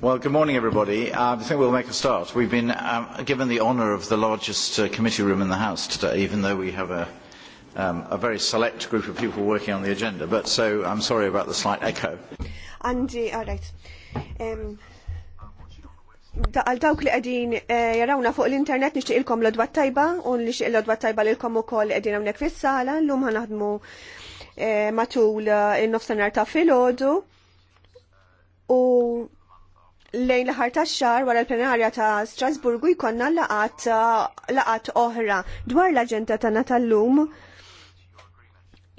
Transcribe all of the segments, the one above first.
Well, good morning, everybody. Uh, I think we'll make a start. We've been um, given the honour of the largest uh, committee room in the House today, even though we have a, um, a very select group of people working on the agenda. But so I'm sorry about the slight echo. Andy, all right. Um, għal dawk li qegħdin eh, jarawna fuq l-internet nixtieq ilkom l-odwa tajba u nixtieq l-odwa tajba lilkom ukoll qegħdin hawnhekk fis-sala llum ħanaħdmu eh, matul eh, in-nofsinhar ta' filgħodu u lejn l-ħar ta' xar wara l-plenarja ta' Strasburgu jkonna laqat, eh, laqat oħra dwar l-agenda tagħna tal-lum.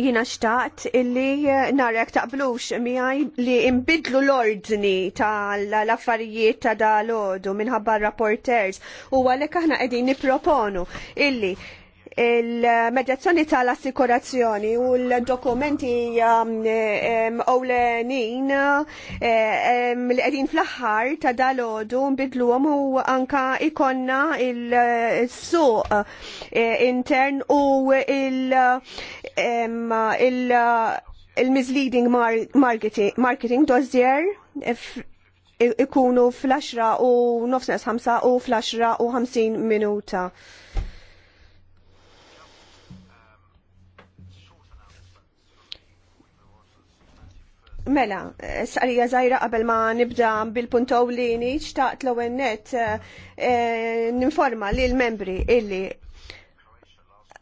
Jina xtaqt illi eh, narek taqblux miħaj li imbidlu l-ordni tal-affarijiet ta' dal-ħodu minħabba rapporters u għalek aħna qegħdin niproponu illi il-medjazzjoni tal-assikurazzjoni u l-dokumenti um, um, ewlenin um, li qegħdin fl-aħħar ta' dalodu nbidluhom u anka ikonna il-suq eh, intern u il-misleading marketing dossier ikunu fl-10 u nofsnes 5 u fl-10 u 50 minuta. Mela, s-sarija zaħira qabel ma nibda bil-puntow li taqt l-ewwel net eh, eh, ninforma li l-membri illi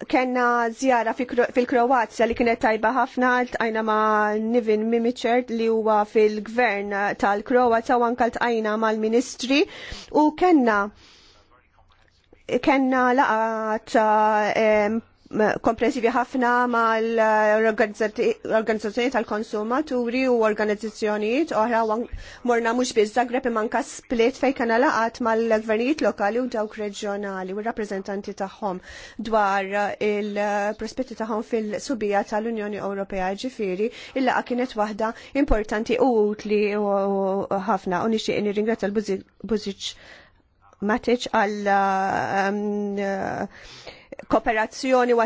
kena zjara fil-Kroazja li kienet tajba ħafna għajna ma Nivin Mimichert li huwa fil-gvern tal-Kroazja u għajna ma mal-ministri u kena kena laqat eh, komprensivi ħafna mal-organizzazzjoni tal-konsumaturi u organizzazzjonijiet oħra morna mhux biss Zagreb manka split fejn kena laqat mal-gvernijiet lokali u dawk reġjonali u rappreżentanti tagħhom dwar il-prospetti tagħhom fil-subija tal-Unjoni Ewropea ġifiri il-laqa kienet waħda importanti u utli ħafna u inni ringrazza l buzic Matic għal um, kooperazzjoni u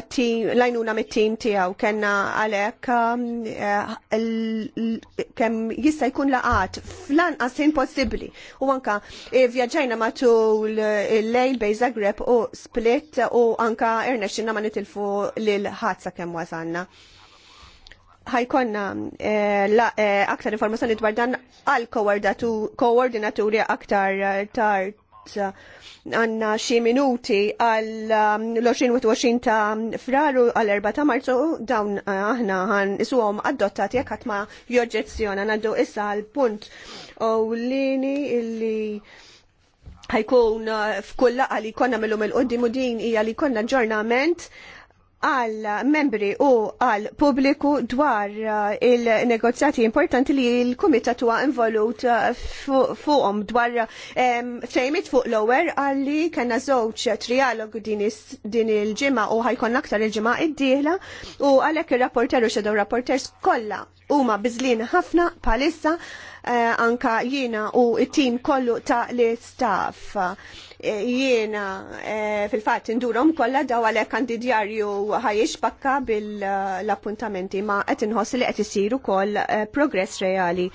lajnuna mit-tim tiegħu kellna għalhekk um, eh, kemm jista' jkun laqat flan għasin possibbli. U anka eh, vjaġġajna matul eh, il-lejl bej Zagreb u Split u anka irnexxinna ma nitilfu lil ħadd sakemm wasanna. Ħajkonna aktar informazzjoni dwar dan għal koordinaturi aktar tard għanna xi minuti għal um, l-20 ta' fraru għal 4 ta' marzu dawn uh, aħna għan isuhom adottati jekk ħadd ma joġġezzjona għandu issa għal punt u lini illi ħajkun uh, f'kull laqa li konna millum il-qoddim u din hija li konna ġornament għal membri u għal pubbliku dwar eh, il-negozjati importanti li l-Kumitat huwa involut eh, fuqhom dwar fejmit fuq l-ower għalli kena żewġ trialog din il-ġimgħa u ħajkon aktar il-ġimgħa id-dieħla u għalhekk ir-rapporter u xedew rapporters kollha huma biżlin ħafna palissa Eh, anka jiena u it-tim kollu ta' li staff. Eh, jiena eh, fil-fatt indurom kollha daw għalhekk kandidjarju ħajiex pakka bil-appuntamenti ma qed inħoss li qed isir kol progress reali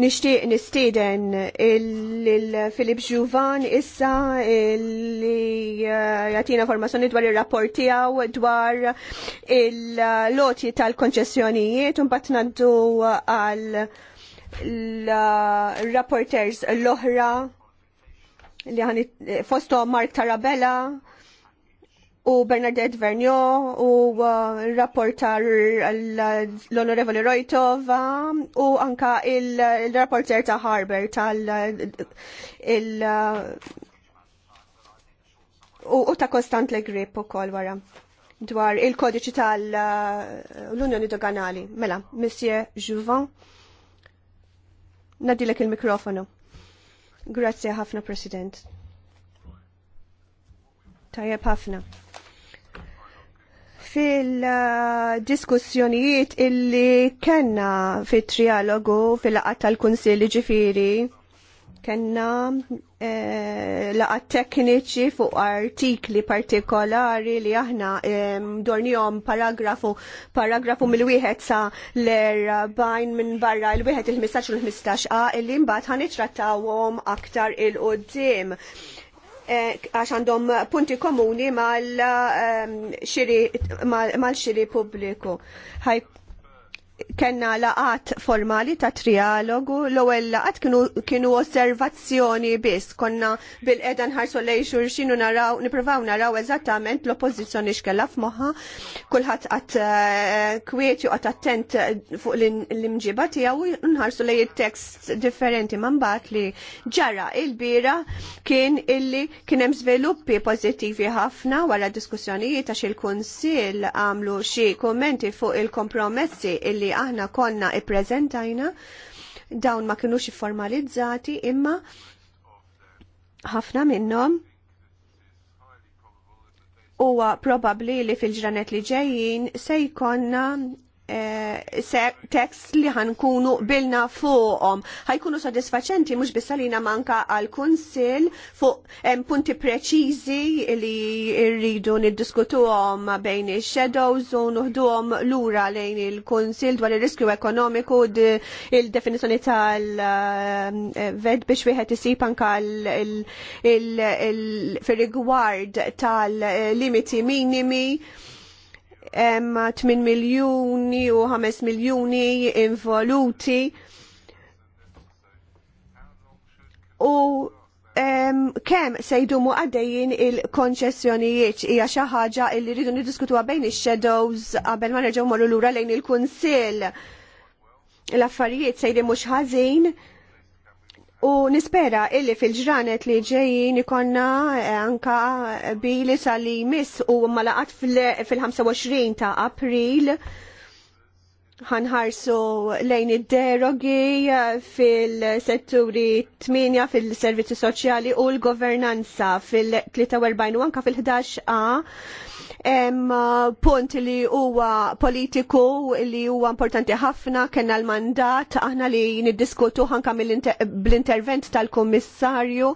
nishtiq nistiden il-Filip Juvan issa li jatina formazzjoni dwar il-rapport tiegħu dwar il-loti tal-konċessjonijiet un bat naddu għal l-rapporters l-oħra li għani fosto Mark Tarabella u Bernadette Vernio u uh, rapportar l-Onorevoli Rojtova u anka il-rapporter ta' Harber tal il uh, u ta' Konstant Le Grip u kol wara dwar il-kodiċi tal-Unjoni uh, Doganali. Mela, Monsieur Jouvent. Nadilek il-mikrofonu. Grazie ħafna, President. Tajab ħafna. Fil-diskussjonijiet illi kena fit-trialogu fil-laqat tal-Kunsilli ġifiri, kena eh, laqat tekniċi fuq artikli partikolari li aħna eh, dornijom paragrafu paragrafu mill-wieħed sa l-40 minn barra il-wieħed il-15 u l-15 a illi mbagħad ħanitrattawhom aktar il-qudiem eh, għax għandhom punti komuni mal-xiri mal, mal pubbliku kena laqat formali ta' trialogu, l-ewwel laqat kienu, kienu osservazzjoni biss, konna bil-qeda nħarsu lej xurxin u naraw, niprofaw naraw eżattament l-oppożizzjoni xkella f'moħħa, kulħadd qatt eh, kwiet u attent eh, fuq l-imġiba tiegħu u nħarsu lej it-tekst differenti man bat li ġara il-bira kien illi kien hemm żviluppi pożittivi ħafna wara diskussjonijiet għax il-Kunsill għamlu xi kummenti fuq il-kompromessi illi li aħna konna ippreżentajna dawn ma kienux formalizzati imma ħafna minnhom huwa probabbli li fil-ġranet li ġejjin se jkollna Eh, tekst li ħankunu bilna fuqom. ħajkunu soddisfaċenti mux bissalina manka għal kunsil fuq punti preċizi li rridu niddiskutuhom bejn il-shadows u nuħduhom lura lejn il-kunsil dwar il-riskju ekonomiku il-definizjoni tal-ved eh, biex wieħed isib anka fil-rigward tal-limiti minimi. Emma 8 miljuni u 5 miljuni involuti. U um, kem se jdumu għaddejjin il-konċessjonijiet hija xi ħaġa li rridu niddiskutuha bejn ix-shadows qabel ma nerġgħu morru lura lejn il-kunsill. L-affarijiet se mhux ħażin U nispera illi fil-ġranet li ġejjin ikonna eh, anka bili li mis u malaqat fil-25 ta' april ħanħarsu lejn id-derogi eh, fil-setturi 8 fil-servizzi soċjali u l-governanza fil-43 u anka fil-11a Uh, punt li huwa politiku li huwa importanti ħafna kena l-mandat aħna li niddiskutu ħanka bl-intervent tal-Kummissarju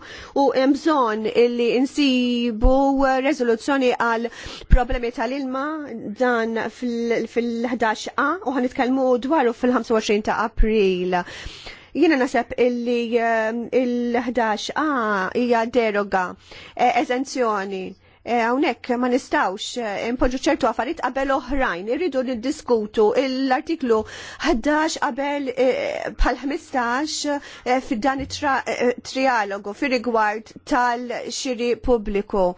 u hemm bżonn li insibu rezoluzzjoni għal problemi tal-ilma dan fil-11a u ħanitkellmu dwaru fil-25 ta' April jiena nasab illi um, il-11 a hija deroga eh, eżenzjoni eh, ma nistawx nistgħux eh, impoġġu ċertu affarijiet qabel oħrajn, irridu nid-diskutu l-artiklu 11 qabel eh, bħal 15 eh, fid-dan it-trialogu fir-rigward tal-xiri publiku.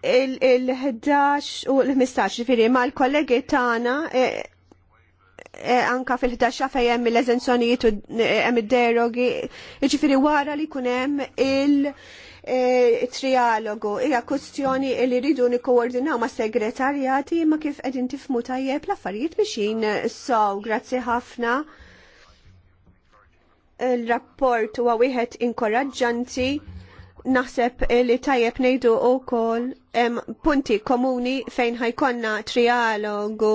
il-11 u l-15, ġifiri, ma l-kollegi tana anka fil-11 fejem l-eżenzjonijiet u jem id-derogi, ġifiri wara li kunem il- Eh, trialogu hija kwestjoni li rridu nikkoordinaw ma' segretarjati ma' kif qegħdin tifmu tajjeb l-affarijiet mixin sow grazzi ħafna il-rapport huwa wieħed inkoraġġanti naħseb li tajjeb nejdu u kol punti komuni fejn ħajkonna trialogu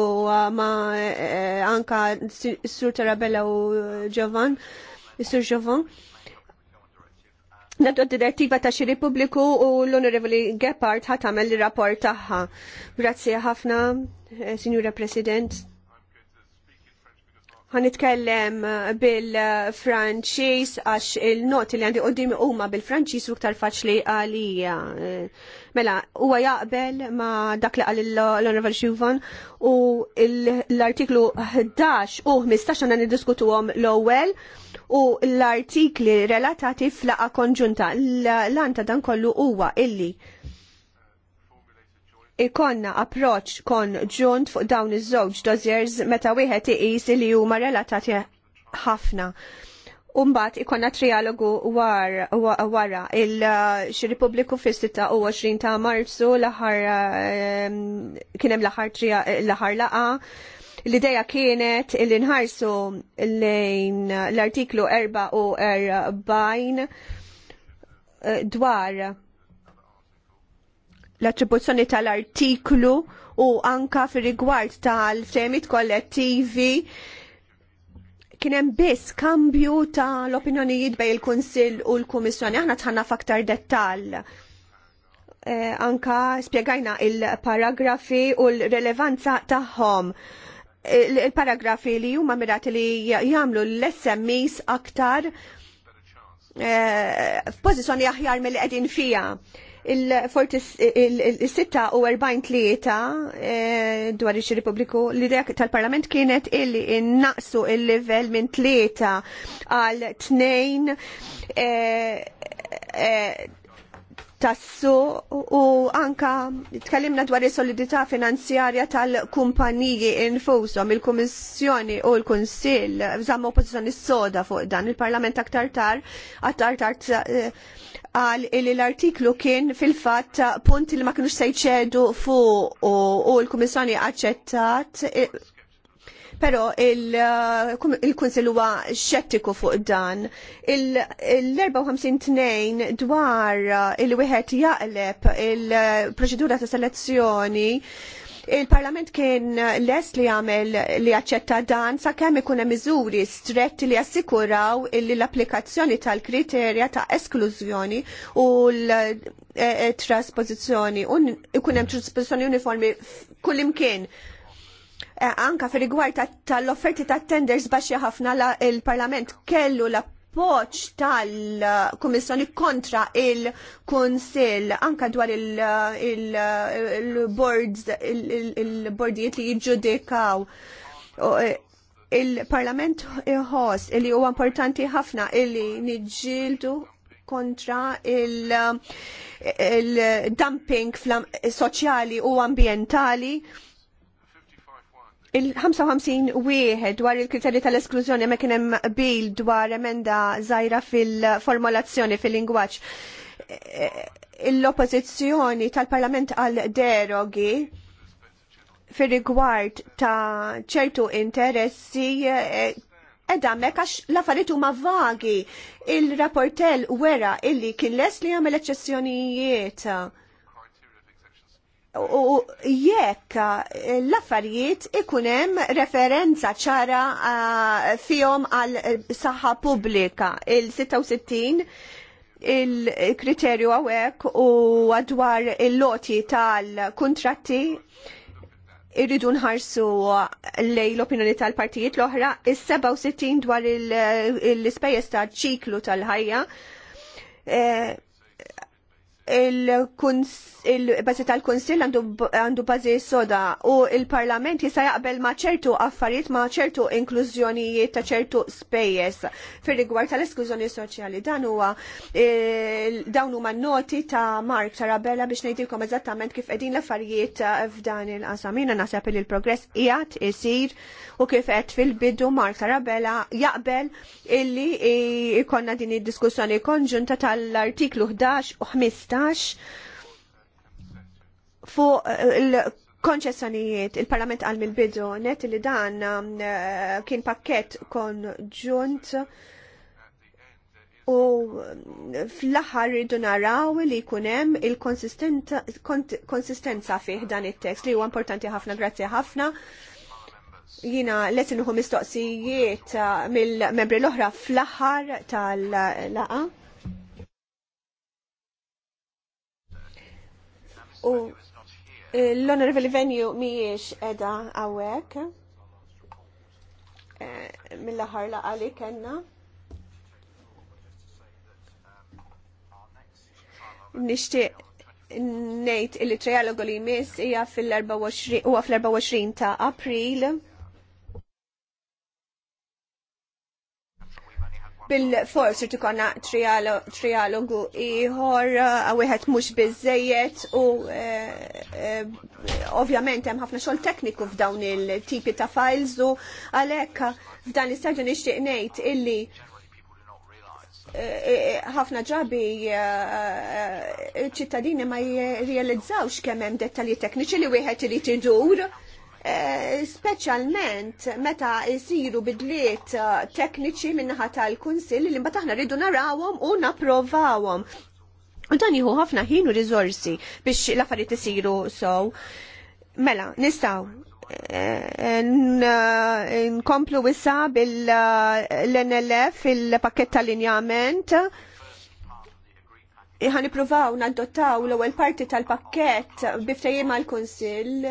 ma eh, anka Sur Tarabella u Giovan, Sur Giovan. Nadu direttiva ta' xiri Publiku u l-Onorevoli Gepard ħat għamel rapport taħħa. Grazie ħafna, eh, Signora President. Għanitkellem bil-Franċis għax il-not li għandi qoddimi huma bil-Franċis u ktar faċli għalija. Mela, huwa jaqbel ma dak li qal l-Onorevol Xuvan u l-artiklu 11 u 15 għandna niddiskutuhom l-ewwel u l-artikli relatati flaqa konġunta. L-anta dan kollu huwa illi ikonna approċ konġunt fuq dawn iż-żewġ dozjers meta wieħed iqis li huma relatati ħafna. Umbat ikonna trialogu war, wara il-xiri uh, publiku u 26 ta' marzu l kien um, kienem l l-aħħar laqa. L-ideja kienet il inħarsu lejn l-artiklu 4 u uh, dwar l-attribuzzjoni tal-artiklu u anka fir rigward tal-ftehmiet kollettivi kien hemm biss kambju ta' l-opinjonijiet bej il-Kunsill u l-Kummissjoni. Aħna tħanna f'aktar dettall. Eh, anka spjegajna il-paragrafi u l-relevanza tagħhom il-paragrafi li huma mirati li jagħmlu l-SMEs aktar eh, f'pożizzjoni aħjar mill qegħdin fija il-46 eh, dwar ix Republiku l-idea tal-Parlament kienet illi innaqsu il-livell minn tlieta għal tnejn eh, eh, tassu u anka tkellimna dwar is-solidità finanzjarja tal-kumpaniji infushom il-Kummissjoni u l-Kunsill żammu pożizzjoni soda fuq dan il-Parlament aktar tard aktar tard eh, għal li l-artiklu kien fil-fatt punt li ma kinux se jċedu fuq u l-Kummissjoni aċċettat eh, Pero il-Kunsil uh, huwa xettiku fuq dan. Il-54-2 dwar uh, il-wieħed jaqleb il-proċedura ta' selezzjoni Il-Parlament kien les li għamel li għacċetta dan sa kemm ikun hemm miżuri stretti li jassikuraw illi l-applikazzjoni tal-kriterja ta' esklużjoni u l eh, eh, trasposizjoni ikun hemm trasposizzjoni uniformi kullimkien Eh, anka fi rigward tal-offerti ta' tenders baxxi ħafna il-Parlament kellu la poċ tal-Komissjoni kontra il-Konsil anka dwar il bordijiet li jiġġudikaw eh, il-Parlament iħoss li huwa importanti ħafna illi niġġieldu kontra il-dumping soċjali u ambientali Il-55 wieħed dwar il-kriterji tal-esklużjoni ma kien hemm bil dwar emenda żgħira fil-formulazzjoni fil-lingwaġġ. L-oppożizzjoni tal-Parlament għal derogi fir rigward ta' ċertu interessi eh, edammek għax l-affarijiet huma vagi. Il-rapportel wera illi kien les li jagħmel eċċessjonijiet u jekk eh, l-affarijiet ikunem referenza ċara eh, fihom għal eh, saħħa pubblika il-66 il-kriterju għawek u għadwar il-loti tal-kontratti irridu nħarsu lej l-opinjoni tal-partijiet l-oħra, il-67 dwar il ispejjeż tal-ċiklu tal-ħajja. Eh, il-bazi il tal-Kunsill għandu bazi soda u il-Parlament jista' jaqbel ma' ċertu affarijiet ma' ċertu inklużjonijiet ta' ċertu spejjeż fir-rigward tal esklużjoni soċjali. Dan huwa dawn huma noti ta' Mark Tarabella biex ngħidilkom eżattament kif qegħdin l-affarijiet f'dan il qasamina naħseb li l-progress qiegħed isir u kif qed fil-bidu Mark Tarabella jaqbel illi ikonna din id-diskussjoni konġunta tal-artiklu 11 u 15 2015 fuq eh, il-konċessjonijiet il-Parlament għal mill-bidu net li dan eh, kien pakket konġunt u eh, fl-aħħar rridu naraw li jkun hemm il-konsistenza fih dan it-tekst li huwa importanti ħafna grazzi ħafna. Jina lesin uħu mistoqsijiet mill-membri l-oħra fl-aħħar tal-laqa. U eh, l-Honorable Venue miex edha għawek eh, mill-ħar laqali kena. Nishti nejt il-trialogu li jmiss ija fil-24 ta' April. bil forsi tukonna trialogu iħor, għawihet mux bizzejiet u eh, eh, ovvjament hemm ħafna xogħol tekniku f'dawn il-tipi ta' files u għalhekk f'dan l-istadju nixtieq ngħid illi eh, ħafna ġabi ċittadini ma jirrealizzawx kemm hemm dettalji tekniċi li wieħed irid idur Eh, specialment meta jisiru bidliet eh, tekniċi minnaħa tal-kunsill li mbataħna aħna rridu narawhom u napprovawhom. U dan jieħu ħafna ħin u biex l-affarijiet isiru sow. Mela, nistaw eh, nkomplu wissa bil-NLF il-pakket tal-injament Iħan iprovaw nadottaw l-ewwel parti tal-pakkett biftajim għal-Kunsill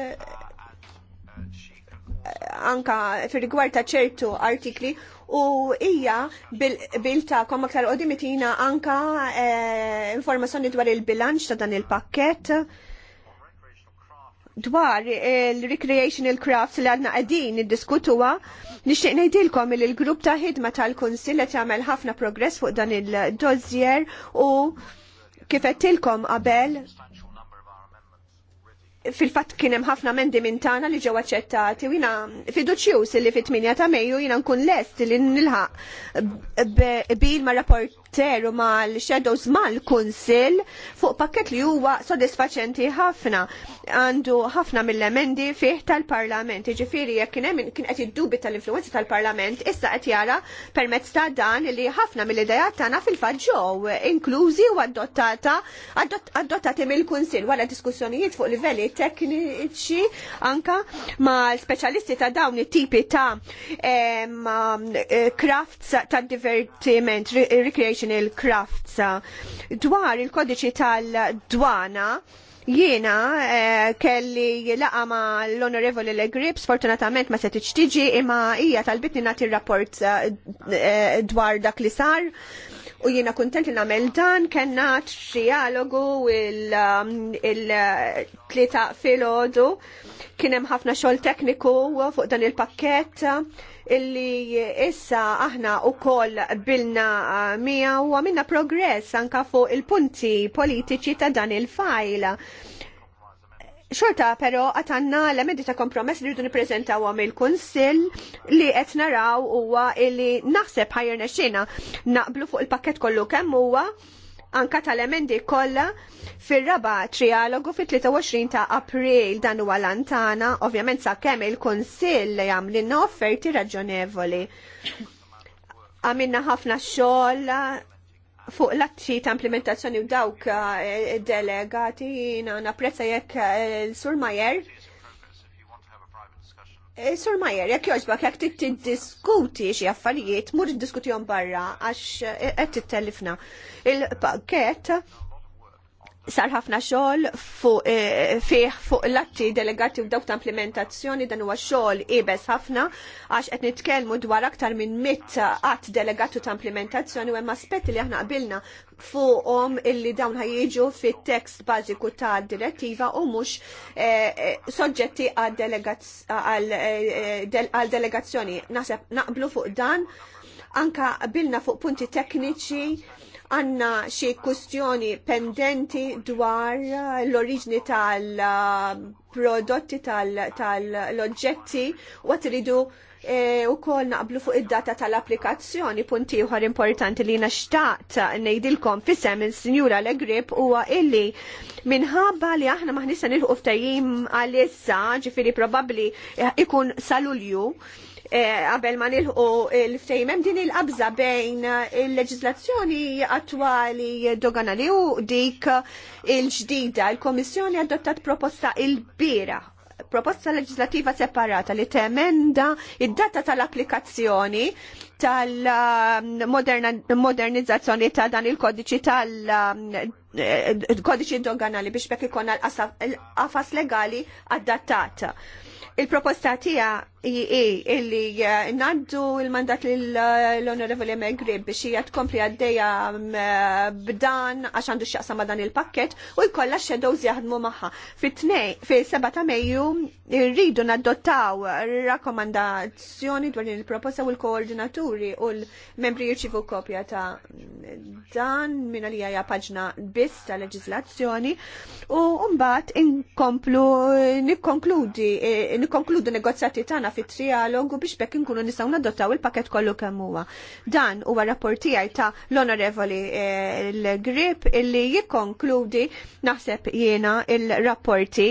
anka fil-rigward ta' ċertu artikli u hija bil-tagħkom aktar qudiem tina anka eh, informazzjoni dwar il-bilanċ ta' dan il-pakkett dwar il-recreational crafts li għadna għadin id-diskutuwa, nixtieq ngħidilkom li l-grupp ta' ħidma tal-Kunsill qed jagħmel ħafna progress fuq dan il-dossier u kif qedtilkom qabel fil-fat kienem ħafna mendi minn tana li ġew aċċettati u jina fiduċjus li fit-8 ta' Mejju jina nkun lest li nilħaq bil ma' rapport rapporter ma mal-shadows mal-kunsil fuq pakket li huwa sodisfaċenti ħafna. Għandu ħafna mill-emendi fih tal-parlament. Iġifiri, jek kien qed iddubi tal-influenza tal-parlament, issa qed jara permezz ta' dan li ħafna mill-idejat tagħna fil fadġow inklużi u adottata adottati mill-kunsil wara diskussjonijiet fuq livelli tekniċi anka mal-speċjalisti ta' dawn it-tipi ta' crafts ta' divertiment, recreation National Crafts. Dwar il-kodiċi tal-dwana, jiena eh, kelli laqa ma l-Onorevoli Le Grip, sfortunatament ma setiċ tiġi, imma hija tal-bitni nati rapport eh, eh, dwar dak li sar u jiena kontent li namel dan kena trialogu il-tlita um, filodu kienem ħafna xol tekniku fuq dan il-pakket illi issa aħna u koll bilna ah, mija u għamilna progress anka fuq il-punti politiċi ta' dan il-fajl. Xorta, pero, għatanna l-emendi ta' kompromess li rridu niprezentaw għam il-Konsil li qed naraw huwa li naħseb ħajrna xina naqblu fuq il-pakket kollu kemm huwa anka tal-emendi kollha fir-raba trialogu fit-23 ta' April dan u lantana, ovvjament sakemm il-Kunsill jagħmlilna offerti raġonevoli. Għamilna ħafna xogħol fuq l-atti ta' implementazzjoni u dawk eh, delegati na napprezza jekk eh, il sur Majer Eh, Sur Majer, jek joġbak, jek t-diskuti xie affarijiet, mur diskutijom barra, għax għed eh, t-tellifna. Il-pakket sar ħafna xogħol fuq eh, fih fuq l-atti delegati u dawk ta' implementazzjoni dan huwa xogħol ibes ħafna għax qed nitkellmu dwar aktar minn mitt att delegatu ta' implementazzjoni u hemm aspetti li aħna qabilna fuqhom illi dawn ħajjiġu fit-tekst bażiku ta' direttiva u mhux eh, eh, soġġetti għal delegazzjoni. Naħseb naqblu fuq dan anka qabilna fuq punti tekniċi għanna xie kustjoni pendenti dwar l-oriġni tal-prodotti tal-oġġetti u għatridu e, u kol naqblu fuq id-data tal-applikazzjoni punti uħar importanti li naxtaqt nejdilkom fissem il-Sinjura Legrip u illi minħabba li aħna maħnisa nilħu ftajim għal-issa ġifiri probabli ikun salulju Eh, qabel ma nilħu il-ftejmem din il-qabża bejn il-leġislazzjoni attwali doganali u dik il-ġdida. Il-Komissjoni adottat proposta il-bira proposta leġislativa separata li temenda id-data tal-applikazzjoni tal-modernizzazzjoni ta' dan il-kodiċi tal-kodiċi eh, doganali biex bekk ikon l-qafas legali adattat. Il-proposta tija E, illi naddu il-mandat l-Onorevoli Megrib biex hija tkompli għaddejja mm, b'dan għax għandu xaqsa ma' dan il-pakket u jkollha shadows jaħdmu magħha. Fit-tnej, fis-7 ta' Mejju rridu nadottaw rakkomandazzjoni dwar din il-proposta u l-koordinaturi u l-membri jirċivu kopja ta' dan minna li hija paġna biss ta' leġizlazzjoni u mbagħad inkomplu nikkonkludi nikkonkludu negozjati tagħna fit trialogu biex bekk nkunu nistgħu nadottaw il-pakett kollu kemm huwa. Dan huwa rapportijaj ta' l-Onorevoli eh, l-Grip illi jikkonkludi naħseb jiena il-rapporti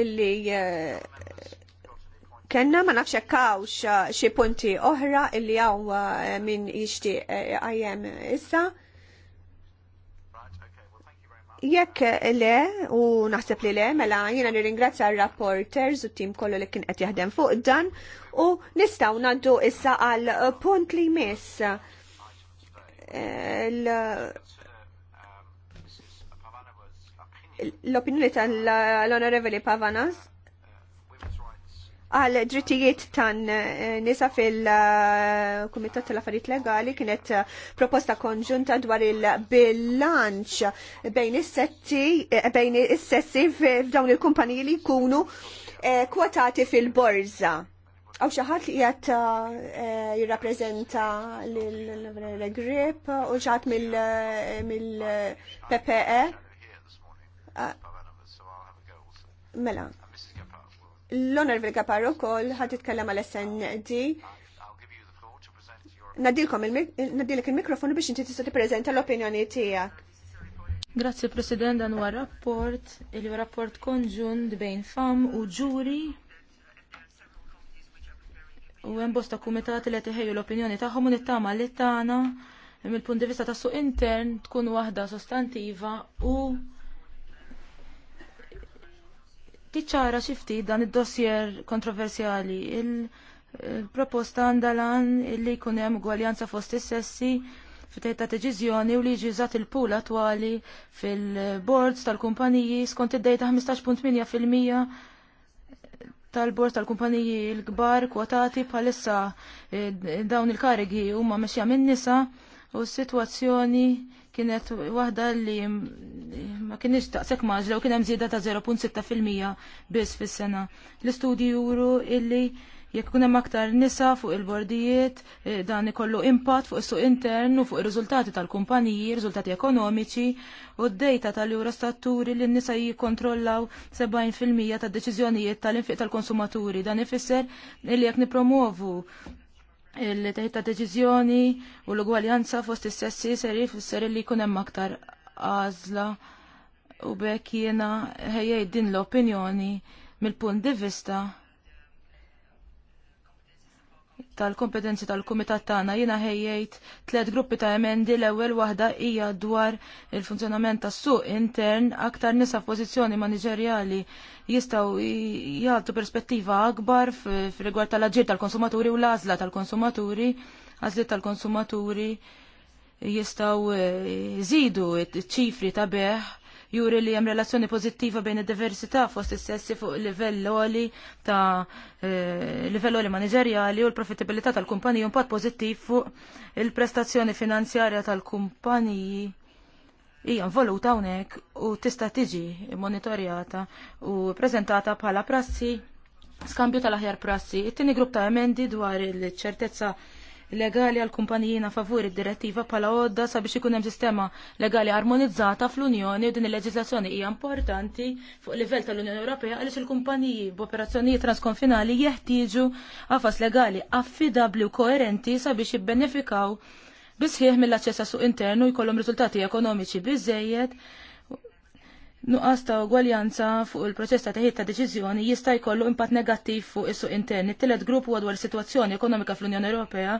illi eh, kena ma nafx kawx eh, xi punti oħra illi hawn min jixtieq għajem issa. Jekk le, u naħseb li le, mela jiena nirringrazzja r-rapporters u tim kollu li kien qed jaħdem fuq dan u nistgħu ngħaddu issa għal punt li jmiss l-opinjoni tal-Onorevoli Pavanas għal drittijiet tan eh, nisa fil-Kumitat tal-Affarijiet Legali kienet eh, proposta konġunta dwar il-bilanċ eh, bejn is-sessi f'dawn il-kumpaniji li jkunu kwotati fil-borza. Għaw xaħat li jgħat jirrapprezenta l-grip u xaħat mill-PPE. Mela, L-Onorevoli Gaparro kol ħad titkellem għal SND. Nadilkom il-mikrofonu biex inti tista' tippreżenta l-opinjoni tiegħek. Grazzi President dan huwa rapport, il rapport konġun bejn fam u ġuri u hemm bosta kumitati li qed l-opinjoni tagħhom u nittama li tagħna mill-punt di vista ta' suq intern tkun waħda sostantiva u tiċċara xi ftit dan id-dossier kontroversjali. Il-proposta għandha lan illi jkun hemm gwaljanza fost is-sessi fit ta' deċiżjoni u li ġiżat il-pul attwali fil-boards tal-kumpaniji skont id-dejta 15.8% tal-bord tal-kumpaniji l-kbar kwotati bħalissa eh, dawn il-karigi huma mexja minn nisa u s-sitwazzjoni kienet waħda li ma kienx taqsek maġla u kien hemm żieda ta' 0.6% biss fis-sena. L-istudji juru illi jekk kun hemm aktar nisa fuq il-bordijiet eh, dan ikollu impatt fuq is-suq intern u fuq ir-riżultati tal-kumpaniji, riżultati ekonomiċi u d-dejta tal-Eurostat li n-nisa jikkontrollaw 70% tad-deċiżjonijiet tal-infiq tal-konsumaturi. Dan ifisser illi jekk nipromovu il-teħid ta' deċiżjoni u l-ugwaljanza fost is-sessi ser jfisser li jkun hemm aktar għażla u bekk jiena ħejjej din l-opinjoni mill-punt di vista tal-kompetenzi tal-kumitat tagħna jiena ħejjejt tliet gruppi ta' emendi l-ewwel waħda hija dwar il-funzjonament tas-suq intern aktar nisa f'pożizzjoni maniġerjali jistgħu jagħtu perspettiva akbar f'rigward tal-aġir tal-konsumaturi u l-għażla tal-konsumaturi, għażliet tal-konsumaturi jistgħu eh, jżidu ċ-ċifri ta' beħ juri li hemm relazzjoni pozittiva bejn id-diversità fost is-sessi fuq livell oli ta' eh, livell oli maniġerjali u l-profitabilità tal-kumpaniji pat pozittiv fuq il-prestazzjoni finanzjarja tal-kumpaniji hija voluta hawnhekk u tista' tiġi monitorjata u preżentata bħala prassi skambju tal-aħjar prassi. It-tieni grupp ta' emendi dwar il-ċertezza legali għal kumpanijina favur id-direttiva pala għodda sabiex ikun hemm sistema legali armonizzata fl-Unjoni u din il-leġislazzjoni hija importanti fuq livell tal-Unjoni Ewropea għaliex il-kumpaniji b'operazzjonijiet transkonfinali jeħtieġu għafas legali affidabli u koerenti sabiex jibbenefikaw bisħieħ mill-aċċess suq internu jkollhom riżultati ekonomiċi biżejjed Nuqqas ta' ugwaljanza fuq il-proċess ta' teħid ta' deċiżjoni jista' jkollu impatt negattiv fuq is-suq intern. It-tielet grupp huwa dwar is-sitwazzjoni ekonomika fl-Unjoni Ewropea.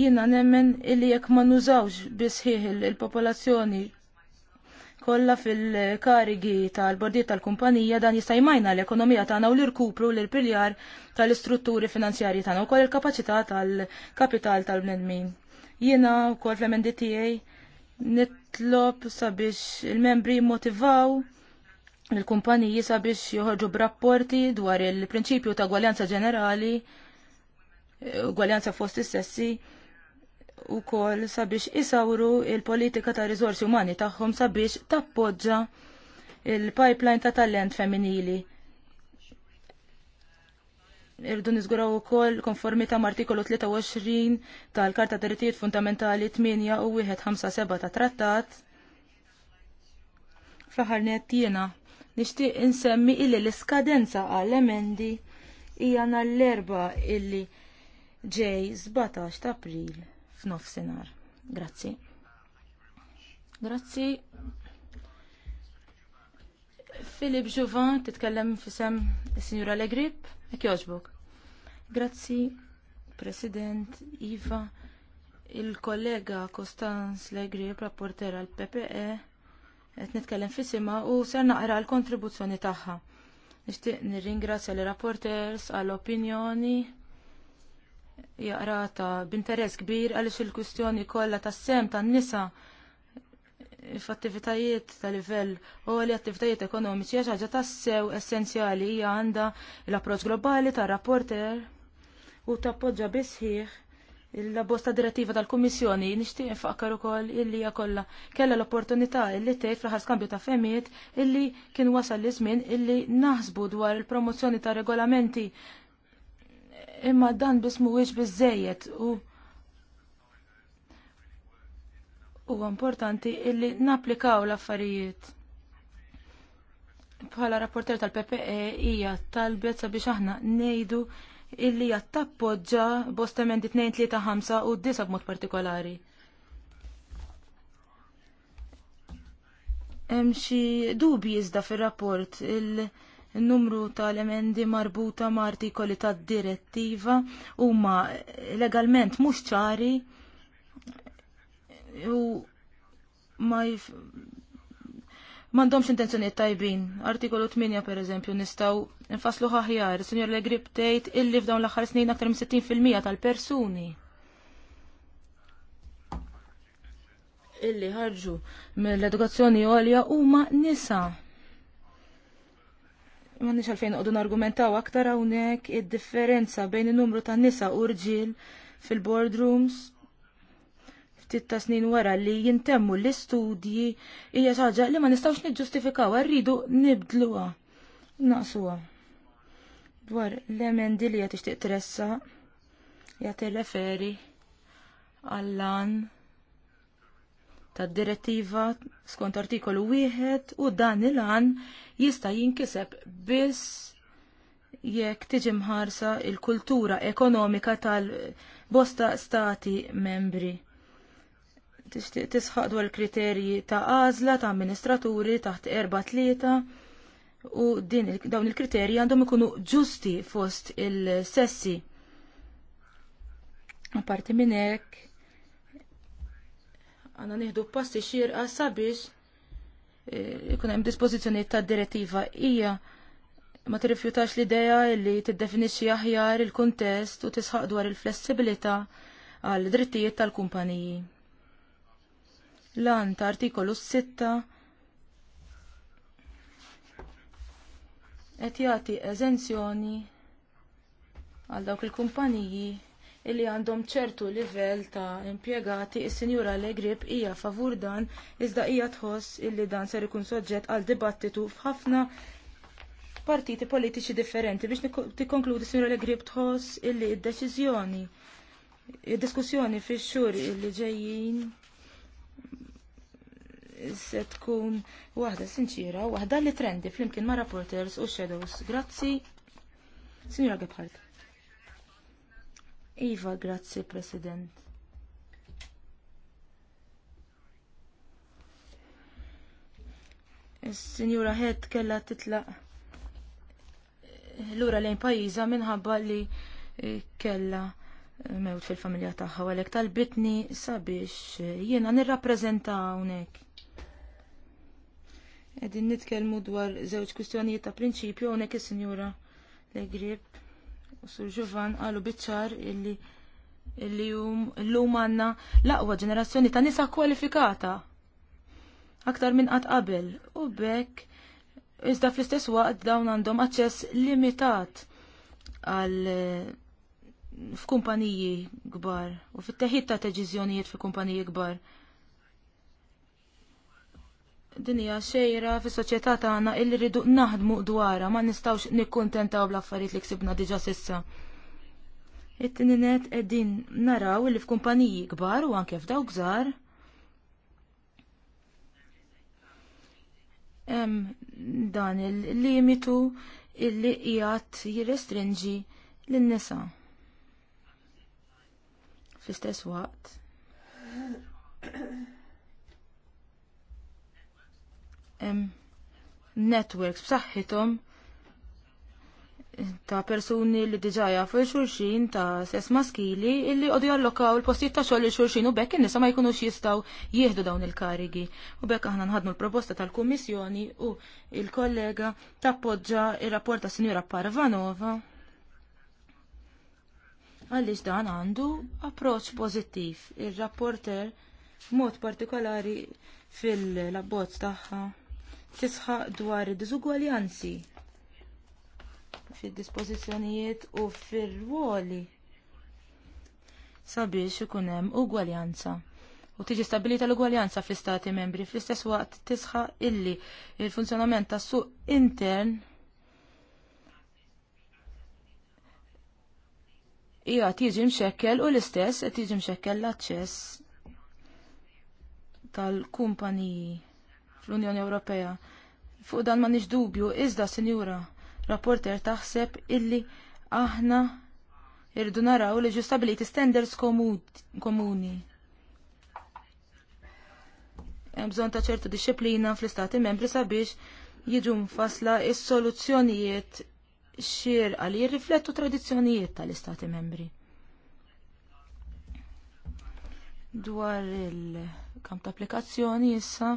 Jiena nemmen illi jekk ma nużawx bisħieħ il-popolazzjoni kollha fil-karigi tal-bordiet tal-kumpanija dan jista' jmajna l-ekonomija tagħna u l-irkupru l-irpiljar tal-istrutturi finanzjarji tagħna u koll il-kapaċità tal-kapital tal-bnedmin. Jiena wkoll fl mndta tiegħi nitlob sabiex il-membri motivaw il-kumpaniji sabiex joħorġu b'rapporti dwar il-prinċipju ta' gwaljanza ġenerali, gwaljanza fost is-sessi u kol sabiex isawru il-politika ta' rizorsi umani tagħhom sabiex tappoġġa il-pipeline ta' talent femminili irridu niżguraw ukoll konformità ma' artikolu 23 tal-Karta Drittijiet Fundamentali 8 u 157 ta' trattat. Fl-aħħar nett jiena nixtieq insemmi illi l-iskadenza għall emendi hija nhar l-erba illi ġej 17 ta' April f'nofsinhar. Grazzi. Grazzi. Filip Juvan, titkellem fisem il-Sinjura Legrip, ek joġbuk. Grazzi, President, Iva, il-kollega Kostans Legri, rapporter għal PPE, et nitkellem fisima u ser naqra l-kontribuzzjoni tagħha. Nishtiq nirringrazzja l rapporters għal opinjoni jaqrata b'interess kbir għaliex il-kustjoni kollha tas-sem tan-nisa f'attivitajiet ta' livell u li attivitajiet ekonomiċi għax ħaġa tassew essenzjali hija għandha l-approċċ globali tar rapporter u tappoġġa bisħiħ il bosta direttiva tal-Kummissjoni nixtieq nfakkar ukoll illi hija kollha kellha l-opportunità illi tgħid fl-aħħar skambju ta' femijiet illi kien wasal li żmien illi naħsbu dwar il-promozzjoni ta' regolamenti imma dan biss mhuwiex biżejjed u Huwa importanti illi napplikaw l-affarijiet. Bħala rapporter tal-PPE hija talbet sabiex aħna ngħidu illi jattappoġġa tappoġġa bost emendi 235 u disa b'mod partikolari. Hemm xi dubji iżda fir-rapport il- numru tal-emendi marbuta ma' artikoli tad direttiva huma legalment mhux ċari u ma mandomx intenzjoni tajbin. Artikolu 8 per eżempju nistaw nfaslu ħaħjar, Sinjor Legrip tejt illi f'dawn l-aħħar snin aktar minn 60% tal-persuni illi ħarġu mill-edukazzjoni għolja huma nisa. Ma nix għalfejn għodun argumentaw aktar hawnhekk id-differenza bejn in-numru ta' nisa u rġil fil-boardrooms ftit ta' snin wara li jintemmu l-istudji hija ħaġa li ma nistgħux niġġustifikaw rridu nibdluha. Naqsuha. Dwar l-emendi li qed tixtieq tressa hija tirreferi għall-lan tad direttiva skont artikolu wieħed u dan il-għan jista' jinkiseb biss jekk tiġi mħarsa il-kultura ekonomika tal-bosta stati membri tisħaq dwar il-kriterji ta' għażla ta' amministraturi taħt erba' tlieta u din dawn il-kriterji għandhom ikunu ġusti fost il-sessi. Apparti minn hekk għanna nieħdu passi xierqa sabiex e, ikun hemm dispożizzjonijiet tad-direttiva hija ma tirrifjutax l-idea li tiddefinixxi aħjar il-kuntest u tisħaq dwar il-flessibilità għal drittijiet tal-kumpaniji. Lan ta' artikolu 6 et jagħti eżenzjoni għal dawk il-kumpaniji illi għandhom ċertu livell ta' impjegati is-Sinjura Legrib hija favur dan iżda hija tħoss illi dan ser ikun soġġett għal dibattitu f'ħafna partiti politiċi differenti biex tikkonkludi Sinjura Legrib tħoss illi d-deċiżjoni id-diskussjoni fix-xhur illi ġejjin se tkun waħda sinċira, waħda li trendi flimkien ma' rapporters u shadows. Grazzi, Signora Gebhardt. Iva, grazzi, President. Signora Het kella titlaq l-ura lejn pajiza minħabba li eh, kella eh, mewt fil-familja tagħha għalek tal-bitni sabiex eh, jiena nirrappreżenta hawnhekk. Għedin nitkelmu dwar żewġ kwistjonijiet ta' prinċipju hawnhekk is-Sinjura Legrib u Sur Giovan qalu biċċar illi illi llum għandna l-aqwa ġenerazzjoni ta' nisa kwalifikata aktar minn qatt qabel u bekk iżda fl-istess waqt dawn għandhom aċċess limitat għal eh, f'kumpaniji kbar u fit-teħid ta' deċiżjonijiet fi kumpaniji kbar din hija xejra fis-soċjetà tagħna li rridu naħdmu dwarha ma nistgħux nikkuntentaw bl-affarijiet li ksibna diġà sissa. It-tieni net qegħdin naraw li f'kumpaniji kbar u anke f'dawk gżar. hemm dan il-limitu illi qiegħed jirrestrinġi lin-nisa. Fl-istess waqt networks b'saħħithom ta' persuni li diġa jafu xulxin ta' sess maskili illi għodu jallokaw il-postijiet ta' xogħol il-xulxin u bekk in-nisa ma jkunux jistgħu jieħdu dawn il-karigi. U bekk aħna nħadmu l-proposta tal-Kummissjoni u il-kollega tappoġġa ir-rapport ta' Sinjura Parvanova għaliex dan għandu approċ pożittiv. Ir-rapporter mod partikolari fil-labbozz tagħha Tisħa dwar id-diżugwaljanzi fid-dispożizzjonijiet u fir-ruoli sabiex ikun hemm ugwaljanza. U tiġi stabilita l-ugwaljanza fl-istati membri fl-istess waqt tisħa' illi l il funzjonament tas-suq intern hija tiġi mxekkel u l-istess qed tiġi mxekkel l-aċċess tal-kumpaniji fl-Unjoni Ewropea. Fuq dan ma nix dubju, iżda sinjura, rapporter taħseb illi aħna irdu naraw li ġustabiliti standards komuni. Hemm bżonn ta' ċerta disċiplina fl-istati membri sabiex jiġu mfasla is-soluzzjonijiet xirqa li jirriflettu tradizzjonijiet tal-istati membri. Dwar il-kamp ta' applikazzjoni issa.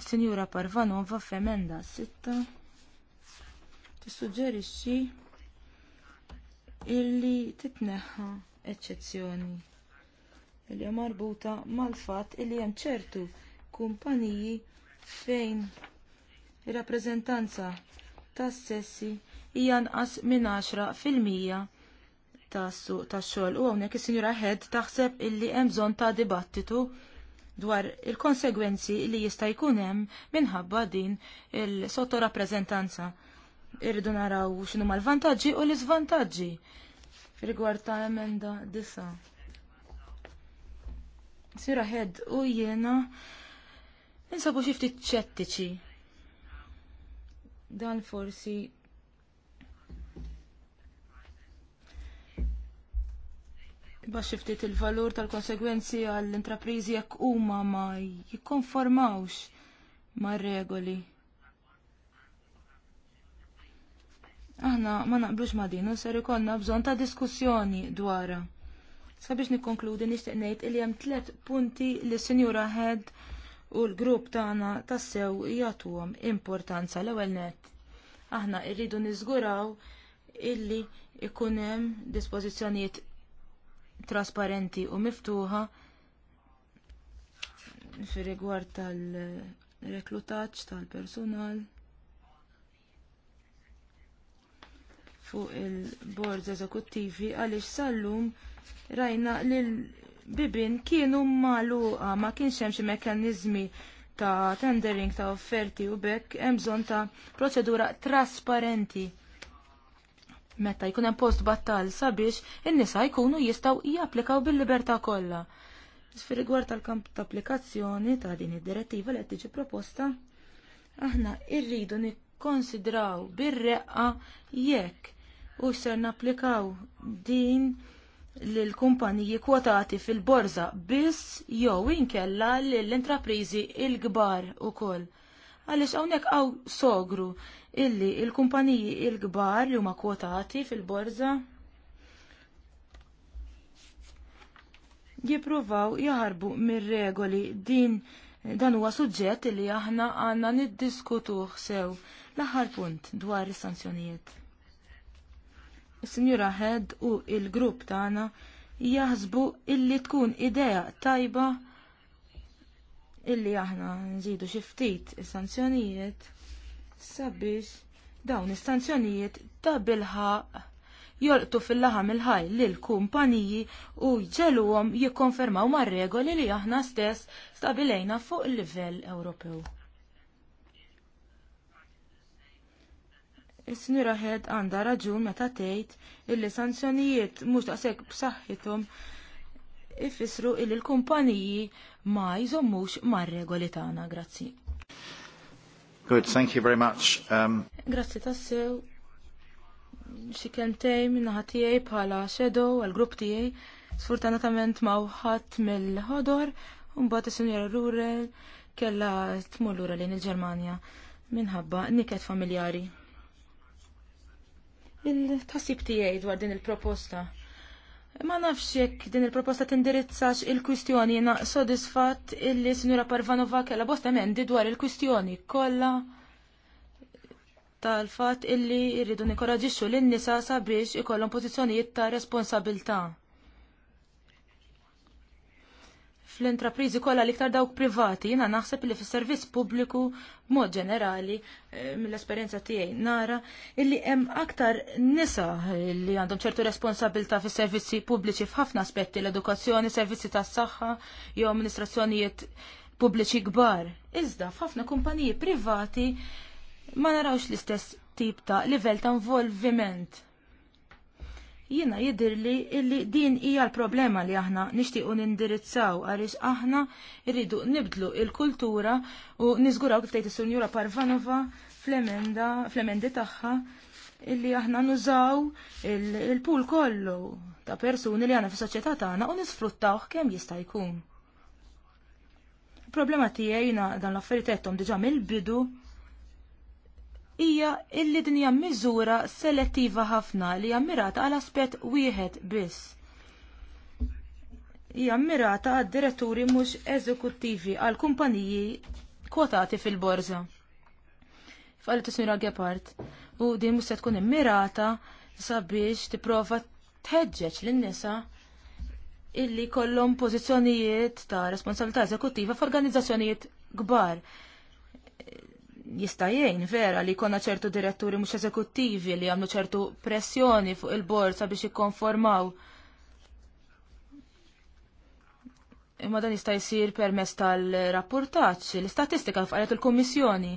Is-Sinjura Parvanova f'emenda sitta tissuġġerixxi illi titneħħa eċċezzjoni illi hija marbuta mal-fatt illi hemm ċertu kumpaniji fejn ir-rappreżentanza tas-sessi hija nqas minn 10 fil-mija tas-suq tax-xogħol u hawnhekk is-Sinjura Head taħseb illi hemm bżonn ta' dibattitu dwar il-konsegwenzi li jista' jkun hemm minħabba din il-sottorappreżentanza. Irridu naraw x'inhu mal-vantaġġi u l-iżvantaġġi rigward ta' emenda disa. Sira ħed u jiena ninsabu xi ftit ċettiċi. Dan forsi Bax ftit il-valur tal-konsegwenzi għall-intraprizi jekk huma ma jikkonformawx mar regoli. Aħna ma naqblux ma din, seru konna bżon bżonn ta' diskussjoni dwarha. Sabiex nikkonkludi nixtieq ngħid li hemm tliet punti li sinjura Head u l-grupp tagħna tassew jagħtuhom importanza l-ewwel net. Aħna rridu niżguraw illi ikun hemm dispożizzjonijiet trasparenti u miftuħa fir rigward tal-reklutaġġ tal-personal fuq il-boards eżekuttivi għaliex sallum rajna li l-bibin kienu magħluqa ma kienx hemm xi mekkaniżmi ta' tendering ta' offerti u bekk hemm bżonn ta' proċedura trasparenti Meta jkun hemm post battal sabiex in-nisa jkunu jistgħu japplikaw bil-libertà kollha. Fir rigward tal-kamp ta' applikazzjoni ta' din id-direttiva li qed tiġi proposta, aħna rridu nikkonsidraw bir-reqqa jekk u ser napplikaw din lill kumpaniji kwotati fil-borza biss jew inkella lill intrapriżi l-kbar ukoll. Għaliex hawnhekk hawn sogru illi il-kumpaniji il-kbar li huma kwotati fil borza jippruvaw jaħarbu mir-regoli din dan huwa suġġett li aħna għandna niddiskutuh sew l-aħħar punt dwar is-sanzjonijiet. Is-Sinjura Head u il-grupp tagħna jaħsbu illi tkun idea tajba illi aħna nżidu xi ftit is-sanzjonijiet sabiex dawn is-sanzjonijiet ta' bilħaq jolqtu fil-laħam il-ħaj lil kumpaniji u jġeluhom jikkonfermaw mar-regoli li aħna stess stabilejna fuq il-livell Ewropew. Is-sinjura ħed għandha raġun meta tgħid illi sanzjonijiet mhux daqshekk b'saħħithom ifissru illi l-kumpaniji ma jżommux mar-regoli tagħna, grazzi. Good, thank you very much. Um... Grazzi tassew. Xi kentej minnaħa tiegħi bħala shadow għal grupp tiegħi. Sfortunatament ma wħadd mill-ħodor u mbagħad is-Sinjora Rurel kellha tmur lura lejn il-Ġermanja minħabba niket familjari. Il-tasib tiegħi dwar din il-proposta Ma nafx jekk din il-proposta tindirizzax il-kwistjoni jiena illi Sinjura Parvanova kella bosta emendi dwar il-kwistjoni kollha tal-fatt illi rridu nikoraġixxu lin-nisa sabiex ikollhom pożizzjonijiet ta' responsabilità. fl-intraprizi kollha l-iktar dawk privati, jiena naħseb li fis-servizz pubbliku mod ġenerali eh, mill-esperjenza tiegħi nara illi hemm aktar nisa li għandhom ċertu responsabilità fis-servizzi pubbliċi f'ħafna aspetti l-edukazzjoni, servizzi tas-saħħa jew amministrazzjonijiet pubbliċi kbar. Iżda f'ħafna kumpaniji privati ma narawx l-istess tip ta' livell ta' involviment Jiena jidirli illi din hija l-problema li aħna nixtiequ nindirizzaw għaliex aħna rridu nibdlu il-kultura u niżguraw kif tgħid is-Sunjura Parvanova fl-emenda fl-emendi tagħha illi aħna nużaw il pul kollu ta' persuni li għana fi soċjetà tagħna u nisfruttawh kemm jista' jkun. Il Problema tiegħi dan l-affarijiet diġà mill-bidu hija illi din hija miżura selettiva ħafna li hija għal aspett wieħed biss. Hija mirata għad diretturi mhux eżekuttivi għal kumpaniji kwotati fil borza Fali t sinjura għepart, u din mhux se tkun immirata sabiex tipprova tħeġġeġ lin-nisa illi kollom pożizzjonijiet ta' responsabilità eżekuttiva f'organizzazzjonijiet kbar jista' jgħin vera li jkollna ċertu diretturi mhux eżekuttivi li għamlu ċertu pressjoni fuq il-bord sabiex jikkonformaw. Imma dan jista' jsir permezz tal-rapportaġġ, l-istatistika f'qalet il-Kummissjoni.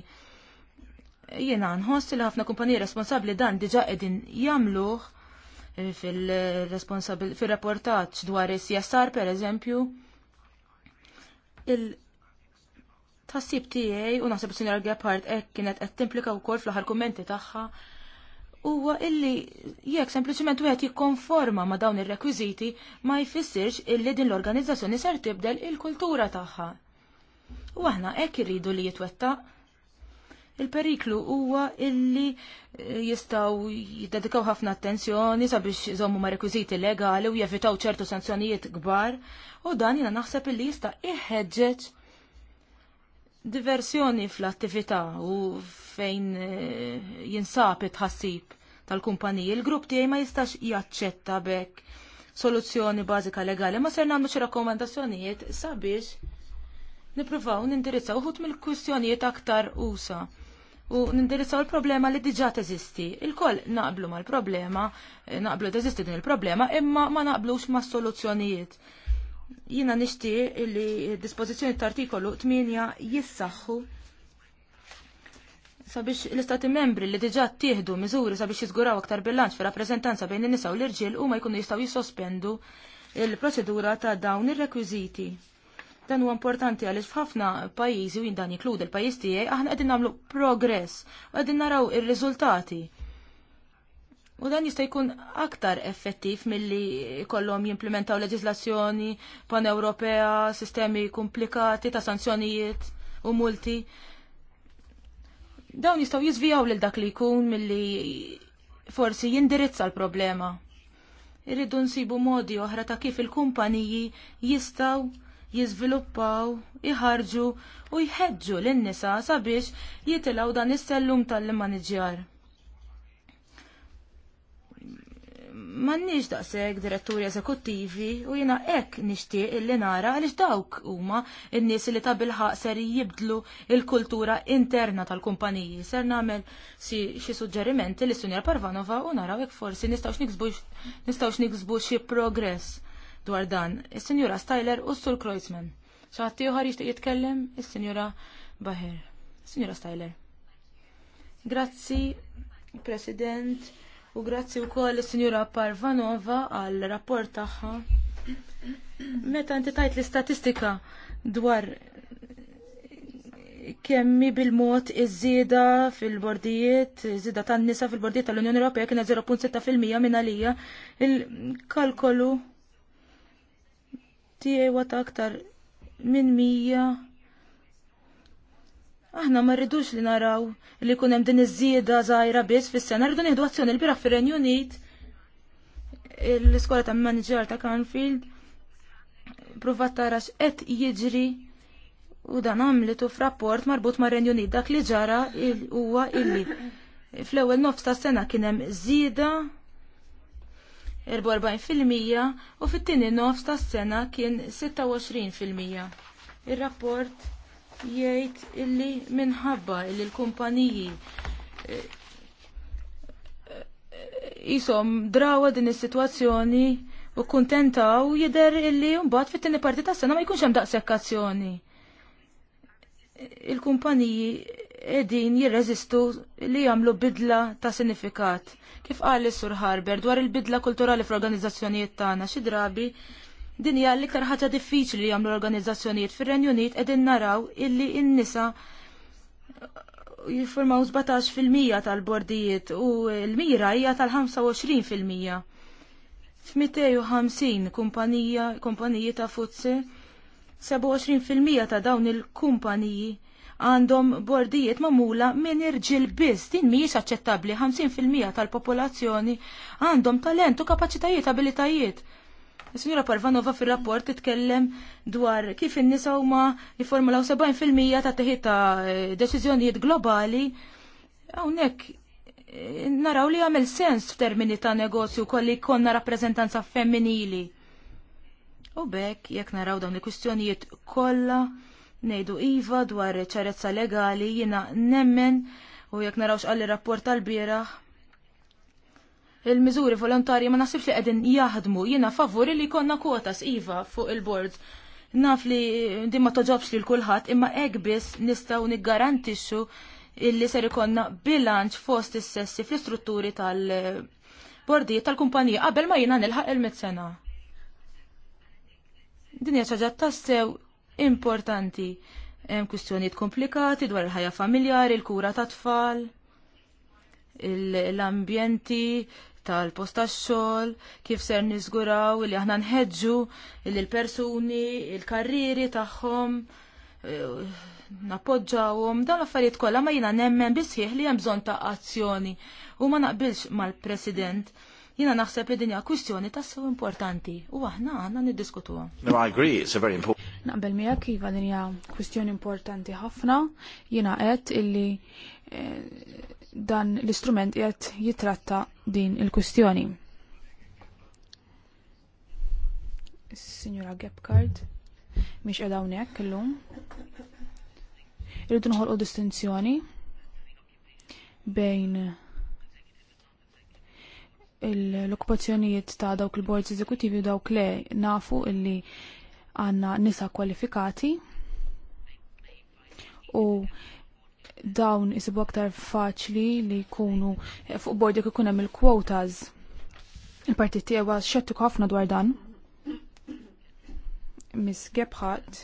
Jiena nħoss li ħafna kumpaniji responsabbli dan diġà qegħdin jagħmluh fil-rapportaġġ dwar is-CSR pereżempju tħassib tiegħi u naħseb Sinjor Gephardt hekk kienet qed timplika wkoll fl-aħħar kummenti tagħha huwa illi jekk sempliċement wieħed jikkonforma ma' dawn ir-rekwiżiti ma jfissirx illi din l-organizzazzjoni ser tibdel il-kultura tagħha. U aħna hekk irridu li jitwettaq il-periklu huwa illi eh, jistaw jiddedikaw ħafna attenzjoni sabiex jżommu ma' rekwiziti legali u jevitaw ċertu sanzjonijiet kbar u dan jina naħseb illi jista' iħeġġeġ diversjoni fl-attività u fejn eh, jinsab it-ħassib tal-kumpaniji. Il-grupp tiegħi ma jistax jaċċetta bekk soluzzjoni bażika legali, ma ser nagħmlu xi rakkomandazzjonijiet sabiex nippruvaw nindirizzaw uħut mill-kwistjonijiet aktar usa u nindirizzaw il-problema li diġà teżisti. Il-koll naqblu mal-problema, eh, naqblu teżisti din il-problema, imma ma naqblux ma' soluzzjonijiet. Jina nishti li dispozizjoni ta' artikolu 8 jissaħħu sabiex l-istati membri li diġa tieħdu miżuri sabiex jiżguraw aktar bilanċ fi rappresentanza bejn in-nisa u l-irġiel huma jkunu jistgħu jissospendu il-proċedura ta' dawn ir-rekwiżiti. Dan huwa importanti għaliex f'ħafna pajjiżi u jindan jinkludi l-pajjiż tiegħi aħna qegħdin nagħmlu progress u qegħdin naraw ir-riżultati U dan jista' jkun aktar effettiv milli kollhom jimplementaw leġislazzjoni pan-Ewropea, sistemi komplikati ta' sanzjonijiet u multi. Dawn jistgħu jiżvijaw lil dak li jkun milli forsi jindirizza l-problema. Irridu nsibu modi oħra ta' kif il-kumpaniji jistgħu jiżviluppaw, iħarġu u jħeġġu lin-nisa sabiex jitilgħu dan is-sellum tal-immaniġjar. mannix daqseg diretturi eżekuttivi u jina ek nishtiq illi nara għalix dawk huma n-nies li ta' bilħaq ser jibdlu il-kultura interna tal-kumpaniji. Ser namel si xi suġġerimenti li Sunja Parvanova u nara jekk forsi nistgħux niksbu xi progress dwar dan. Is-Sinjura Styler u Sul Kreuzman. Xaħat ieħor jixtieq jitkellem is-Sinjura Baher. Sinjura Styler. Grazzi, President u grazzi wkoll is signora Parvanova għal rapport tagħha. Meta inti tajt l-istatistika dwar kemmi bil-mod iż-żieda fil-bordijiet, iż-żieda tan-nisa fil-bordijiet tal-Unjoni Ewropea kienet 0.6% minn għalija. Il-kalkolu tiegħi ta' aktar minn 100 Aħna ma rridux li naraw li kunem hemm din iż-żieda żgħira biss fis-sena, rridu nieħdu azzjoni l-bira fir-Renju Unit l-iskola ta' manager ta' Canfield pruvat tara x'qed jiġri u dan għamlitu f'rapport marbut ma' Renju Unit dak li ġara huwa illi fl-ewwel nofs ta' sena kien hemm żieda 44% u fit-tieni nofs ta' sena kien 26%. Ir-rapport jgħid illi minħabba illi l-kumpaniji jisom eh, eh, drawa din is-sitwazzjoni u kuntentaw jidher illi mbagħad fit-tieni parti tas-sena ma jkunx hemm daqshekk azzjoni. Il-kumpaniji edin jirreżistu li jagħmlu bidla ta' sinifikat. Kif qal is-Sur Harber dwar il-bidla kulturali fl-organizzazzjonijiet tagħna xi drabi Din hija l-iktar ħaġa diffiċli li jagħmlu organizzazzjonijiet fir-Renju Unit qegħdin naraw illi n-nisa uh, jiffurmaw 17% tal-bordijiet u l-mira hija tal-25%. ħamsin kumpanija kumpaniji ta' futsi 27% ta' dawn il-kumpaniji għandhom bordijiet mamula minn irġil biss din mhijiex aċċettabbli 50% tal-popolazzjoni għandhom talent u kapaċitajiet abilitajiet Signora Parvanova fil-rapport titkellem dwar kif in-nisa huma jiformulaw 70% ta' teħid ta' deċiżjonijiet globali. Hawnhekk eh, naraw li għamel sens f'termini ta' negozju kolli konna rappreżentanza femminili. U bekk jekk naraw dawn il-kwistjonijiet kollha ngħidu iva dwar ċarezza legali jiena nemmen u jekk narawx għall rapport tal-bieraħ il-miżuri volontarji ma nasibx li qegħdin jaħdmu jiena favuri li jkollna kwotas iva fuq il-bord. Naf li din ma toġobx lil kulħadd imma hekk biss nistgħu niggarantixxu illi ser ikonna bilanċ fost is-sessi fl-istrutturi tal-bordijiet tal-kumpanija qabel ma jiena nilħaq il-mit sena. Din hija ċaġa tassew importanti. Hemm kwistjonijiet komplikati dwar il-ħajja familjari, il-kura tat-tfal l-ambjenti, tal-post tax-xogħol, kif ser niżguraw li aħna nħeġġu li l-persuni, il-karriri tagħhom eh, nappoġġawhom Dan l-affarijiet kollha ma jiena nemmen bisħieħ li hemm bżonn ta' azzjoni u ma naqbilx mal-President. Jiena naħseb li din hija kwistjoni tassew importanti u aħna għandna niddiskutuha. No, I agree, it's a very important. Naqbel miegħek iva din hija kwistjoni importanti ħafna. Jiena qed illi eh, dan l-istrument qed jitratta din il-kwistjoni. Signora Gepkard, miex qed hawnhekk illum. Irridu noħolqu distinzjoni bejn l-okkupazzjonijiet ta' dawk il-boards eżekutivi u dawk le nafu illi għanna nisa kwalifikati u dawn isibu aktar faċli li jkunu fuq bord jekk ikun hemm il-quotas. Il-partit tiegħu xettiku ħafna dwar dan. Miss Gebhardt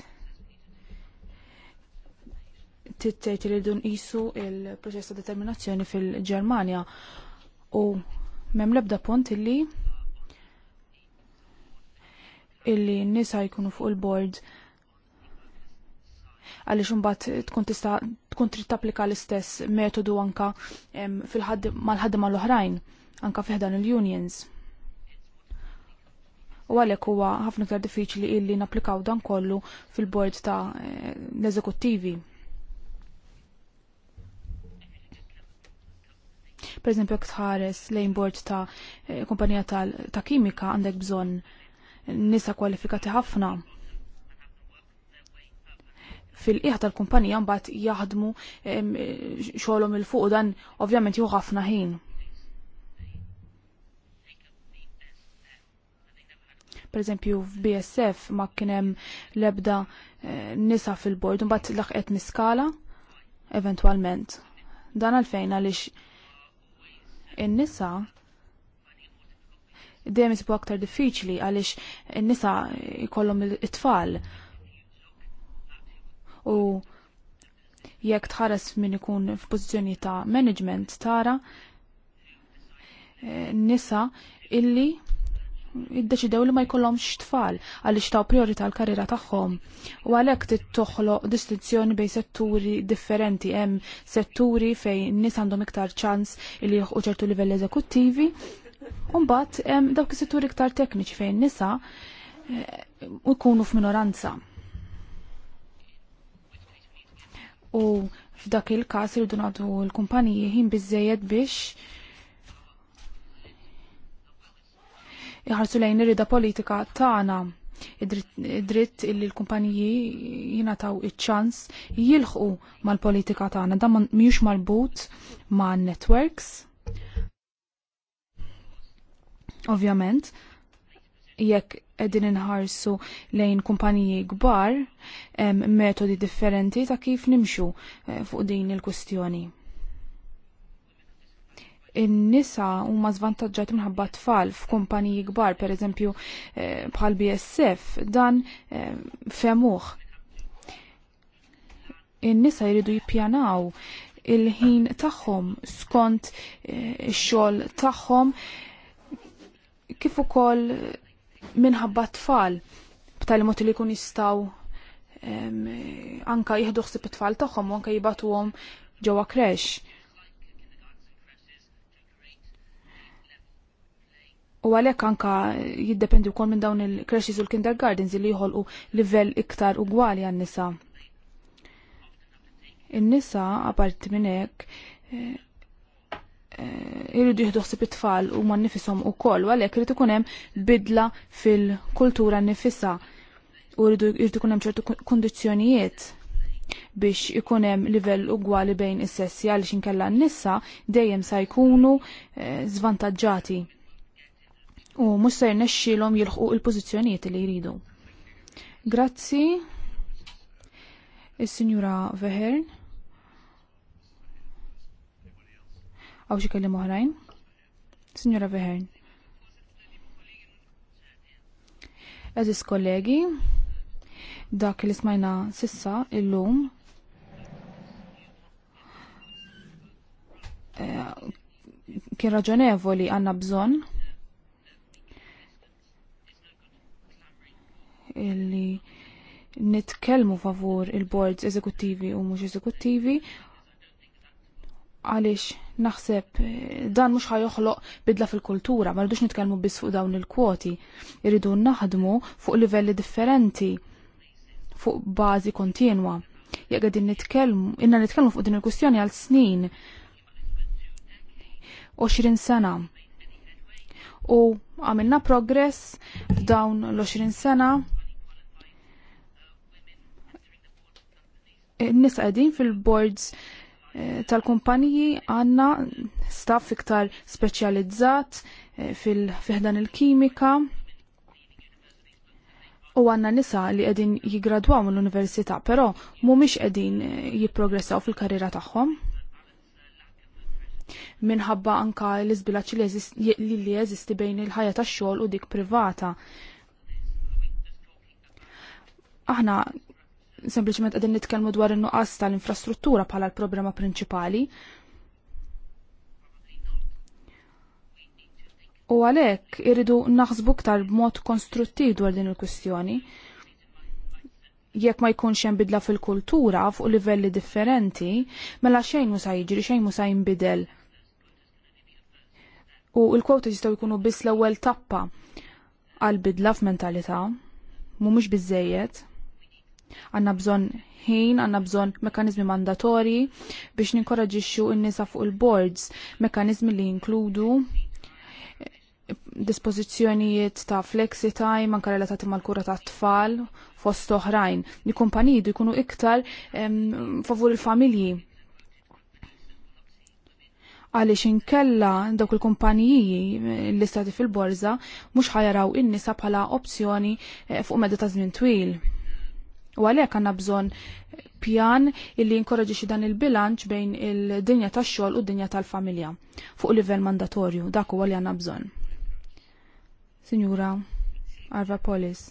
tittejt li dun isu il-proċess ta' determinazzjoni fil-Ġermanja u l lebda punt illi illi nisa jkunu fuq il-bord għaliex imbagħad tkun tista' tkun trid tapplika l-istess metodu anka fil-ħadd mal-ħaddima l-oħrajn anka fih dan il-unions. U għalhekk huwa ħafna iktar diffiċli illi napplikaw dan kollu fil-bord ta' eh, l-eżekuttivi. Per eżempju, jekk tħares lejn bord ta' eh, kumpanija ta', ta kimika għandek bżonn nisa kwalifikati ħafna fil-qiegħ tal-kumpanija mbagħad jaħdmu xogħolhom il fuq dan ovvjament jieħu ħafna ħin. Per eżempju f'BSF ma kien hemm l-ebda eh, nisa fil-bord mbagħad laħqet niskala eventwalment. Dan għalfejn għaliex in-nisa dejjem isibu aktar diffiċli għaliex in-nisa jkollhom it-tfal u jekk tħares min ikun f'pożizzjoni ta' management tara eh, nisa illi iddeċidew li ma jkollhomx tfal għaliex taw priorità l-karriera tagħhom. U għalhekk tittoħloq distinzjoni bejn setturi differenti hemm setturi fejn nies għandhom iktar ċans li jieħu ċertu livelli eżekuttivi. Mbagħad hemm dawk is-setturi iktar tekniċi fejn nisa jkunu eh, f'minoranza. u f'dak il-każ irridu donatu l-kumpaniji ħin biżejjed biex iħarsu lejn ir-rida politika tagħna id-dritt illi l-kumpaniji taw iċ-ċans jilħqu mal-politika tagħna dan mal-boot ma' networks. Ovvjament, jekk edin inħarsu lejn kumpaniji kbar metodi differenti ta' kif nimxu eh, fuq din il-kustjoni. In-nisa huma żvantaġġati minħabba tfal f'kumpaniji kbar, pereżempju eh, bħal BSF, dan eh, femuh. In-nisa jridu jippjanaw il-ħin tagħhom skont ix-xogħol tagħhom kif ukoll minħabba tfal b'tal mod li jkun jistgħu anka jieħdu ħsieb it-tfal tagħhom u anka jibatuhom ġewwa kresh. U għalhekk anka jiddependi wkoll minn dawn il-crashes u l-kindergardens li jħolqu livell iktar ugwali għan-nisa. In-nisa apart minn hekk irridu jieħdu ħsib it-tfal u man nifisom u koll, għalek irridu kunem bidla fil-kultura nifisa u irridu kunem ċertu kondizjonijiet biex ikunem livell ugwali bejn is-sessi għal xinkella n-nissa dejjem sa jkunu eh, zvantagġati u mux sa jirnexxilom jilħqu il-pożizzjonijiet li jridu. Grazzi, il sinjura Vehern. Għaw xie kellim oħrajn? Signora Vehern. Eżis kollegi, dak li smajna sissa illum eh, kien raġonevoli għanna bżon illi nitkellmu favur il-boards eżekuttivi u mhux eżekuttivi għaliex naħseb eh, dan mhux ħajoħloq bidla fil-kultura, ma rridux nitkellmu biss fuq dawn il-kwoti, irridu naħdmu fuq livelli differenti fuq bażi kontinwa. Jekk qegħdin nitkellmu, inna nitkellmu fuq din il-kwistjoni għal snin 20 sena. U għamilna progress f'dawn l-20 sena. Eh, Nis qegħdin fil-boards tal-kumpaniji għanna staff iktar speċjalizzat eh, fil-fihdan il-kimika u għanna nisa li għedin jigradwaw mill-università, pero mumiex għedin eh, jiprogressaw fil-karriera tagħhom. Minħabba anka l-izbilaċ li li jeżisti bejn il-ħajja tax-xogħol u dik privata. Aħna sempliċement qegħdin nitkellmu dwar in-nuqqas tal-infrastruttura bħala l-problema prinċipali. U għalhekk irridu naħsbu ktar b'mod konstruttiv dwar din il kustjoni Jekk ma jkunx hemm bidla fil-kultura fuq livelli differenti, mela xejn musa jiġri, xejn musa jinbidel. U l-kwota jistgħu jkunu biss l-ewwel tappa għal bidla f'mentalità, mhumiex biżejjed. Għanna bżon ħin, għanna bżon mekanizmi mandatori biex ninkoraġixxu n-nisa fuq il-boards, mekanizmi li jinkludu eh, dispożizzjonijiet ta' flexi time anke relatati mal-kura ta' tfal fost oħrajn. Li kumpanijidu jkunu iktar favur il-familji. Għaliex inkella dawk il-kumpaniji eh, l-istati fil-borza mhux ħajaraw in-nisa bħala opzjoni eh, fuq medda ta' żmien twil. U għalhekk għandna bżonn pjan illi jinkoraġixi dan il-bilanċ bejn il-dinja tax-xogħol u d-dinja tal-familja fuq livell mandatorju, dak huwa li għandna bżonn. Sinjura Arva Polis.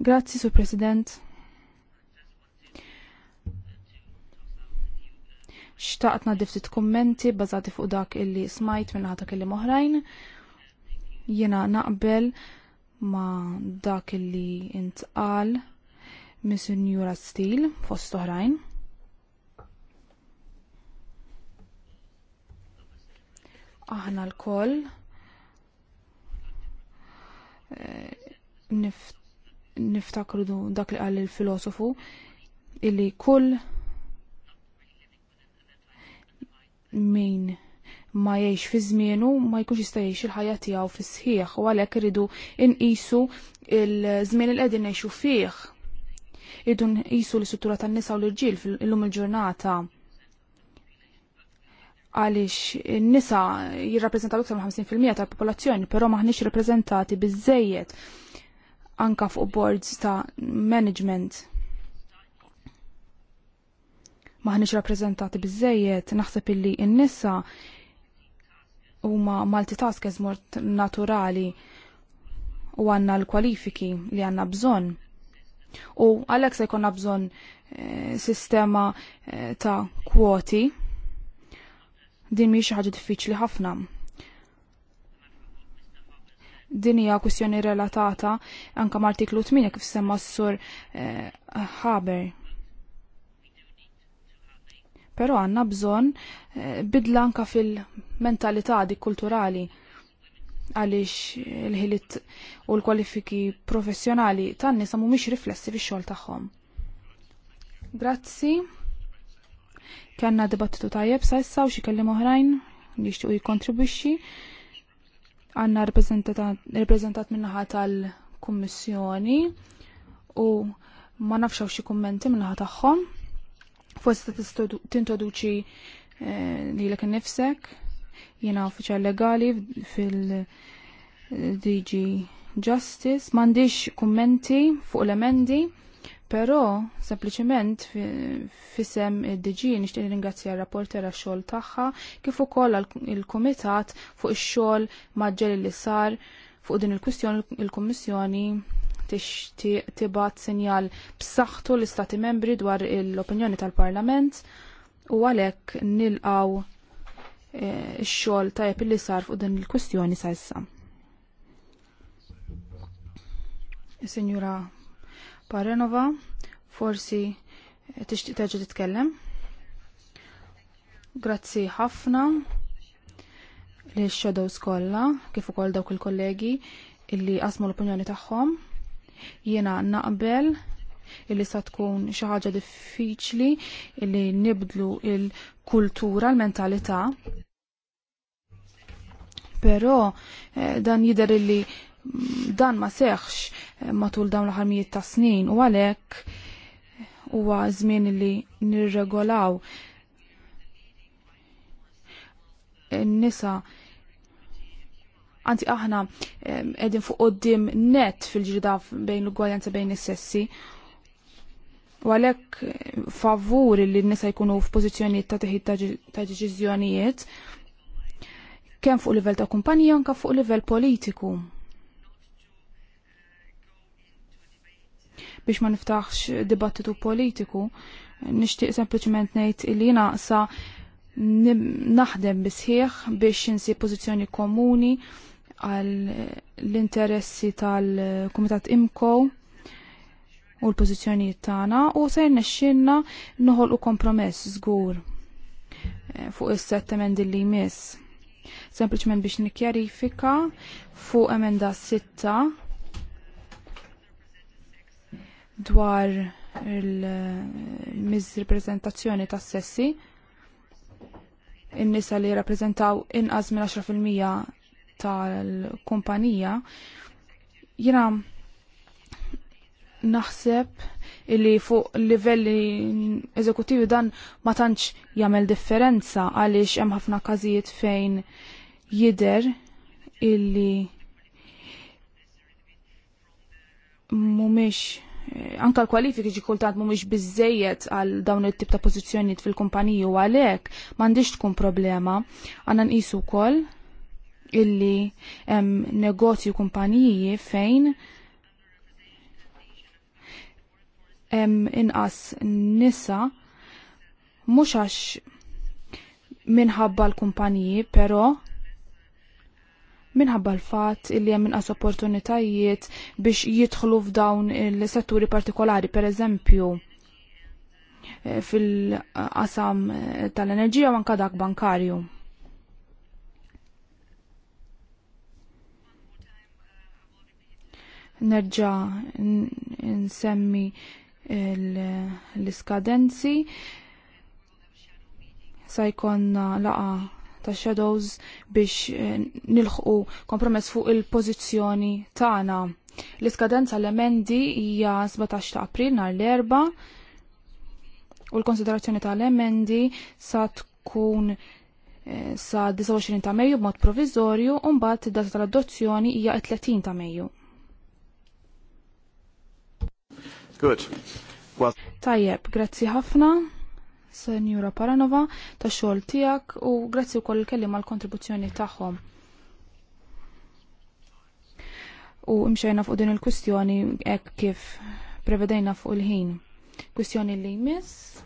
Grazzi, Sur President. Xtaqt diftit ftit kummenti bażati fuq dak illi smajt minn ħata illi moħrajn. Jiena naqbel ma dak illi intqal mis Sinjura Stil fost oħrajn. Aħna l-koll eh, niftakru dak li qal il-filosofu illi kull min ma jgħix fi żmienu ma jkunx jista' jgħix il-ħajja tiegħu fis-sħiħ u għalhekk iridu inqisu il-żmien il qegħdin ngħixu fih irdu nqisu l struttura tan-nisa u l-irġiel fil-lum il-ġurnata għaliex n-nisa jirrappreżentaw iktar minn 50% tal-popolazzjoni, però maħniex rappreżentati biżejjed anka fuq boards ta' management. Maħniex rappreżentati biżejjed, naħseb illi n-nisa huma multitaskers mort naturali u għanna l-kwalifiki li għanna bżonn U għalhekk se jkollna bżonn eh, sistema eh, ta' kwoti. Din mhix ħaġa diffiċli ħafna. Din hija kwistjoni relatata anke mal-artiklu 8 kif semma s-sur eh, Haber. Però għandna bżonn bidla anke fil-mentalità dik kulturali għaliex il-ħiliet u l-kwalifiki professjonali tan-nisa mhumiex riflessi fix-xogħol tagħhom. Grazzi. Kellna dibattitu tajjeb sa issa u xi kelliem oħrajn li jixtiequ jikkontribwixxi. Għandna rappreżentat min-naħa tal-Kummissjoni u ma nafxaw xi kummenti min-naħa tagħhom. Forsi tintroduċi eh, lilek innifsek. nifsek jiena uffiċjal legali fil-DG Justice, m'għandix kummenti fuq l-emendi, però sempliċement fisem id-DG nixtieq ringrazzja rapporter għax-xogħol tagħha kif ukoll il-kumitat fuq ix-xogħol maġġel li sar fuq din il-kwistjoni il-Kummissjoni tixtieq tibgħat sinjal b'saħħtu l-Istati Membri dwar l-opinjoni tal-Parlament u għalhekk nilqgħu xol eh, xogħol tajjeb li sar fuq din il kwestjoni sa issa. Sinjura Parenova, forsi eh, tixtieq terġa' titkellem. Grazzi ħafna li x-shadows kollha kif ukoll dawk il-kollegi illi qasmu l-opinjoni tagħhom. Jiena naqbel illi sa tkun xi ħaġa diffiċli illi nibdlu il kultura, l-mentalità. Però eh, dan jider li mm, dan ma seħħx eh, matul dawn l-ħarmijiet ta' snin u għalhekk eh, huwa żmien li nirregolaw n-nisa anzi aħna edin eh, fuq qoddim net fil ġidaf bejn l-ugwaljanza bejn is-sessi U għalhekk favur li n-nisa jkunu f'pożizzjonijiet ta' teħid ta' deċiżjonijiet kemm fuq livell ta' kumpanija anke fuq livell politiku. Biex ma niftaħx dibattitu politiku, nixtieq sempliċement ngħid li naqsa naħdem bisħieħ biex insib pożizzjoni komuni għal l interessi tal-Kumitat Imkow u l-pożizzjonijiet tagħna u se nħol noħolqu kompromess żgur eh, fuq is-sett emendi li jmiss. Sempliċement biex nikkjarifika fuq emenda sitta dwar il-mizrepresentazzjoni ta' sessi in-nisa li rappresentaw inqas minn 10% tal-kumpanija jina naħseb illi fuq livelli eżekutivi dan ma tantx jagħmel differenza għaliex hemm ħafna każijiet fejn jidher illi mhumiex eh, anka l-kwalifiki ġi kultant mhumiex biżejjed għal dawn it-tip ta' pożizzjonijiet fil-kumpaniji u għalhekk m'għandix tkun problema għandna nqisu wkoll illi hemm negozju kumpaniji fejn hemm inqas nisa mhux għax minħabba l-kumpaniji, però minħabba l-fatt illi hemm inqas opportunitajiet biex jidħlu f'dawn il-setturi partikolari, per eżempju eh, fil-qasam eh, tal-enerġija u anka dak bankarju. Nerġa' nsemmi l-iskadenzi sa jkonna laqa ta' shadows biex eh, nilħqu kompromess fuq il-pożizzjoni tagħna. L-iskadenza l-emendi hija 17 ta' April nhar l-erba u l-konsiderazzjoni tal-emendi sa tkun eh, sa 29 ta' Mejju b'mod proviżorju u mbagħad id-data tal-adozzjoni hija 30 ta' Mejju. Good. Well... Tajjeb, grazzi ħafna, Senjura Paranova, ta' xogħol tiegħek u grazzi wkoll il kelliem għall kontribuzzjoni tagħhom. U imxejna fuq din il-kwistjoni hekk kif prevedejna fuq il-ħin. Kwistjoni li jmiss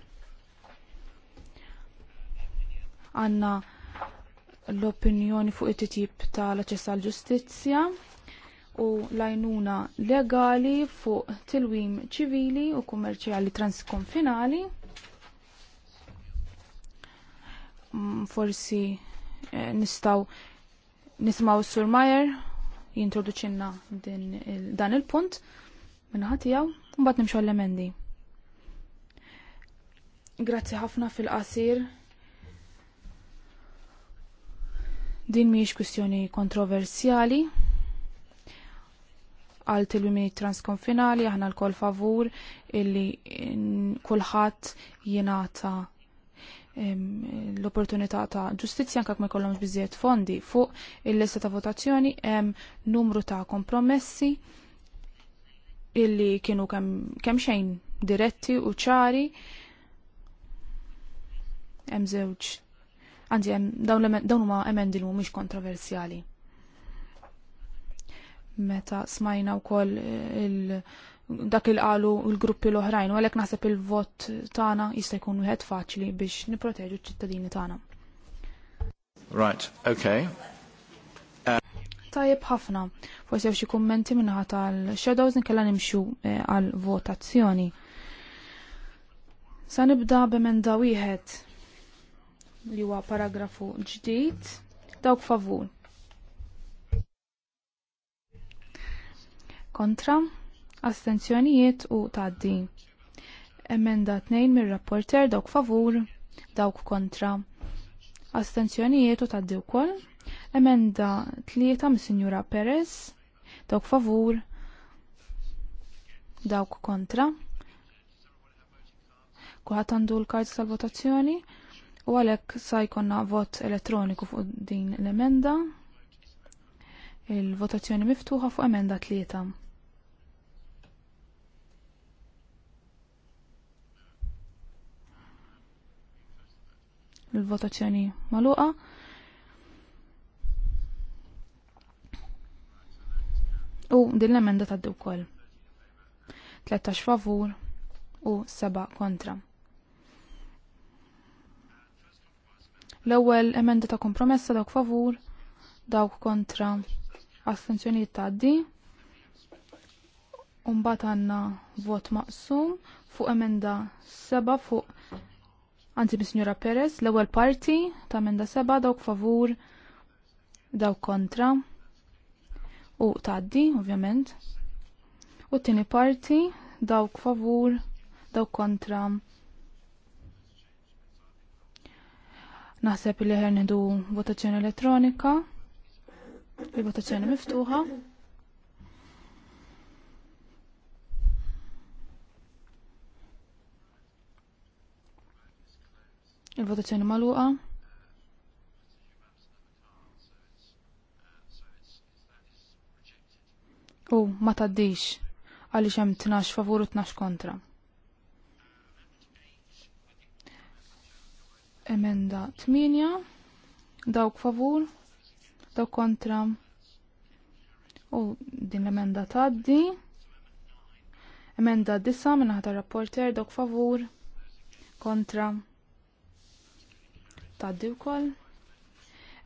għanna l-opinjoni fuq it-tip tal-aċċess għall-ġustizzja u lajnuna legali fuq tilwim ċivili u kummerċjali transkonfinali. Mm, forsi eh, nistaw nismaw Sur Majer jintroduċinna dan il-punt minna ħatijaw, mbagħad nimxu l-emendi. Grazzi ħafna fil-qasir. Din mhijiex kwistjoni kontroversjali għal tilwimini transkonfinali, aħna l-kol favur illi kulħadd jingħata l-opportunità ta' ġustizzja anke ma jkollhomx biżjed fondi fuq il-lista ta' votazzjoni hemm numru ta' kompromessi illi kienu kemm kem xejn diretti u ċari hemm żewġ anzi hemm dawn huma emendi li mhumiex kontroversjali meta smajna wkoll il dak il qalu l-gruppi l-oħrajn u għalhekk naħseb il-vot tagħna jista' jkun wieħed faċli biex nipproteġu ċ-ċittadini tagħna. Right, okay. Tajib ħafna. Forsi xi kummenti minnaħa tal-shadows nkella nimxu eh, għal votazzjoni. Sa nibda b'emenda wieħed li huwa paragrafu ġdid dawk favur kontra, astenzjonijiet u tgħaddi. Emenda 2 mir-rapporter dawk favur, dawk kontra, astenzjonijiet u tgħaddi wkoll. Emenda 3 mis-Sinjura Perez, dawk favur, dawk kontra. Kuħat għandu l-kart tal-votazzjoni u għalek sajkonna vot elettroniku fuq din l-emenda. Il-votazzjoni miftuħa fuq emenda tlieta. il-votazzjoni maluqa. U din l-emenda taddi wkoll. 13 favur u 7 kontra. L-ewwel emenda ta' kompromessa dawk favur, dawk kontra astenzjonijiet taddi. Umbat għanna vot maqsum fuq emenda 7 fuq Anzi, bis-Sinjura Perez, l-ewwel parti ta' menda seba' dawk favur, dawk kontra. U taddi, ovvjament. U t-tieni parti dawk favur, dawk kontra. Naħseb li ħernidu votazzjoni elettronika. Il-votazzjoni miftuħa. Il-votazzjoni maluqa. U ma taddix għaliex hemm tnax favur u tnax kontra. Emenda 8 dawk favur, dawk kontra. U din l-emenda taddi. Emenda 9 minnaħta rapporter dawk favur, kontra tgħaddi wkoll.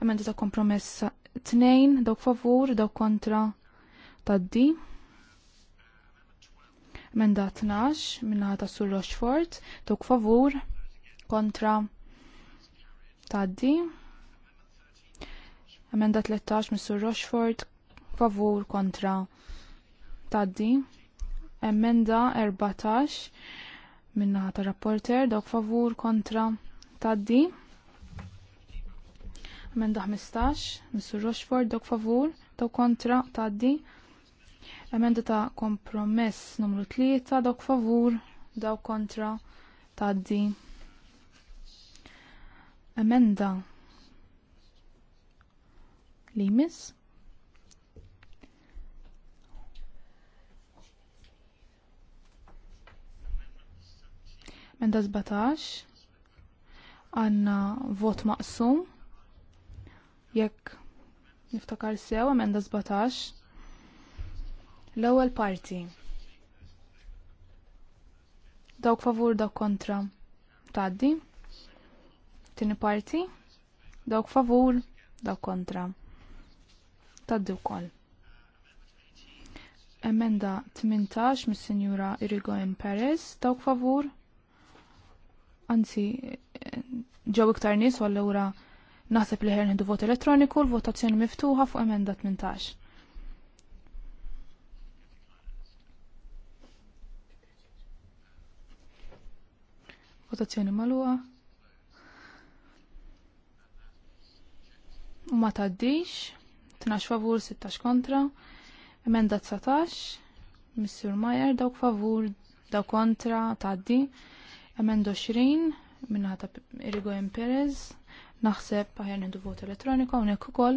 Emendi ta' kompromess tnejn dawk favur, dawk kontra tgħaddi. Emenda 12 minnaħa ta' Sur Rochefort, dawk favur, kontra tgħaddi. Emenda 13 minn Sur Rochefort, favur kontra tgħaddi. Emenda 14 minnaħa ta' rapporter, dawk favur kontra tgħaddi. Emenda 15, Mr. Rochford, dok favur, dok kontra, taddi. Emenda ta' kompromess numru 3, dok favur, dok kontra, taddi. Emenda li miss. Emenda 17, għanna vot maqsum jekk niftakar sew emenda 17 l-ewwel parti dawk favur dawk kontra tgħaddi tieni parti dawk favur dawk kontra tgħaddi wkoll emenda 18 mis-sinjura Irigoyen Perez dawk favur anzi ġew iktar nies u allura ura Naħseb li ħer vot elettroniku l-votazzjoni miftuħa fuq emenda 18. Votazzjoni maluqa. ma taddix, 12 favur, 16 kontra. Emenda 19, Missur Majer, dawk favur, dawk kontra, taddi. Emenda 20, minna ta' Irigoyen Perez, naħseb aħjar nieħdu vot elettroniku u ukoll.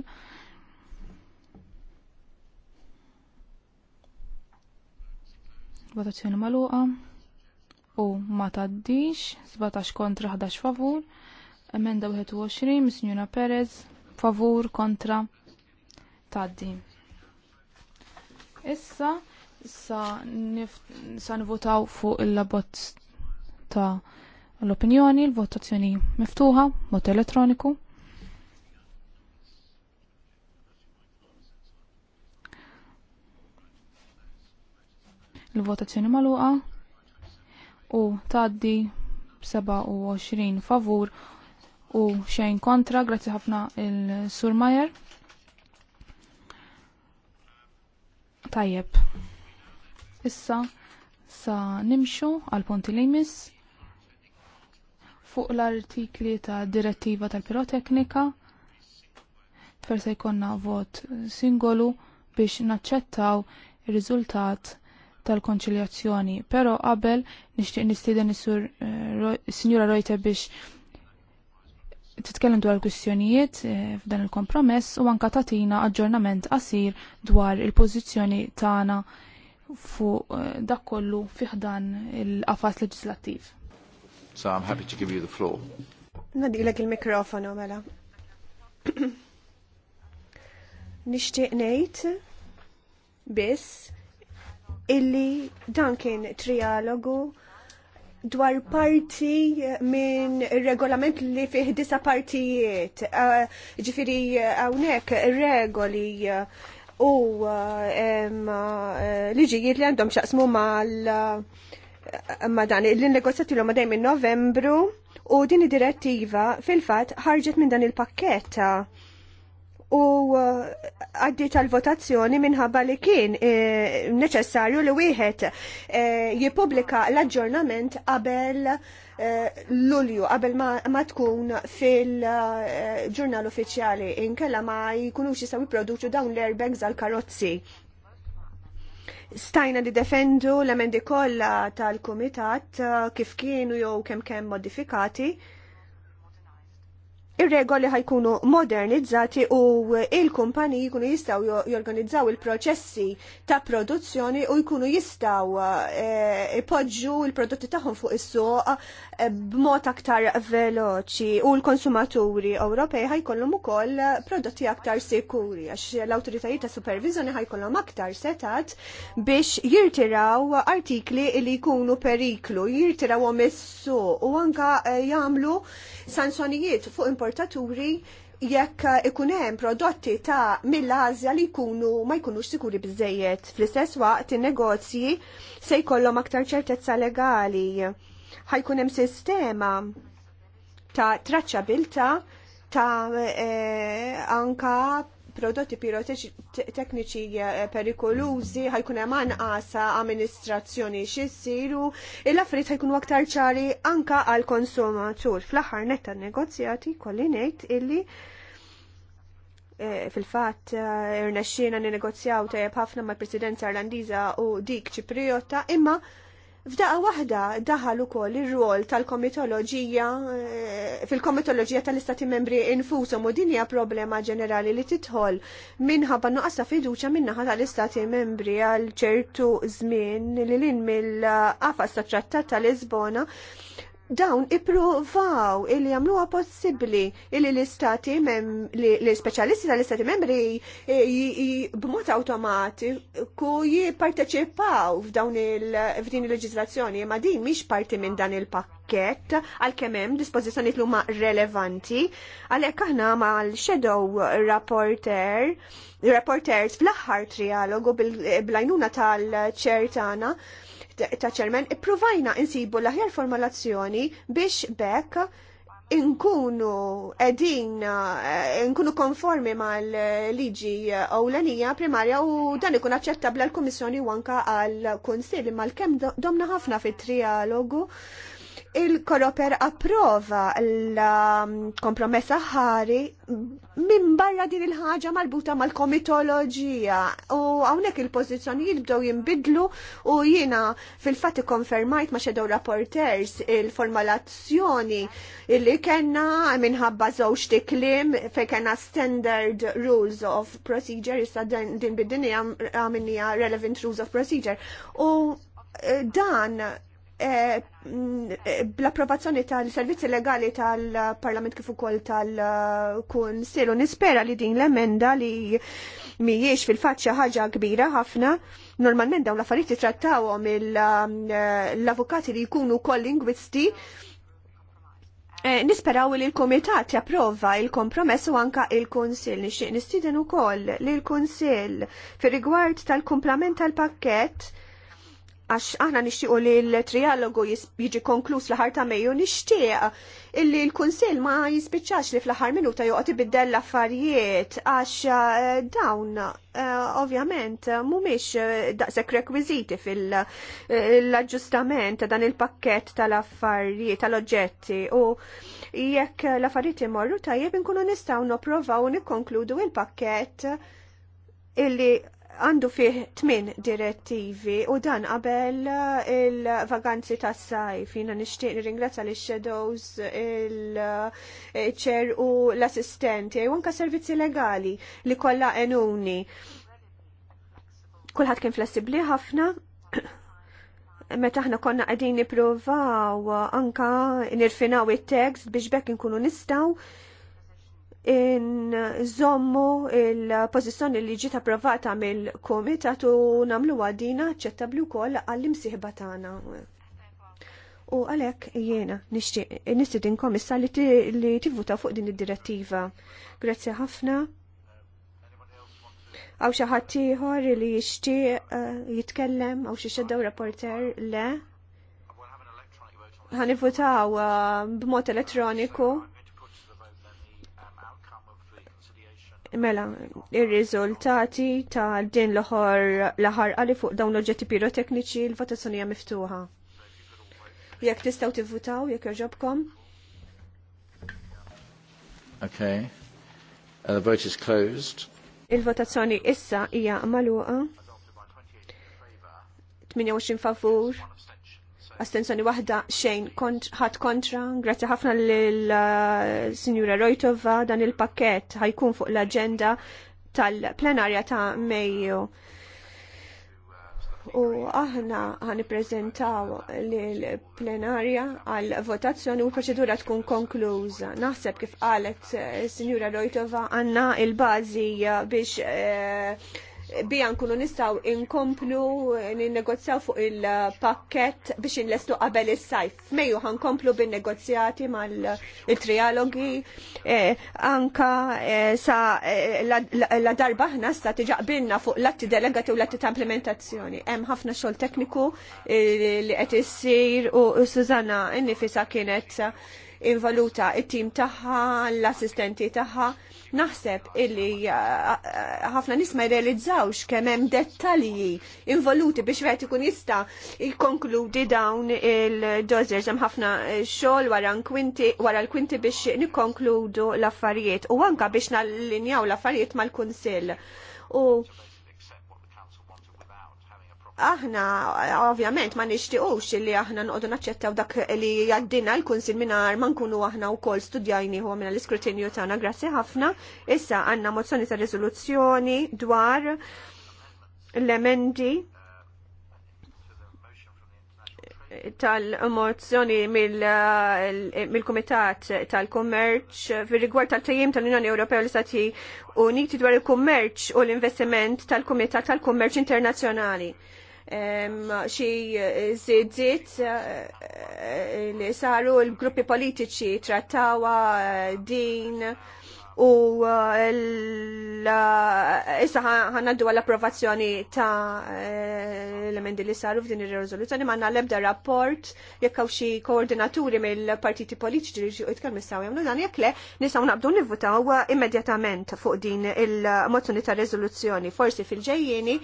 Votazzjoni magħluqa u ma taddix 17 kontra 11 favur. Emenda 21 Misnjuna Perez favur kontra taddi. Issa sa nivotaw fuq il-labot ta' l-opinjoni, l-votazzjoni miftuħa, vot elettroniku. Il-votazzjoni maluqa u taddi 27 favur u xejn kontra, grazzi ħafna il-Sur Majer. Tajjeb. Issa sa nimxu għal punti li jmiss fuq l-artikli ta' direttiva tal-piroteknika. Persa jkonna vot singolu biex naċċettaw ir-riżultat tal-konċiljazzjoni. Pero qabel nixtieq nistieden is-sur eh, Sinjura Reuter biex titkellem dwar il kwistjonijiet eh, f'dan il-kompromess u anka tatina aġġornament qasir dwar il-pożizzjoni tagħna fuq eh, dak kollu fiħdan il-qafas leġislattiv. So I'm happy to give you the floor. Nadilek il mikrofono mela. Nishtiq ngħid biss illi dan kien trialogu dwar parti minn regolament li fih disa partijiet. Uh, ġifiri uh, hawnhekk regoli uh, u liġijiet li għandhom xaqsmu mal ma dan il-negozjati l-hom dejjem minn Novembru u din id-direttiva fil-fatt ħarġet minn dan il-pakketta u eh, għaddi tal-votazzjoni minħabba li kien eh, neċessarju li wieħed eh, jipublika l-aġġornament qabel l Lulju, qabel ma, tkun fil-ġurnal uffiċjali inkella ma jkunux jisaw jipproduċu dawn l-airbags għal karozzi stajna di defendu l-emendi kollha tal-Kumitat uh, kif kienu jew kemm kemm modifikati ir-regoli ħajkunu modernizzati u il-kumpaniji jkunu jistaw jorganizzaw il-proċessi ta' produzzjoni u jkunu jistaw eh, ipoġġu e, il-prodotti tagħhom fuq is-suq e, b'mod aktar veloċi u l-konsumaturi Ewropej ħajkollhom ukoll prodotti aktar sikuri għax l-awtoritajiet ta' supervizjoni ħajkollhom aktar setat biex jirtiraw artikli li jkunu periklu, jirtirawhom is-suq u anka eh, jagħmlu sanzjonijiet fuq importaturi jekk ikun hemm prodotti ta' mill azja li jkunu ma jkunux sikuri bizzejiet. Fl-istess waqt in-negozji se jkollhom aktar ċertezza legali. Ħajkun hemm sistema ta' traċċabilta ta' eh, anka prodotti pirotekniċi eh, perikolużi ħajkun hemm anqasa amministrazzjoni xissiru, il-affarijiet ħajkunu aktar ċari anka għal konsumatur. Fl-aħħar netta negozjati kolli ngħid illi eh, fil-fatt eh, irnexxina ninegozjaw tajjeb ħafna mal-Presidenza Irlandiża u dik Ċipriota imma F'daqa waħda daħal ukoll ir-rol tal-komitoloġija eh, fil-komitoloġija tal-istati membri infushom u din hija problema ġenerali li tidħol minħabba nuqqas ta' fiduċja minnaħa tal-istati membri għal ċertu żmien li lin mill-qafas tat-Trattat tal-Lisbona dawn ippruvaw illi jagħmluha possibbli li l-istati l specialisti tal-istati membri b'mod ku jipparteċipaw f'dawn il-f'din il-leġiżlazzjoni ma din mhix parti minn dan il-pakkett għalkemm hemm dispożizzjoni huma relevanti għalhekk aħna mal-shadow rapporter reporters fl-aħħar trialogu bil lajnuna tal-ċertana ta' ċermen, ipprovajna insibu l-aħjar formulazzjoni biex bekk inkunu edin, eh, inkunu konformi mal-liġi ewlenija primarja u dan ikun aċċettabla l-Komissjoni u anka għal-Konsil, l kem domna ħafna fit-trialogu il-koloper approva l-kompromessa ħari minn barra din il-ħaġa marbuta mal-komitoloġija u hawnhekk il-pożizzjonijiet bdew jinbidlu u jiena fil-fatt ikkonfermajt ma' xedew rapporters il-formulazzjoni illi kellna minħabba żewġ tiklim fe kena standard rules of procedure issa din bid-dinja għamilnija relevant rules of procedure u eh, dan bl-approvazzjoni tal-servizzi legali tal-Parlament kif ukoll tal Silu nispera li din l-emenda li mhijiex fil-fatt ħaġa kbira ħafna. Normalment dawn l-affarijiet trattawhom l-avukati li jkunu wkoll lingwisti. Eh, nisperaw li l-Komitat japprova il-kompromess u anka il-Kunsil. Nixtieq nistieden ukoll li l-Kunsil fir-rigward tal-kumplament tal-pakkett għax aħna nixtiequ li l-trialogu jiġi konkluż l-ħar ta' Mejju nixtieq illi l-Kunsill ma jispiċċax li fl-aħħar minuta joqgħod ibiddel l-affarijiet għax eh, dawn eh, ovvjament mhumiex eh, daqshekk rekwiżiti fil-aġġustament ta' dan il-pakkett tal-affarijiet tal-oġġetti u jekk l-affarijiet imorru tajjeb inkunu nistgħu nopprovaw nikkonkludu il-pakkett illi għandu fih tmin direttivi u dan qabel eh, il-vaganzi tas sajf jina nishtiq nirringrazzja li shadows il-ċer eh, u l-assistenti u anka servizzi legali li kollha enuni. Kulħadd kien flessibbli ħafna meta aħna konna qegħdin nippruvaw anka nirfinaw it-tekst biex bekk inkunu nistgħu in zommu il-pozizjoni li ġiet approvata mill-komitat u namlu għadina ċettablu kol għall-imsiħba tagħna. U għalek jiena nistidin komissa li tivvuta fuq din id-direttiva. Grazzi ħafna. Għaw xaħat ieħor li jixti eh, jitkellem għaw xi xeddew rapporter le. Ħanivvutaw eh, b'mod elettroniku. Mela, ir-riżultati ta' din l-ħar għali fuq dawn l ġetti pirotekniċi l-votazzjoni hija miftuħa. Jekk tistgħu tivvutaw, jekk jogħġobkom. Ok. And the vote is closed. Il-votazzjoni issa hija magħluqa. 28 favur, astenzjoni waħda xejn ħadd kontra, grazzi ħafna l uh, sinjura Rojtova dan il-pakket ħajkun fuq l-aġenda tal-plenarja ta' Mejju. U aħna prezentaw l-plenarja għal votazzjoni u l-proċedura tkun konkluża. Naħseb kif qalet eh, Sinjura Rojtova għanna il-bażi eh, biex eh, bija nkunu nistaw inkomplu ninnegozjaw fuq il-pakket biex inlestu qabel is-sajf. Mejju ħankomplu bin-negozjati mal-trialogi e, anka e, sa e, la, darba ħna sta tiġaqbilna fuq l-atti delegati u l-atti ta' implementazzjoni. Hemm ħafna xogħol tekniku li qed issir u Susanna innifisa kienet involuta it-tim tagħha, l-assistenti tagħha. Naħseb illi uh, uh, ħafna nisma ma kemem kemm hemm dettalji involuti biex wieħed ikun jista' jikkonkludi dawn il-dożers hemm ħafna uh, xogħol wara l-kwinti biex nikkonkludu l-affarijiet u anka biex nallinjaw l-affarijiet mal-kunsill. U aħna ovvjament ma nixtiequx li aħna nqogħdu naċċettaw dak li jaddina l-kunsil mingħajr ma nkunu aħna wkoll studjajni huwa minna l-iskrutinju tagħna grazzi ħafna. Issa għandna mozzjoni ta' riżoluzzjoni dwar l-emendi tal-mozzjoni mill-Kumitat tal-Kummerċ fir-rigward tal-tejjem tal-Unjoni Ewropea u l-Istati Uniti dwar il-kummerċ u l-investiment tal-Kumitat tal-Kummerċ Internazzjonali xie zidzit eh, li saru l-gruppi politiċi trattawa eh, din u eh, issa ħanaddu għall-approvazzjoni ta' l-emendi li saru f'din ir-riżoluzzjoni ma l-ebda rapport jekk hawn xi koordinaturi mill-partiti politiċi li xi jitkellmu saw jagħmlu dan jekk le nistgħu naqbdu nivvutaw immedjatament fuq din il-mozzjoni ta' riżoluzzjoni forsi fil ġejjeni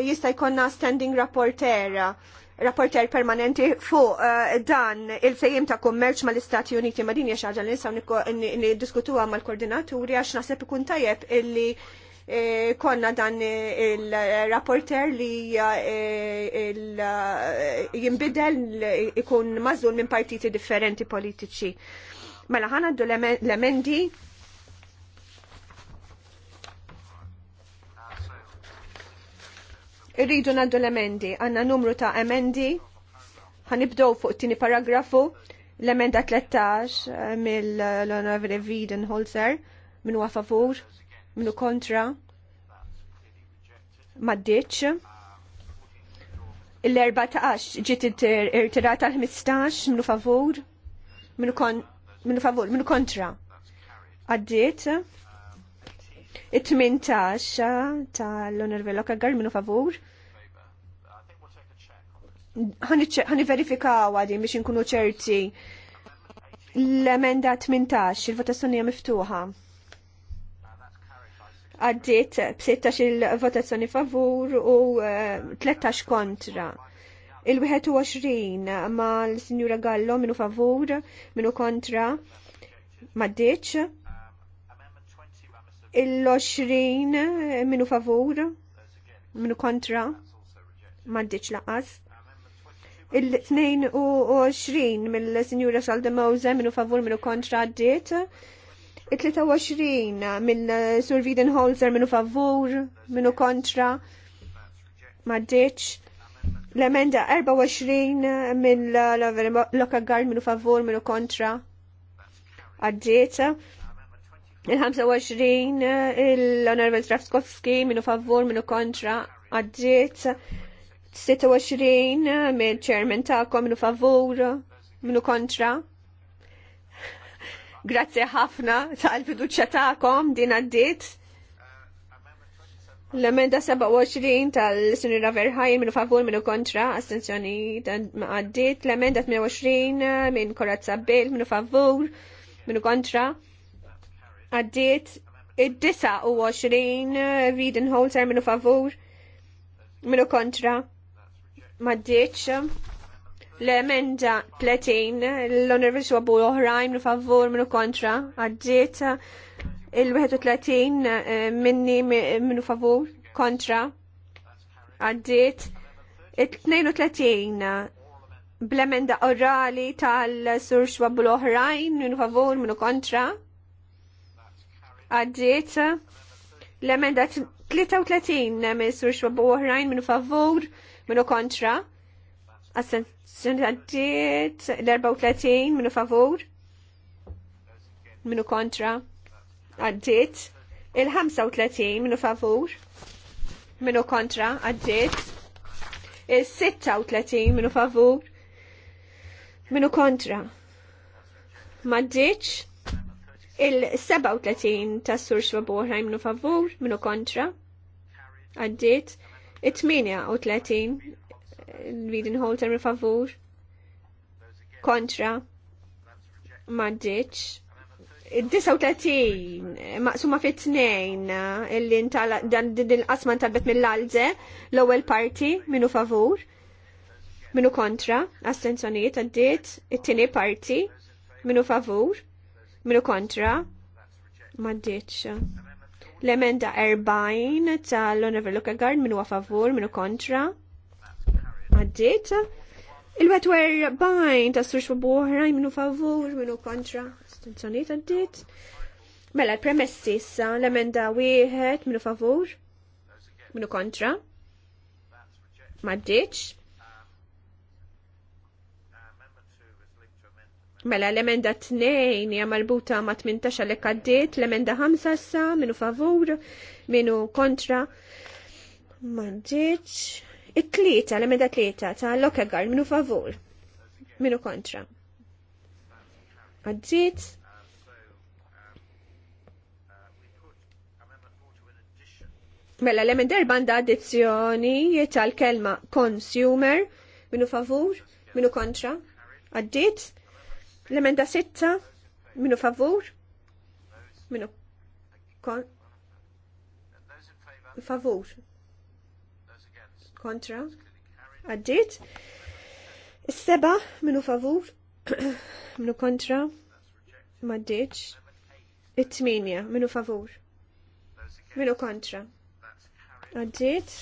jista' jkollna standing rapporter rapporter permanenti fuq eh, dan il fejjim ta' kummerċ mal-Istati Uniti ma' din hija xaġa li nistgħu niddiskutuha mal-koordinaturi għax naħseb ikun tajjeb illi eh, konna dan il-rapporter li eh, jimbidel ikun mażul minn partiti differenti politiċi. Mela ħana l-emendi Irridu naddu l-emendi, għanna numru ta' emendi, Għanibdow fuq tini paragrafu, l-emenda 13 eh, mill-Honorable Wiedenholzer, minu għafavur, minu kontra, maddiċ. l 14 ġiet irtirata l-15 minu favur, minu, kon, minu favur, minu kontra. Għaddiet it tmintax ah, tal-Onorevole Lokagar minu favur. Ħani verifikaw għadin biex nkunu ċerti l-emenda 18, il-votazzjoni hija miftuħa. Għaddiet b-16 il-votazzjoni favur u 13 eh, kontra. Il-21 ma l-Sinjura Gallo minu favur, minu kontra, maddiċ il-20 minu favur, minu kontra, maddiċ laqas. Il-22 mill-Sinjura Saldemose minu favur minu kontra għaddit. Il-23 mill-Sur Holzer minu favur minu kontra maddiċ. L-emenda 24 mill-Lokagar minu favur minu kontra għaddit Il-25 eh, l-Honorable Trafskowski minu favur minu kontra għaddiet 26 eh, mill chairman ta'kom minu favur minu kontra Grazie ħafna tal-fiduċa ta'kom din għaddiet L-emenda 27 tal-Sinira Verħaj minu favur minu kontra, astenzjoni għaddit. L-emenda 28 eh, minn Korazza Bell minu favur minu kontra, għaddiet id-29 disa Wiedenholzer eh, minu favur minu kontra maddiċ l-emenda 30 l u għabu oħrajn minu favur minu kontra għaddiet il-31 eh, minni minu favur kontra għaddiet il-32 bl-emenda orali tal-sur xwabu oħrajn minu favur minu kontra għaddiet l-emenda 33 minn u Xwab u oħrajn favur minu kontra. Assenzjoni għaddiet l-34 minu favur minu kontra. Għaddiet il-35 minu favur minu kontra. Għaddiet il-36 minu favur minu kontra. Maddiċ Il-37 ta' Sur Xwabu jimnu favur, minnu kontra. Għaddit. Il-38 Reading Holter minnu favur. Kontra. Maddiċ. Il-39 maqsuma fit tnejn il-li dan il ta' talbet mill-alze l-ewwel parti minnu favur. minnu kontra, astenzjonijiet għaddiet, it-tieni parti, minnu favur, Milu kontra? Maddiċ. L-emenda 40 tal-Onever Luka Guard, minu a favur, minu kontra? Maddiċ. Il-wetwer bajn ta' surx babu oħrajn minu favur, minu kontra? Stenzjoniet għaddit. Mela, l-premessi l-emenda wieħed minu favur, minu kontra? Maddiċ. Mela l-emenda 2 hija marbuta ma' 18 li kaddiet, l-emenda 5 issa minu favur, minu kontra. Ma ġietx. It-tlieta, l-emenda tlieta ta' Lokegar minu favur, minu kontra. Għadżiet. Mela l-emenda erba' għandha addizzjoni tal-kelma consumer minu favur, minu kontra. Għadżiet. L-emenda sitta, minu favur? Minu kon favur. Kontra? Għaddit? Is-seba minu favur? minu kontra? Maddit? It-tminja minu favur? Minu kontra? Għaddit?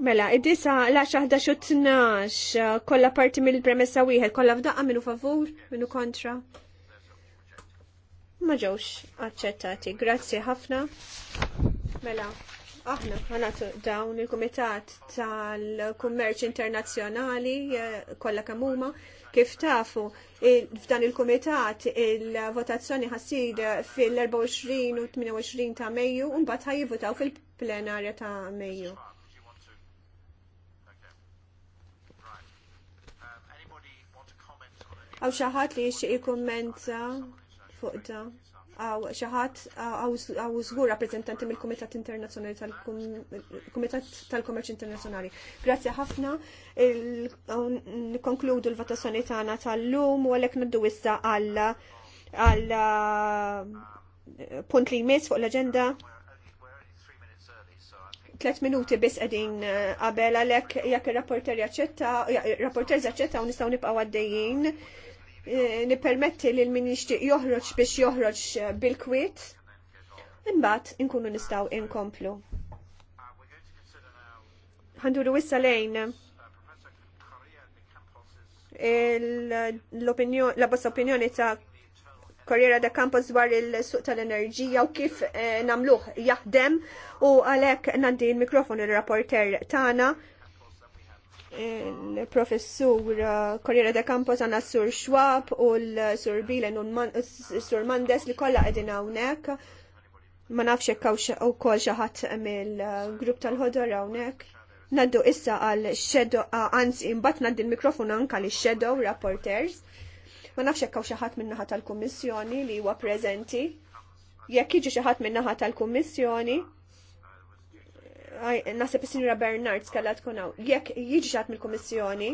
Mela, id-disa, l 11 12, kolla parti mill-premessa wieħed, kolla f'daqqa minnu favur, minnu kontra. Ma ġewx accettati, grazzi ħafna. Mela, aħna ħanatu dawn il-Kumitat tal-Kummerċ Internazzjonali eh, kolla kamuma, kif tafu f'dan il-Kumitat il-votazzjoni ħassid fil-24 u 28 ta' Mejju, un-bat ħajivutaw fil-plenarja ta' Mejju. Għaw xaħat li jixi jikommenta fuq da. Għaw xaħat għaw zgur rappresentanti mill kumitat Internazzjonali tal-Kumitat tal-Kommerċ Internazzjonali. Grazzi ħafna. Nikonkludu l-votazzjoni tagħna tal-lum u għalhekk naddu issa għal punt li jmiss fuq l-aġenda tlet minuti bis edin qabel għalek jekk il-rapporter jaċċetta, rapporter jaċċetta u nistaw nibqa' għaddejjin. Eh, nipermetti li l-min joħroġ biex joħroġ eh, bil-kwiet, imbagħad inkunu nistgħu inkomplu. Ħanduru wissa lejn eh, l bossa opinjoni ta' Corriera da Campos dwar il-suq tal-enerġija u kif namluħ jaħdem u għalek nandi il-mikrofon il-rapporter tana il-professur eh, Corriere de Campos għanna sur Schwab u l-sur Bilen u l-sur Mandes li kolla għedin għawnek. Ma nafx jekk u kol xaħat mill-grupp tal-ħodor għawnek. Naddu issa għal xedo, għanzi imbat naddi l-mikrofon anka li xedo rapporters. Ma nafx kaw u xaħat minnaħat tal-kommissjoni li huwa prezenti. Jekk iġi xaħat minnaħat tal-kommissjoni, nasib is-sinjura Bernard skalla tkun hawn. Jekk jiġi mill-Kummissjoni,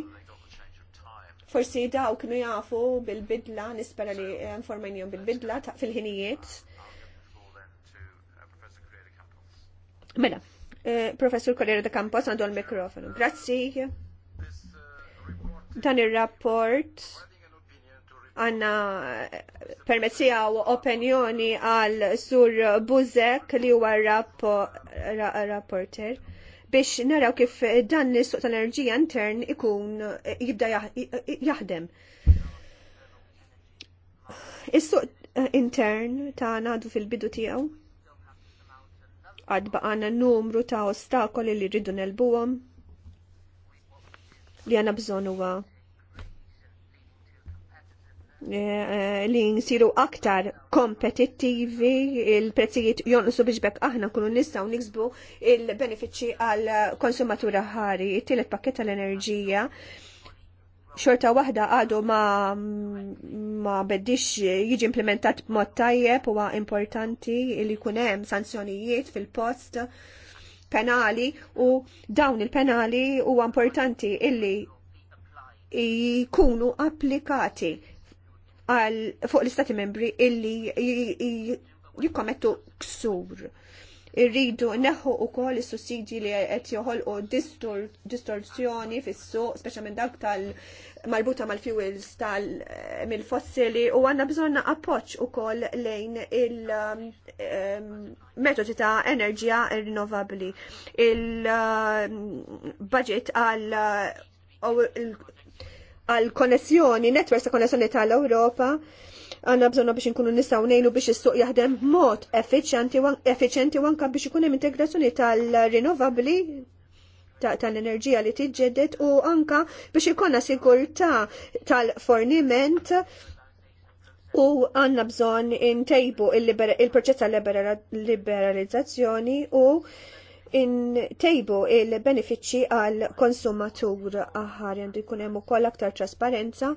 forsi daw kienu jafu bil-bidla, nispera li informajnijom bil-bidla fil-ħinijiet. Mela, eh, professor Corriere de Campos għandu l-mikrofonu. Grazzi. Dan il-rapport għanna eh, għaw opinjoni għal sur Buzek li huwa rapporter biex naraw kif dan nisuq suq tal-enerġija intern ikun jibda jaħdem. Is-suq eh, intern ta' għadu fil-bidu tiegħu għad baqana numru ta' ostakoli li rridu nelbuhom li għana bżonu huwa Eh, li nsiru aktar kompetittivi, il-prezzijiet jonqsu biex bekk aħna nkunu nistgħu niksbu il-benefiċċji għal konsumatura ħari, it-tielet pakket tal-enerġija. Xorta waħda għadu ma, ma beddix jiġi implementat b'mod tajjeb huwa importanti li jkun hemm sanzjonijiet fil-post penali u dawn il-penali huwa importanti illi jkunu applikati għal fuq l-istati membri illi jikkomettu ksur. Irridu neħu u kol il-sussidji li għet joħolqu distorsjoni fis-suq, minn dawk tal-marbuta mal-fuels tal-mil-fossili u għanna bżonna appoċ u kol lejn il-metodi um, um, ta' enerġija rinnovabli. Il-budget um, għal uh, għal konnessjoni, netwerks ta' konessjoni tal-Ewropa, għanna bżonna biex nkunu nistaw nejlu biex is-suq jaħdem mod efficienti u anka biex ikun hemm integrazzjoni tal-rinnovabbli tal-enerġija li tiġġedet u anka biex ikonna sigurtà tal-forniment u għanna bżon intejbu il-proċess tal-liberalizzazzjoni u intejbu il-benefiċċji għal konsumatur aħħar għandu jkun hemm ukoll aktar trasparenza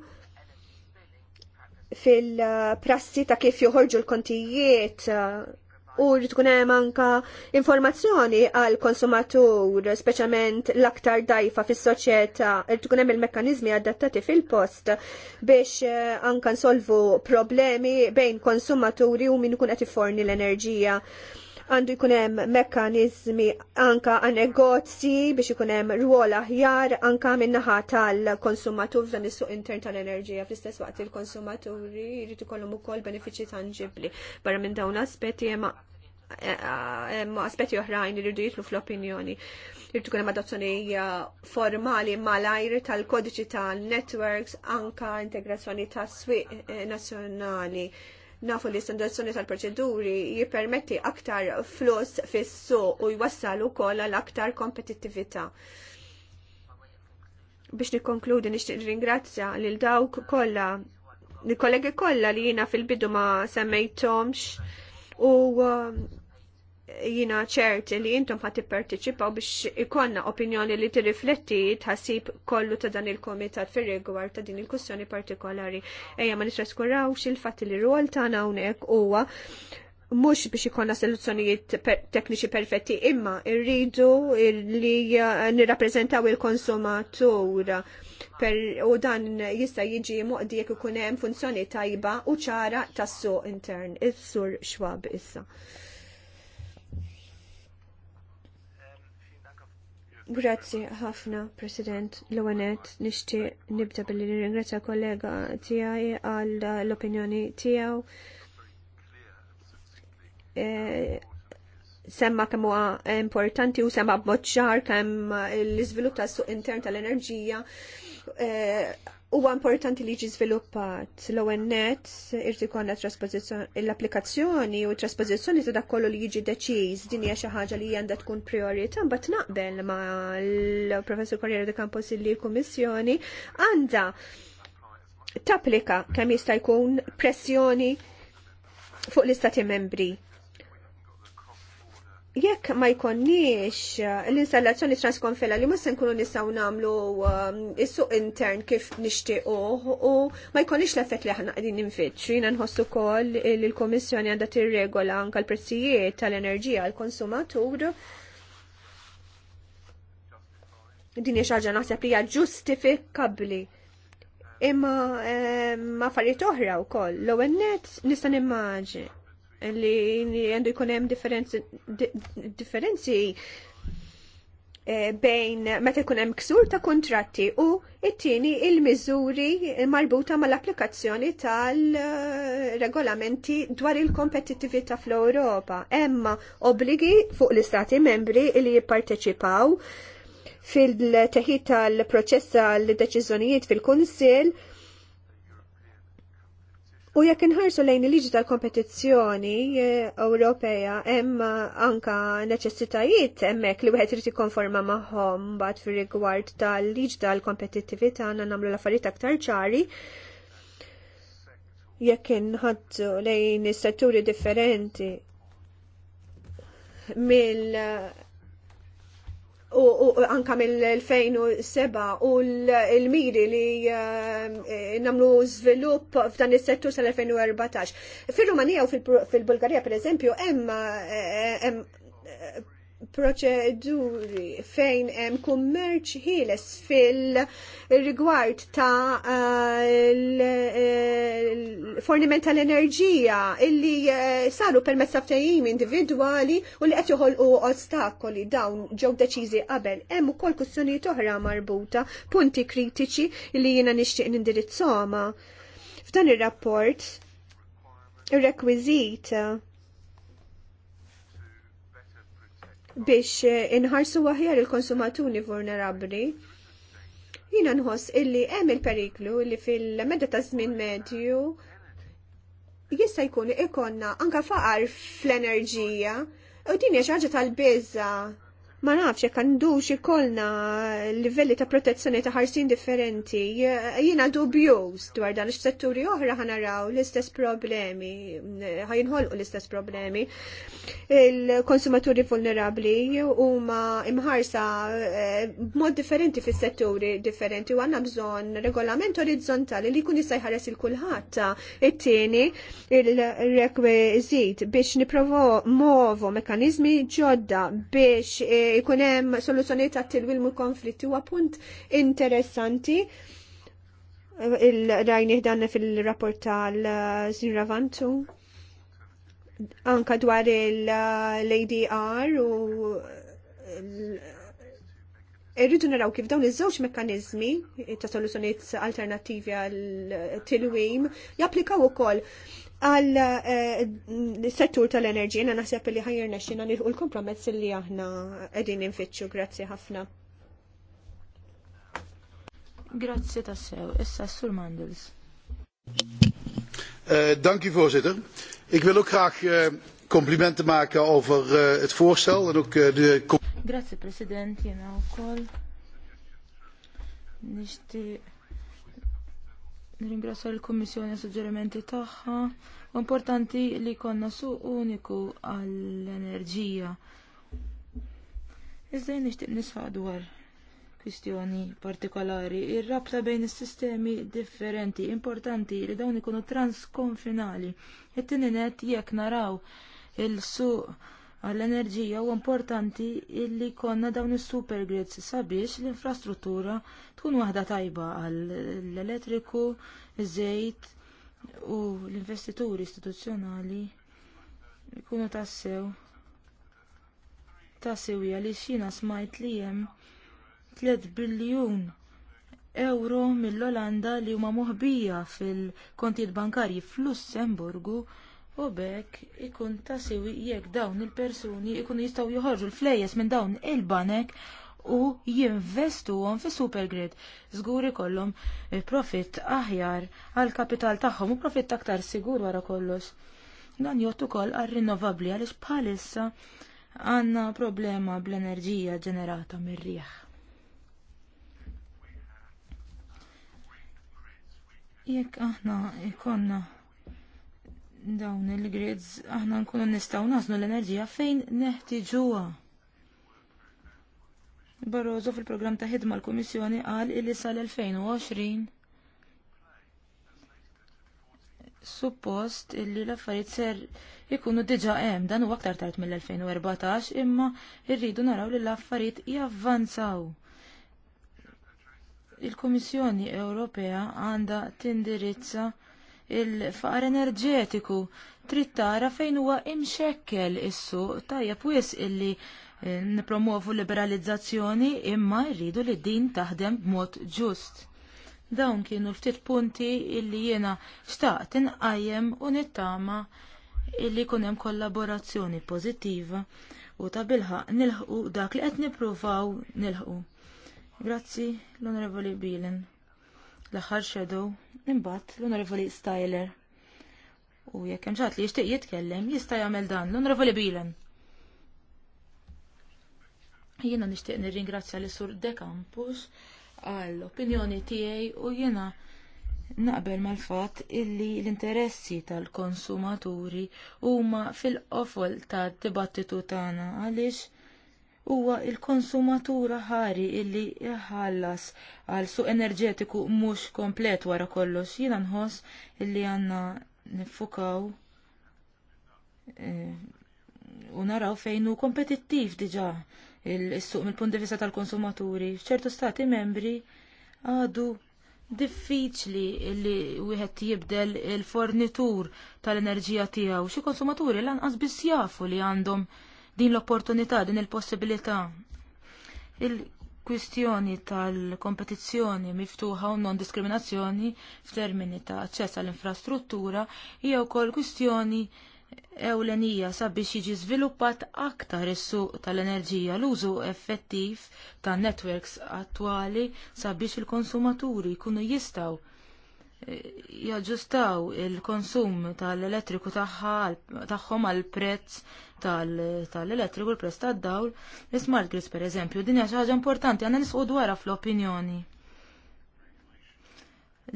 fil-prassi ta' kif joħorġu l-kontijiet u rrid tkun hemm anka informazzjoni għal konsumatur, speċjalment l-aktar dajfa fis-soċjetà, rrid tkun hemm il-mekkaniżmi adattati fil-post biex eh, anka nsolvu problemi bejn konsumaturi u min ikun qed iforni l-enerġija għandu jkun hemm mekkaniżmi anka għan negozji biex ikun hemm aħjar anka min-naħa tal-konsumatur f'dan is-suq intern tal-enerġija fl-istess waqt il-konsumaturi jrid ikollhom ukoll benefiċċji tangibli, Barra minn dawn aspetti hemm e- aspetti oħrajn li jitlu fl-opinjoni. Irridu kunem adozzjoni formali malajr tal-kodiċi tal-networks anka integrazzjoni tas swieq eh, nazzjonali. Nafu li standardizzazzjoni tal-proċeduri jippermetti aktar flus fissu u jwassal ukoll l aktar kompetittività. Biex nikkonkludi nixtieq ringrazzja lil dawk kollha l-kollegi kollha li jiena fil-bidu ma semmejthomx u jina ċerti li jintom ħati ipparteċipaw biex ikonna opinjoni li tirrifletti tħassib kollu ta' dan il-komitat fir rigward ta' din il-kussjoni partikolari. Ejja ma nitraskurawx il fatti li rol ta' hawnhekk huwa mux biex ikonna soluzzjonijiet tekniċi perfetti imma irridu li eh, nirrappreżentaw il-konsumatur per u dan jista' jiġi moqdi jekk ikun hemm funzjoni tajba u ċara tas-suq intern. Is-sur xwab issa. Grazzi ħafna, President Lowenet, nishti nibda billi nirringrazzja kollega tijaj għal l-opinjoni tijaw. E, semma kemm huwa importanti u semma b'mod ċar kemm l-iżvilupp tas-suq intern tal-enerġija e, Huwa importanti li jiġi sviluppat l-ewwel net irid ikollna l-applikazzjoni u trasposizzjoni ta' dak kollu li jiġi deċiż din hija xi ħaġa li għandha tkun priorità mbagħad naqbel ma' l-Professur Corriere de Campos li kummissjoni għandha tapplika kemm jista' jkun pressjoni fuq l-istati membri jekk ma jkonniex eh, l-installazzjoni transkonfela li mus nkunu nisaw namlu eh, is-suq intern kif nixtiequ u ma jkonniex l-effett li aħna għadin ninfittxu. Jiena nħossu wkoll li l għandat għandha tirregola anke l-prezzijiet tal-enerġija għall konsumatur Din hija naħseb li hija ġustifikabbli. Imma eh, ma affarijiet oħra wkoll. L-ewwel nett nista' nimmaġi li għandu jkun hemm differenzi, eh, bejn meta jkun hemm ksur ta' kontratti u it-tieni il-miżuri marbuta mal-applikazzjoni tal-regolamenti dwar il-kompetittività fl-Ewropa. Emma obbligi fuq l-istati membri li jipparteċipaw fil-teħid tal-proċess tal-deċiżjonijiet fil-Kunsill U jekk inħarsu lejn il-liġi tal-kompetizzjoni eh, Ewropea hemm anka neċessitajiet hemmhekk li wieħed irid ikkonforma magħhom mbagħad fir-rigward tal-liġi tal-kompetittività għandna nagħmlu l-affarijiet aktar ċari jekk inħaddu lejn is-setturi differenti mill u anka mill-2007 u l-miri li eh, namlu svilup f'dan is-settur sal-2014. fil rumanija u fil-Bulgarija per eżempju hemm eh, eh, proċeduri fejn hemm kummerċ ħieles fil-rigward ta' l-forniment eh, tal-enerġija illi eh, saru permezz ta' ftehim individwali u li qed joħolqu ostakoli dawn ġew deċiżi qabel. Hemm ukoll kussjonijiet oħra marbuta, punti kritiċi li jiena nixtieq nindirizzahom. F'dan ir-rapport ir-rekwiżit biex eh, inħarsu waħjar il-konsumaturi vulnerabli. Jina nħoss illi hemm il-periklu li fil-medda ta' żmien medju jista' jkun ikonna anka faqar fl-enerġija u din hija xi ħaġa tal-biża' ma nafx jekk għandux ikollna livelli ta' protezzjoni ta' ħarsin differenti, jiena dubjuż dwar dan x-setturi oħra naraw l-istess problemi, ħajnħolqu l-istess problemi. Il-konsumaturi vulnerabli huma imħarsa eh, b'mod differenti fis-setturi differenti u għandna bżonn regolament orizzontali li jkun jista' jħares il kulħadd. It-tieni il-rekwiżit biex niprovo movu mekanizmi ġodda biex eh, ikun hemm soluzzjonijiet għat-tilwil mu konflitti huwa punt interessanti il-rajni ħdanna fil-rapport tal zinravantu Vantu anka dwar il-ADR u irridu naraw kif dawn iż-żewġ mekkaniżmi ta' soluzzjonijiet alternattivi għal tilwim japplikaw ukoll għal eh, settur tal enerġi jena nasib li ħajrna xina nilħu l-kompromess li aħna edin infittxu. Grazzi ħafna. Grazzi tassew. Issa Sur Mandels. Eh, dank u voorzitter. Ik wil ook graag eh, complimenten maken over het voorstel en ook de... Grazie president, jena u kol. Nishti Nirringrazzja l-Kummissjoni suġġerimenti tagħha. Importanti li konna suq uniku għall-enerġija. Iżda nixtieq nisħaq dwar kwistjoni partikolari, ir-rabta bejn is-sistemi differenti importanti li dawn ikunu transkonfinali. It-tieni jekk naraw il-suq għall-enerġija huwa importanti illi jkollna dawn is-supergrids sabiex l-infrastruttura tkun waħda tajba għall-elettriku, iż-żejt u l-investituri istituzzjonali jkunu tassew tassew għaliex jiena smajt li hemm 3 biljun euro mill-Olanda li huma moħbija fil-kontijiet bankarji fl-Lussemburgu U bekk ikun ta' siwi jekk dawn il-persuni ikun jistgħu joħorġu l-flejjes minn dawn il-banek u jinvestuhom fi supergrid. Żgur ikollhom eh, profitt aħjar għal kapital tagħhom u profitt aktar sigur wara kollox. Dan jottu koll għar rinnovabli għaliex bħalissa għandna problema bl-enerġija ġenerata mir-rieħ. Jekk aħna ikonna dawn il-grids aħna nkunu nistgħu naħsnu l-enerġija fejn neħtiġuha. Barroso fil-programm ta' ħidma l-Kummissjoni qal illi sal-2020 suppost illi l-affarijiet ser ikunu diġa hemm dan huwa aktar tard mill-2014 imma rridu naraw li l-affarijiet javvanzaw. Il-Kummissjoni Ewropea għandha tindirizza il-faqar enerġetiku trid tara fejn huwa imxekkel is-suq tajjeb wis illi eh, nipromuovu liberalizzazzjoni imma rridu li din taħdem b'mod ġust. Dawn kienu ftit punti illi jiena xtaqt tinqajjem u nittama illi jkun hemm kollaborazzjoni pożittiva u ta' bilħaq nilħqu dak li qed nippruvaw nilħqu. Grazzi l-Onorevoli Bilen l-aħħar shadow, imbagħad l-Onorevoli Styler. U jekk hemm ġat li jixtieq jitkellem, jista' jagħmel dan l-Onorevoli Bilen. Jiena nixtieq nirringrazzja li sur De Campus għall-opinjoni tiegħi u jiena naqbel mal-fatt illi l-interessi tal-konsumaturi huma fil-qofol tad-dibattitu tagħna għaliex huwa l konsumatura ħari illi jħallas għal suq enerġetiku mhux komplet wara kollox. Jiena nħoss illi għandna nifukaw eh, u naraw fejn hu kompetittiv diġà il-suq mill-punt di vista tal-konsumaturi. F'ċertu stati membri għadu diffiċli li wieħed jibdel il-fornitur tal-enerġija tiegħu. Xi konsumaturi lanqas biss jafu li għandhom din l-opportunità, din il-possibilità. Il-kwistjoni tal-kompetizzjoni miftuħa u non-diskriminazzjoni f'termini ta' aċċess għall-infrastruttura hija wkoll kwistjoni ewlenija sabiex jiġi żviluppat aktar is-suq tal-enerġija l-użu effettiv tan netwerks attwali sabiex il-konsumaturi jkunu jistgħu eh, jaġġustaw il-konsum tal-elettriku tagħhom għal prezz tal-elettriku l-prezz tad-dawl. L-smart grids pereżempju, din hija xi ħaġa importanti għandna nisqu dwar fl-opinjoni.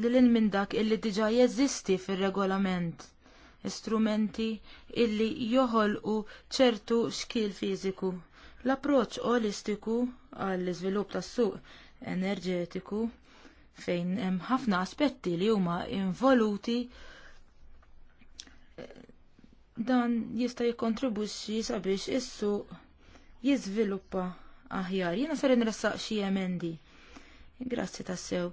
Lilin minn dak illi diġà jeżisti fir-regolament istrumenti illi joħolqu ċertu xkil fiżiku. L-approċ olistiku għall-iżvilupp tas-suq enerġetiku fejn hemm ħafna aspetti li huma involuti Dan jista' jikkontribwixxi sabiex is-suq jiżviluppa aħjar. Jiena sar nressaq xi emendi. Grazzi tassew.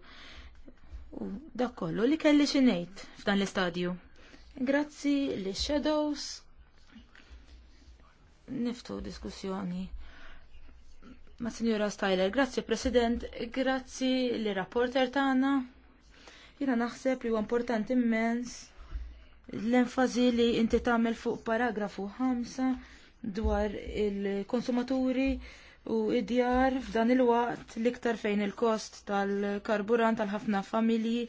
U dak kollu li kelli xi ngħid f'dan l-istadju. Grazzi li shadows niftu diskussjoni. Ma' Signora Styler, grazzi President, grazzi li rapporter tagħna. Jiena naħseb li huwa importanti immens l-enfasi li inti tagħmel fuq paragrafu 5 dwar il-konsumaturi u id-djar f'dan il-waqt l-iktar fejn il-kost tal-karburant tal-ħafna familji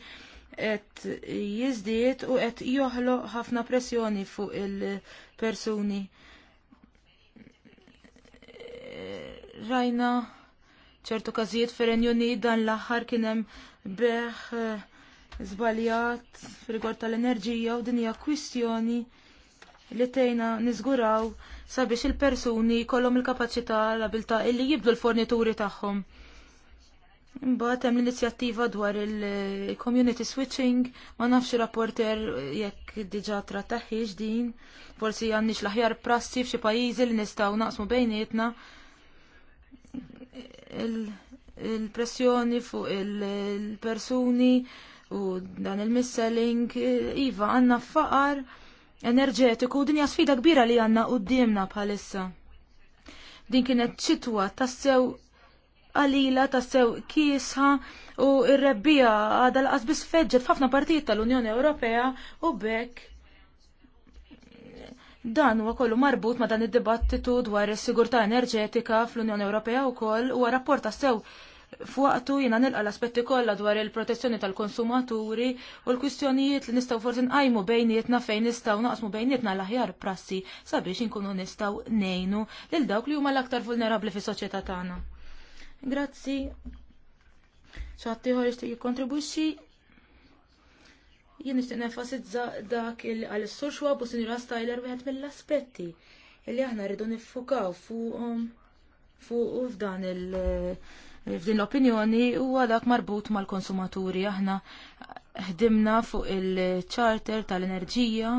qed jiżdied u qed joħloq ħafna pressjoni fuq il-persuni. Rajna ċertu każijiet fir-Renju dan l-aħħar kien hemm beħ żbaljat rigward tal-enerġija u din hija kwistjoni li tejna niżguraw sabiex il-persuni kollom il-kapaċità l-abilità illi jibdu l-fornituri tagħhom. Imbagħad hemm l-inizjattiva dwar il-community switching, ma nafx rapporter jekk diġà trattaħħiex din, forsi għandix l-aħjar prassi f'xi pajjiżi li nistgħu naqsmu bejnietna. Il-pressjoni fuq il-persuni il persuni u dan il-misselling iva għanna faqar enerġetiku u dinja sfida kbira li għanna u d-dimna bħalissa. Din kienet ċitwa tassew għalila tassew kisħa u ir-rebbija għadha għazbis feġġet fafna partijiet tal-Unjoni Ewropea u bekk Dan huwa kollu marbut ma dan id-dibattitu dwar is-sigurtà enerġetika fl-Unjoni Ewropea wkoll huwa rapport tassew sew fuqtu jina nilqa l-aspetti kollha dwar il-protezzjoni tal-konsumaturi u l-kwistjonijiet li nistgħu forsi nqajmu bejnietna fejn nistgħu naqsmu bejnietna l-aħjar prassi sabiex inkunu nistgħu ngħinu lil dawk li huma l-aktar vulnerabbli fis-soċjetà tagħna. Grazzi. Xatti ħor ixtieq jikkontribwixxi. Jien nixtieq nenfasizza dak il għal is-sur u Sinjura Styler wieħed mill-aspetti li aħna rridu niffukaw fuq fuq f'dan il- f'din l-opinjoni huwa dak marbut mal-konsumaturi. Aħna ħdimna fuq il-charter tal-enerġija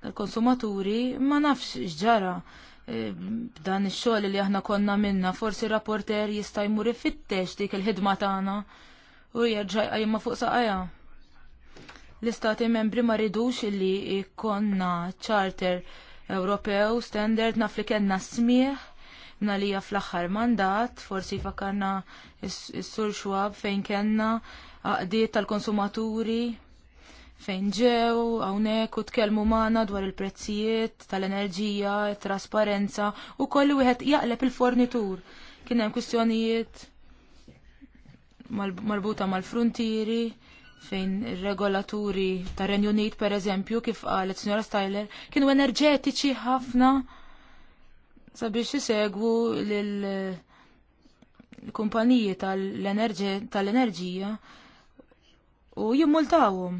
tal-konsumaturi ma nafx x'ġara eh, b'dan ix-xogħol li aħna konna minna. Forsi rapporter jista' jmur ifittex dik il-ħidma tagħna u jerġa' jqajma fuq saqajja. L-istati membri ma ridux illi konna charter Ewropew standard naf li kellna smieħ Nalija fl-axħar mandat, forsi fakarna s-sur xwab fejn kena, għaqdiet tal-konsumaturi, fejn ġew, għawnek u tkellmu maħna dwar il-prezzijiet tal-enerġija, trasparenza u kollu wieħed jaqleb il-fornitur. Kien hemm kwistjonijiet marbuta mal-frontieri, fejn ir-regolaturi tar-Renju Unit pereżempju kif qalet Sinjora Styler kienu enerġetiċi ħafna sabiex jisegwu l-kumpaniji eh, tal-enerġija u jimmultawhom.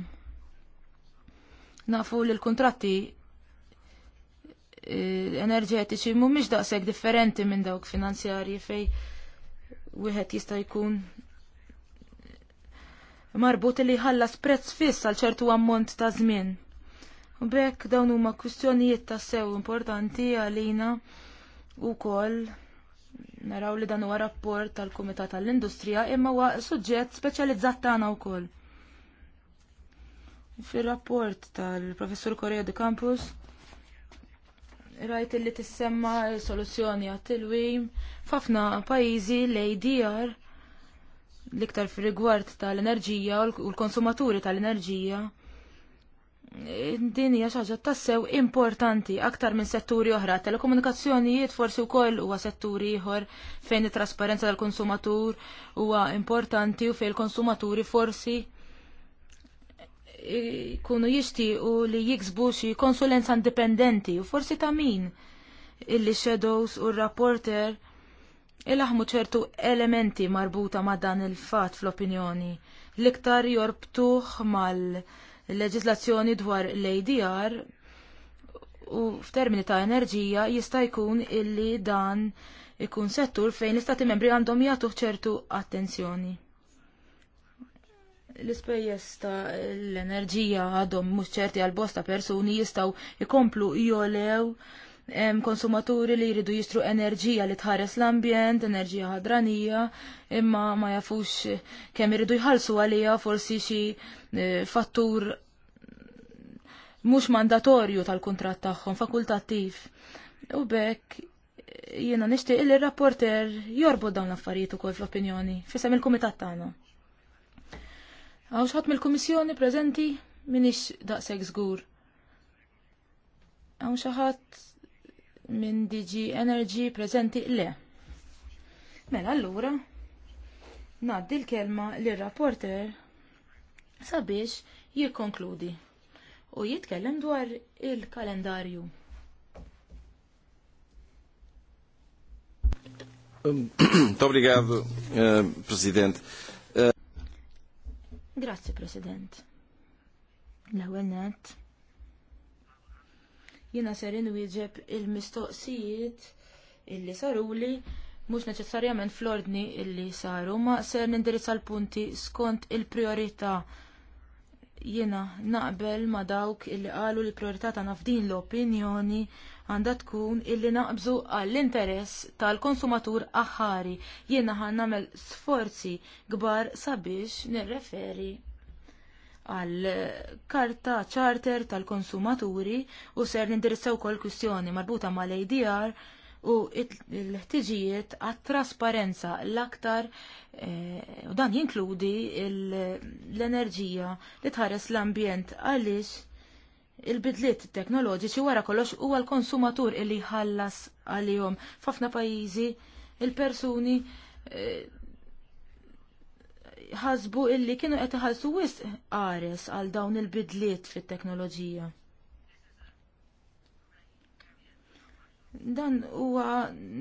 Nafu li l-kontratti eh, enerġetiċi mhumiex daqshekk differenti minn dawk finanzjarji fej wieħed jista' jkun marbut li jħallas prezz fiss għal ċertu ammont ta' żmien. U bekk dawn huma kwistjonijiet ta' sew importanti għalina U kol, naraw li dan huwa rapport tal-Kumitat tal-Industrija imma huwa suġġett speċjalizzat tagħna wkoll. Fir-rapport tal-Professur Korea de Campus rajt li tissemma soluzzjoni għat tilwi f'ħafna pajjiżi l-ADR l-iktar fir rigward tal-enerġija u l-konsumaturi tal-enerġija din hija xi ħaġa tassew importanti aktar minn setturi oħra. Telekomunikazzjonijiet forsi wkoll huwa setturi ieħor fejn it-trasparenza tal-konsumatur huwa importanti u fejn il-konsumaturi forsi jkunu jixtiequ li jiksbu xi konsulenza indipendenti u forsi ta' min illi shadows u r-rapporter il-aħmu ċertu elementi marbuta ma' dan il-fat fl-opinjoni. L-iktar jorbtuħ mal- il-leġislazzjoni dwar l-ADR u f'termini ta' enerġija jista' jkun illi dan ikun settur fejn l-istati membri għandhom jagħtu ċertu attenzjoni. L-ispejjeż ta' l-enerġija għadhom mhux ċerti għal bosta persuni jistgħu jkomplu jolew konsumaturi li jridu jistru enerġija li tħares l-ambjent, enerġija ħadranija, imma ma jafux kemm jridu jħallsu għalija forsi xi eh, fattur mhux mandatorju tal-kuntratt tagħhom fakultattiv. U bekk eh, jiena nixtieq li rapporter jorbod dawn l-affarijiet ukoll fl-opinjoni fisem il-kumitat tagħna. Għaw xħat mill-komissjoni prezenti minix daqseg zgur. Għaw xaħat minn DG Energy prezenti le. Mela allura ngħaddi l-kelma lir rapporter sabiex jikkonkludi u jitkellem dwar il-kalendarju. Um, obrigado, eh, President. Eh, Grazie, President. L-ewwel nett Jiena ser inwieġeb il-mistoqsijiet illi saruli mhux neċessarjament fl-ordni illi saru ma ser nindirizza l-punti skont il-priorità jiena naqbel ma dawk illi qalu li priorità tagħna f'din l-opinjoni għandha tkun illi naqbżu għall-interess tal-konsumatur aħari. Jiena ħan nagħmel sforzi kbar sabiex nirreferi għal karta charter tal-konsumaturi u ser nindirizzaw kol kwistjoni marbuta mal adr u l-ħtiġijiet għat trasparenza l-aktar eh, u dan jinkludi l-enerġija li tħares l-ambjent għaliex il-bidliet teknoloġiċi wara kollox huwa għal konsumatur illi jħallas għalihom f'ħafna pajjiżi il-persuni eh, ħasbu illi kienu qed iħallsu wisq qares għal dawn il-bidliet fit-teknoloġija. Dan huwa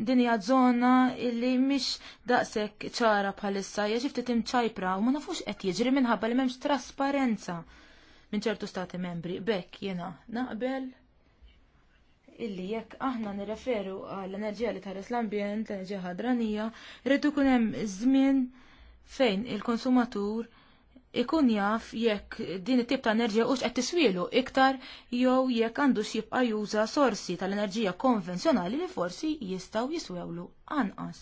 din hija żona illi mhix daqshekk ċara bħalissa hija xi ftit imċajpra u ma nafux qed jiġri minħabba li m'hemmx trasparenza minn ċertu stati membri. Bekk jiena naqbel illi jekk aħna nirreferu għall-enerġija li tħares l-ambjent, l-enerġija ħadranija, rridu kunem hemm żmien fejn il-konsumatur ikun jaf jekk din it-tip ta' enerġija hux qed tiswielu iktar jew jekk għandux jibqa' juża sorsi tal-enerġija konvenzjonali li forsi jistgħu jiswewlu anqas.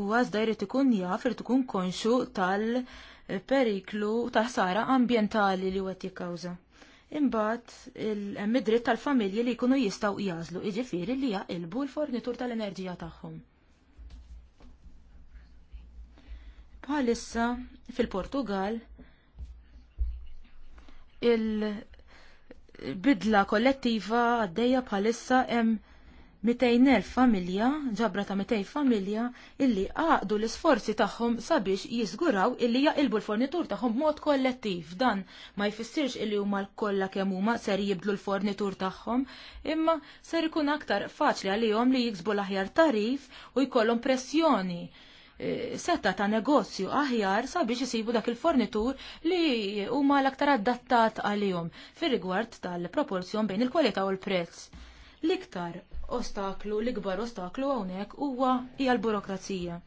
U għazda jrid ikun jaf irid ikun konxu tal-periklu ta' ħsara ambjentali li qed jikkawża. Imbagħad il midrit tal-familji li jkunu jistgħu jażlu jiġifieri li jaqilbu l-fornitur tal-enerġija tagħhom. Bħalissa fil-Portugal il-bidla kollettiva għaddejja bħalissa hemm 200.000 familja, ġabra ta' 200 familja, illi għaqdu l-isforzi tagħhom sabiex jiżguraw illi jaqilbu l-fornitur tagħhom mod kollettiv. Dan ma jfissirx illi huma kollha kemm huma ser jibdlu l-fornitur tagħhom, imma ser ikun aktar faċli għalihom li jiksbu l-aħjar tarif u jkollhom pressjoni eh, setta ta' negozju aħjar sabiex isibu dak il-fornitur li huma l-aktar adattat għalihom fir-rigward tal-proporzjon bejn il-kwalità u l-prezz. L-iktar ostaklu, l-ikbar ostaklu hawnhekk huwa hija l-burokrazija.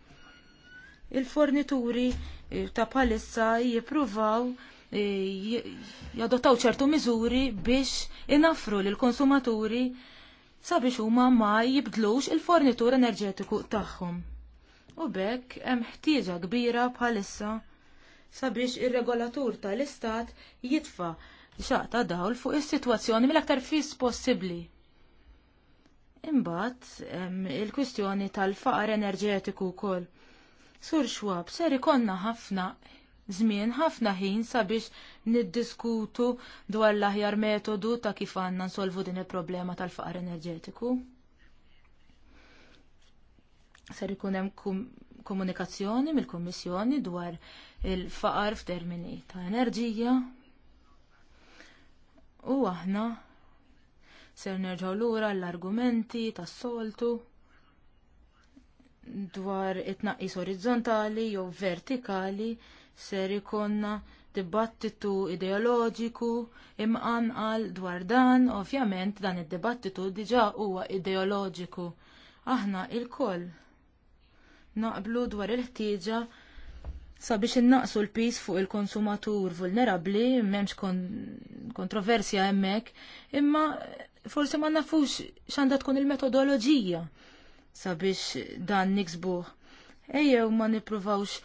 Il-fornituri eh, ta' palissa jippruvaw eh, jadottaw ċertu miżuri biex inaffru lill konsumaturi sabiex huma ma jibdlux il-fornitur enerġetiku tagħhom. U bekk hemm ħtieġa kbira bħalissa sabiex ir-regolatur tal-istat jitfa' xaqta dawl fuq is-sitwazzjoni mill-aktar fis possibbli Imbagħad il-kwistjoni tal-faqar enerġetiku wkoll. Sur xwab, ser ikonna ħafna żmien ħafna ħin sabiex niddiskutu dwar l-aħjar metodu ta' kif għandna nsolvu din il-problema tal-faqar enerġetiku. Ser ikun hemm komunikazzjoni mill-Kummissjoni dwar il-faqar f'termini ta' enerġija. U aħna ser nerġaw lura l-argumenti tas-soltu dwar it-tnaqqis orizzontali jew vertikali ser ikonna dibattitu ideoloġiku imqanqal dwar dan, ovvjament dan id-dibattitu diġà huwa ideoloġiku. Aħna il-koll naqblu dwar il-ħtieġa sabiex innaqsu l-pis fuq il-konsumatur vulnerabli, m'hemmx kon kontroversja hemmhekk, imma forsi ma nafux x'għandha tkun il-metodoloġija sabiex dan niksbuh. Ejjew ma nippruvawx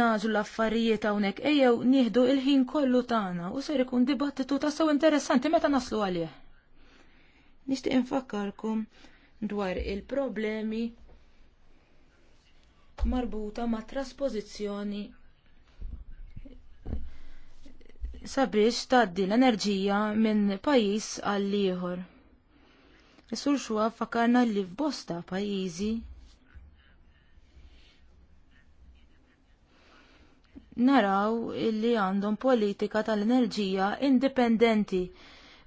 nażu l-affarijiet hawnhekk, ejjew nieħdu il-ħin kollu tagħna u ser ikun dibattitu tassew interessanti meta naslu għalih. Nixtieq infakkarkom dwar il-problemi marbuta ma' traspożizzjoni sabiex taddi l-enerġija minn pajjiż għal ieħor. Isur xwa fakarna li f'bosta pajjiżi naraw illi għandhom politika tal-enerġija indipendenti.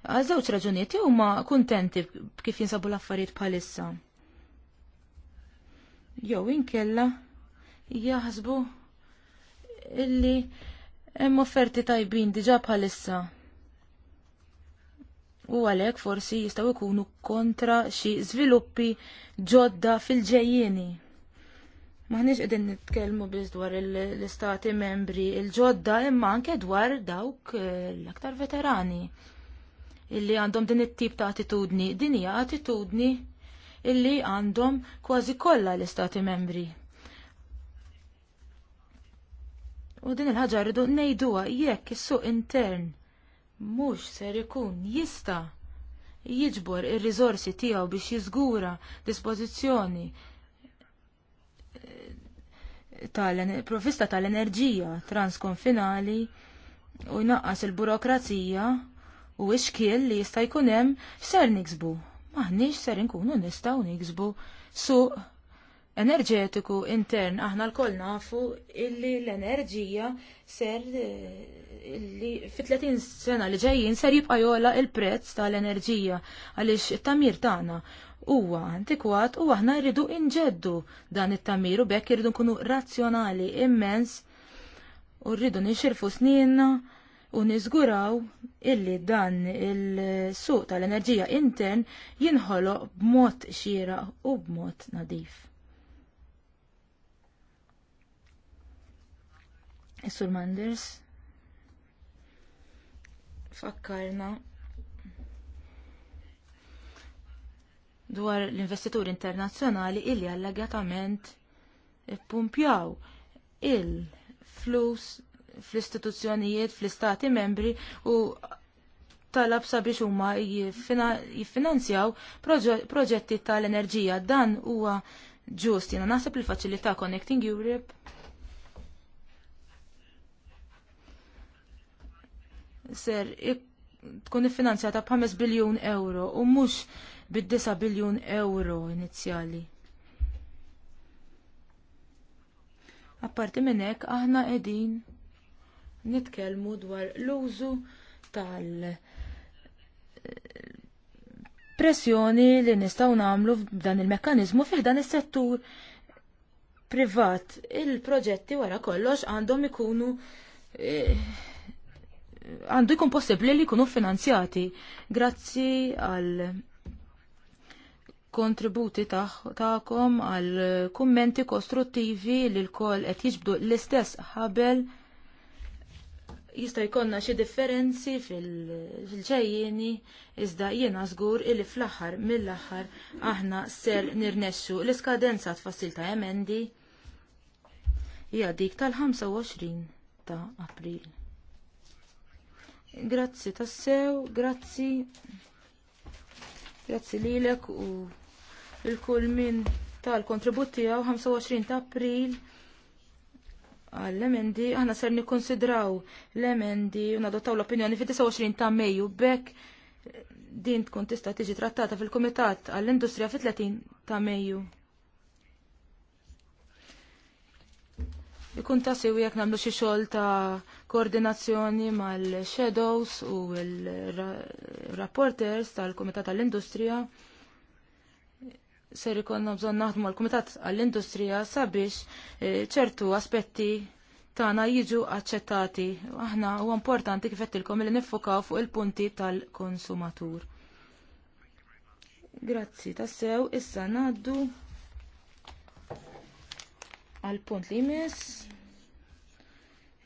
Għal żewġ raġunijiet jew huma kuntenti kif jinsabu l-affarijiet bħalissa. Jew inkella jaħsbu illi Hemm offerti tajbin diġà bħalissa. U għalhekk forsi jistgħu jkunu kontra xi żviluppi ġodda fil-ġejjieni. Maħniex qegħdin nitkellmu biss dwar l-istati membri il-ġodda imma anke dwar dawk eh, l-aktar veterani illi għandhom din it-tip ta' attitudni. Din hija attitudni illi għandhom kważi kollha l-istati membri. U din il ħagġa rridu ngħiduha jekk is-suq intern mhux ser ikun jista' jiġbor ir-riżorsi tiegħu biex jiżgura dispożizzjoni eh, tal provvista tal-enerġija transkonfinali u jnaqqas il-burokrazija u ix-xkiel li jista' jkun hemm ser niksbu. Maħniex ser inkunu nistgħu niksbu suq enerġetiku intern aħna lkoll nafu illi l-enerġija ser eh, illi fit-30 sena li ġejjin ser jibqa' jola il-prezz tal-enerġija għaliex it-tamir tagħna huwa antikwat u aħna rridu inġeddu dan it-tamir u bekk irridu nkunu razzjonali immens u rridu nixirfu sninna u niżguraw illi dan il-suq tal-enerġija intern jinħoloq b'mod xieraq u b'mod nadif. Sur Manders fakkarna dwar l-investituri internazzjonali illi allegatament pumpjaw il-flus fl-istituzzjonijiet, fl-istati membri u talab sabiex huma jiffinanzjaw proġetti tal-enerġija. Dan huwa ġust, jiena naħseb il-faċilità Connecting Europe ser tkun iffinanzjata b'5 biljun euro u mhux bid-9 biljun euro inizjali. Apparti minn hekk aħna qegħdin nitkellmu dwar l-użu tal pressjoni li nistgħu nagħmlu f'dan il-mekkaniżmu fih dan is-settur privat. Il-proġetti wara kollox għandhom ikunu eh, għandu jkun possibbli li jkunu finanzjati grazzi għal kontributi tagħkom għal kummenti kostruttivi li l-kol qed jiġbdu l-istess ħabel jista' jkollna xi differenzi fil-ġejjieni iżda jiena żgur illi fl-aħħar mill-aħħar aħna ser nirnexxu l-iskadenza tfassil ta' emendi hija dik tal-25 ta' April. Grazzi tassew, grazzi. Grazzi lilek u l kull min tal-kontributi għaw 25 ta' april għall-emendi, aħna ser nikonsidraw l-emendi u nadottaw l-opinjoni fi 29 ta' Mejju bekk din tkun tista' tiġi trattata fil-Kumitat għall-Industrija fi 30 ta' Mejju. ikun ta' sewi jekk nagħmlu xi xogħol ta' koordinazzjoni mal-shadows u l-rapporters tal-Kumitat tal-Industrija. Ser ikonna bżonn naħdmu għall kumitat għall-Industrija sabiex eh, ċertu aspetti tagħna jiġu aċċettati. Aħna huwa importanti kif qedtilkom li niffokaw fuq il-punti tal-konsumatur. Grazzi tassew, issa ngħaddu għal punt li jmiss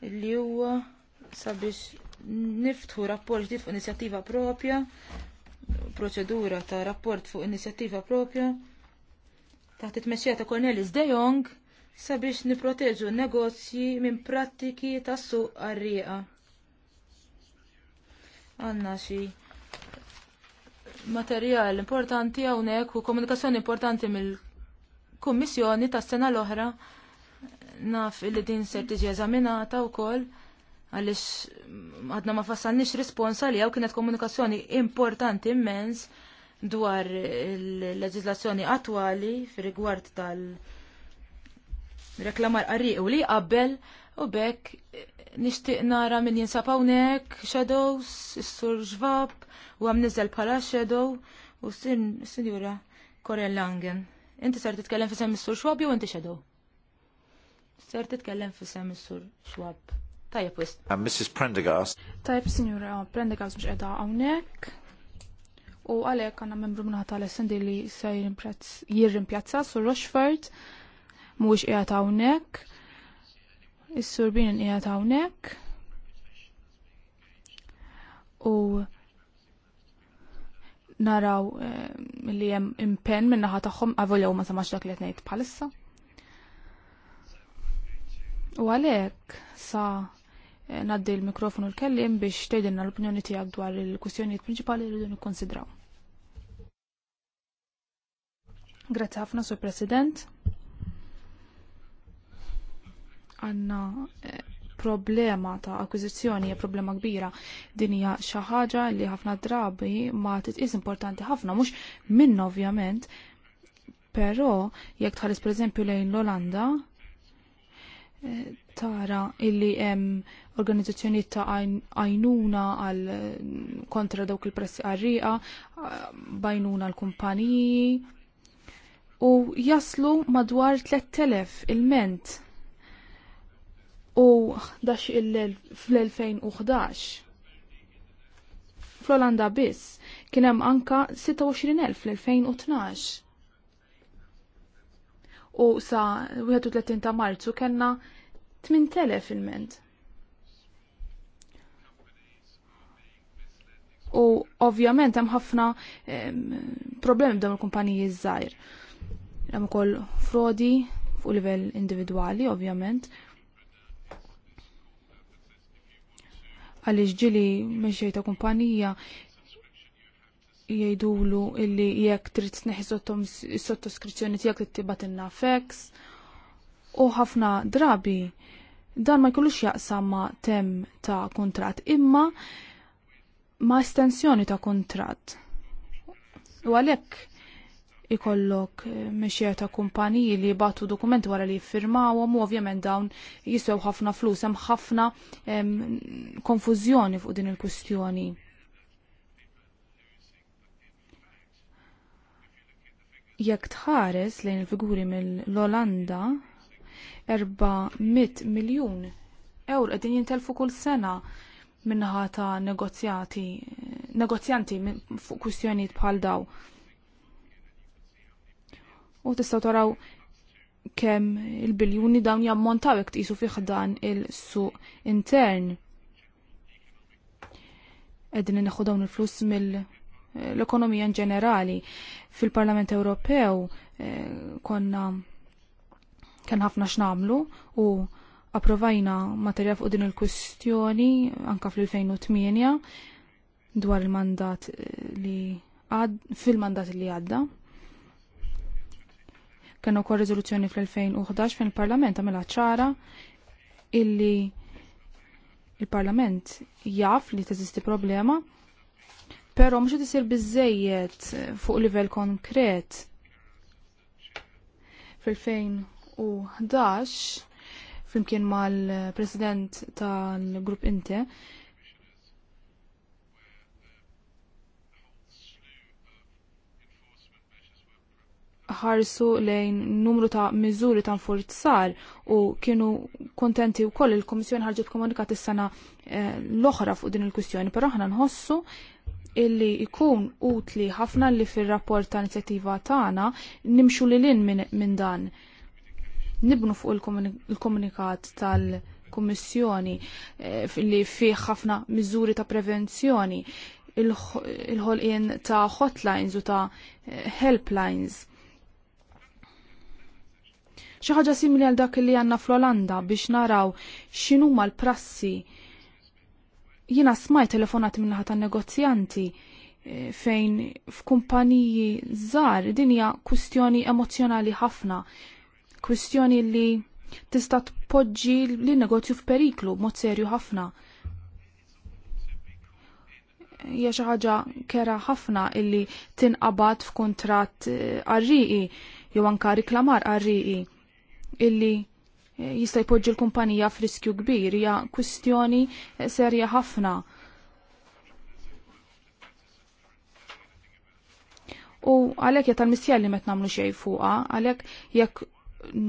li huwa sabiex niftħu rapport ġdid fuq inizjattiva propja, proċedura ta' rapport fuq inizjattiva propja taħt it tmexxija ta' Cornelis De Jong sabiex niproteġu negozji minn prattiki ta' suq għarrieqa. Għanna xi materjal importanti hawnhekk u komunikazzjoni importanti mill-Kummissjoni tas-sena l-oħra naf illi din ser tiġi eżaminata wkoll għaliex għadna ma fassalniex risponsa li għaw kienet komunikazzjoni importanti immens dwar il leġizlazzjoni attwali fir-rigward tal-reklamar għarri u li qabel u bekk nixtieq nara min jinsab hawnhekk shadows, is-sur ġvab u għam niżel bħala shadow u sin sinjura Korel Langen. Inti ser titkellem fi sem is-sur ġvab u inti shadow. Ser titkellem fissem is-sur xwab. Tajab And Mrs. Prendergast. Tajab, signora Prendergast mux edha għawnek. U għalek għanna membru minna tal-essendi li jirrim Pjazza, sur Rochford. Mux edha għawnek. Is-sur binin edha għawnek. U naraw eh, li jem impen minna ħataħħom li u ma samax dak li għetnejt palissa. U għalhekk sa eh, naddi l-mikrofonu l-kellim biex tgħidilna l-opinjoni tiegħek dwar il-kwistjonijiet prinċipali li rridu nikkonsidraw. Grazzi ħafna, Sur President. Għanna eh, problema ta' akkwizizjoni hija problema kbira. Din hija xi ħaġa li ħafna drabi ma titqis importanti ħafna mhux minn ovvjament, però jekk tħares pereżempju lejn l-Olanda, tara illi hemm organizzazzjoni ta' għajnuna għal kontra dawk il-pressi għarriqa, bajnuna l-kumpaniji u jaslu madwar 3000 il-ment u dax fl-2011 fl-Olanda biss kien hemm anka 26,000 fl-2012 u sa 31 ta' Marzu kellna 8000 ment U ovvjament hemm ħafna problemi b'dawn il-kumpaniji żgħir. Hemm ukoll frodi fuq livell individwali, ovvjament. Għaliex ġili mexej ta' kumpanija jgħidulu illi jekk trid tneħi sottoskrizzjoni tiegħek trid inna feks, u ħafna drabi dan ma jkollux jaqsam ma' tem ta' kuntratt imma ma' estensjoni ta' kuntratt. U għalhekk ikollok eh, mexjer ta' kumpaniji li batu dokumenti wara li jiffirmawhom u ovvjament dawn jiswew ħafna flus hemm ħafna konfużjoni fuq din il-kwistjoni. jekk tħares lejn il-figuri mill-Olanda 400 miljun ewro qegħdin jintelfu kull sena min-naħa ta' negozjati negozjanti fuq kwistjonijiet bħal daw. U tistgħu taraw kemm il-biljuni dawn jammontaw jekk tqisu fih dan il-suq intern. Qegħdin ineħħu dawn il-flus mill- l-ekonomija in ġenerali. Fil-Parlament Ewropew eh, konna kien ħafna x'namlu u approvajna materjal fuq din il-kwistjoni anka fl-2008 dwar il-mandat eh, li għad fil-mandat li għadda. Kien ukoll riżoluzzjoni fl-2011 fejn il-Parlament għamela ċara illi il-Parlament jaf li teżisti problema Pero mhux qed isir biżejjed fuq livell konkret. Fil-2011 flimkien mal-president tal-grupp Inte ħarsu lejn numru ta' miżuri ta' nfurzar u kienu kontenti u koll il-Komissjoni ħarġet komunikat is-sena eh, l-oħra fuq din il-kwistjoni, però aħna nħossu illi ikun utli ħafna li fir-rapport ta' inizjattiva tagħna nimxu lil lin minn dan. Nibnu fuq il-komunikat tal-Kummissjoni eh, li fih ħafna miżuri ta' prevenzjoni, il-ħolqien ta' hotlines u ta' helplines xi ħaġa simili għal dak li għandna fl-Olanda biex naraw x'inhuma l-prassi Jina smaj telefonat minnaħat tan negozjanti eh, fejn f'kumpaniji zar din hija kwistjoni emozjonali ħafna, kwistjoni li tista' tpoġġi lin negozju f'periklu mod serju ħafna. Hija xi ħaġa kera ħafna illi tinqabad f'kuntratt eh, għarriqi jew anka riklamar għarriqi illi jista' jpoġġi l-kumpanija f'riskju kbir hija kwistjoni serja ħafna. U għalhekk jeta tal missjal li met nagħmlu xejn fuqha, għalhekk jekk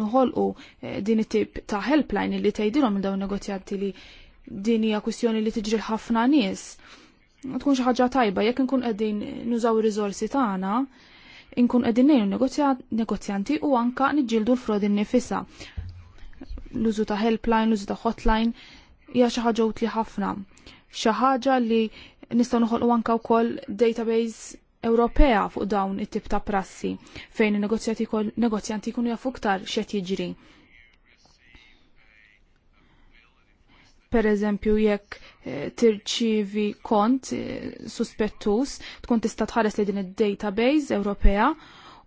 noħolqu eh, din it-tip ta' helpline li tgħidilhom il dawn negozjanti li din hija kwistjoni li tiġri ħafna nies. Tkun xi ħaġa tajba jekk nkun qegħdin nużaw ir-riżorsi tagħna, inkun qegħdin ngħinu negozjanti u anka niġġieldu l-frodi nnifisha l-użu ta' helpline, l-użu ta' hotline, hija xi ħaġa utli ħafna. Xi ħaġa li nistgħu noħolqu anke wkoll database Ewropea fuq dawn it-tip ta' prassi fejn il-negozjanti jkunu jafu iktar x'qed jiġri. Per eżempju, jekk eh, tirċivi kont eh, suspettus, tkun tista' tħares li din id-database Ewropea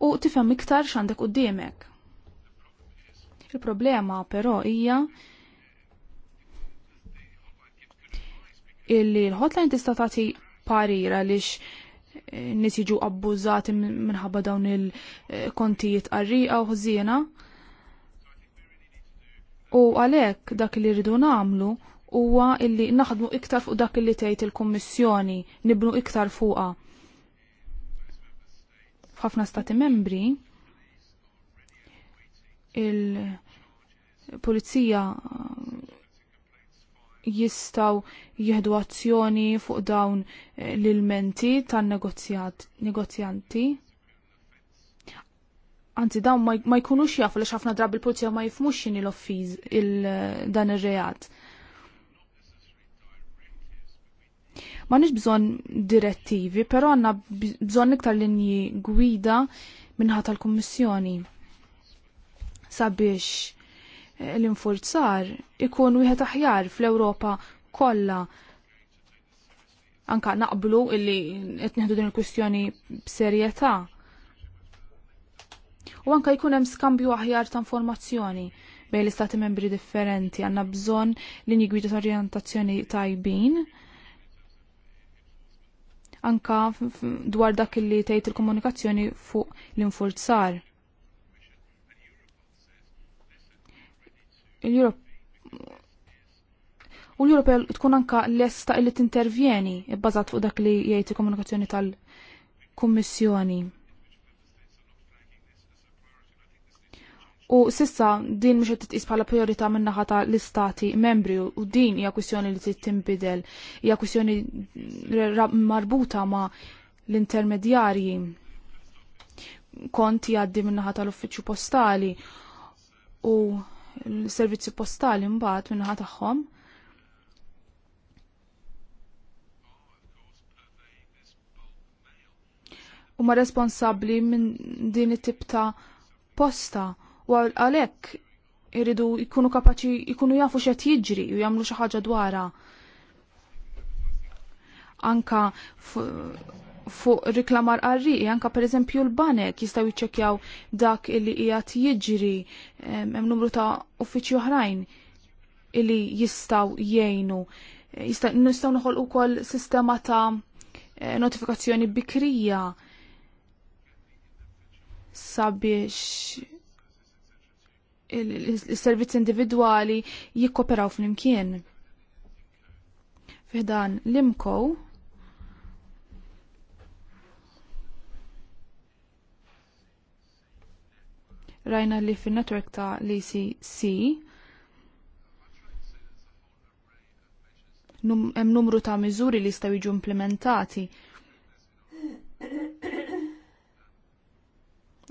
u tifhem iktar x'għandek qudiemek. Il-problema però hija illi l-hotline tista' tagħti parir għaliex eh, nies jiġu abbużati minħabba dawn il-kontijiet qarrieqa u ħżiena. U għalhekk dak li rridu nagħmlu huwa illi naħdmu iktar fuq dak li tgħid il-Kummissjoni, nibnu iktar fuqha. F'ħafna stati membri il- pulizija eh, jistaw jihdu azzjoni fuq dawn eh, l-ilmenti tan negozjanti Anzi, dawn ma jkunux jafu li ħafna drabi l-pulizija ma jifmux xini l-offiz dan ir-reat. Ma nix bżon direttivi, pero għanna bżon iktar linji gwida minnħa tal-Kommissjoni sabiex l-infurzar ikun wieħed aħjar fl-Ewropa kollha. Anka naqblu illi qed nieħdu din il-kwistjoni b'serjetà. U anka jkun hemm skambju aħjar ta' informazzjoni bejn l-istati membri differenti għandna bżonn li gwida ta' orjentazzjoni tajbin. Anka dwar dak illi tgħid il-komunikazzjoni fuq l-infurzar. l u l-Europe tkun anka lesta illi intervjeni bbażat fuq dak li jgħid komunikazzjoni tal-Kummissjoni. U sissa din mhux qed titqis bħala priorità minn naħa tal-istati membri u din hija kwistjoni li trid tinbidel, hija kwistjoni marbuta ma' l-intermedjarji konti għaddi minnaħa tal-uffiċċju postali u il-servizzi postali mbagħad minnaħa tagħhom. Huma responsabbli minn din it-tip ta' posta u għalhekk iridu jkunu kapaċi jkunu jafu x'qed jiġri u jagħmlu xi ħaġa dwarha. Anka fuq riklamar għarri, anka per eżempju l-banek jistaw jiċċekjaw dak illi jgħat jiġri hemm numru ta' uffiċċju oħrajn illi jistaw jgħinu. Eh, nistaw noħol ukoll sistema ta' eh, notifikazzjoni bikrija sabiex il-servizzi individuali jikkoperaw fl-imkien. Fiħdan l-imkow rajna li fin netwerk ta' l hemm num, hemm numru ta' miżuri li jistgħu jiġu implementati.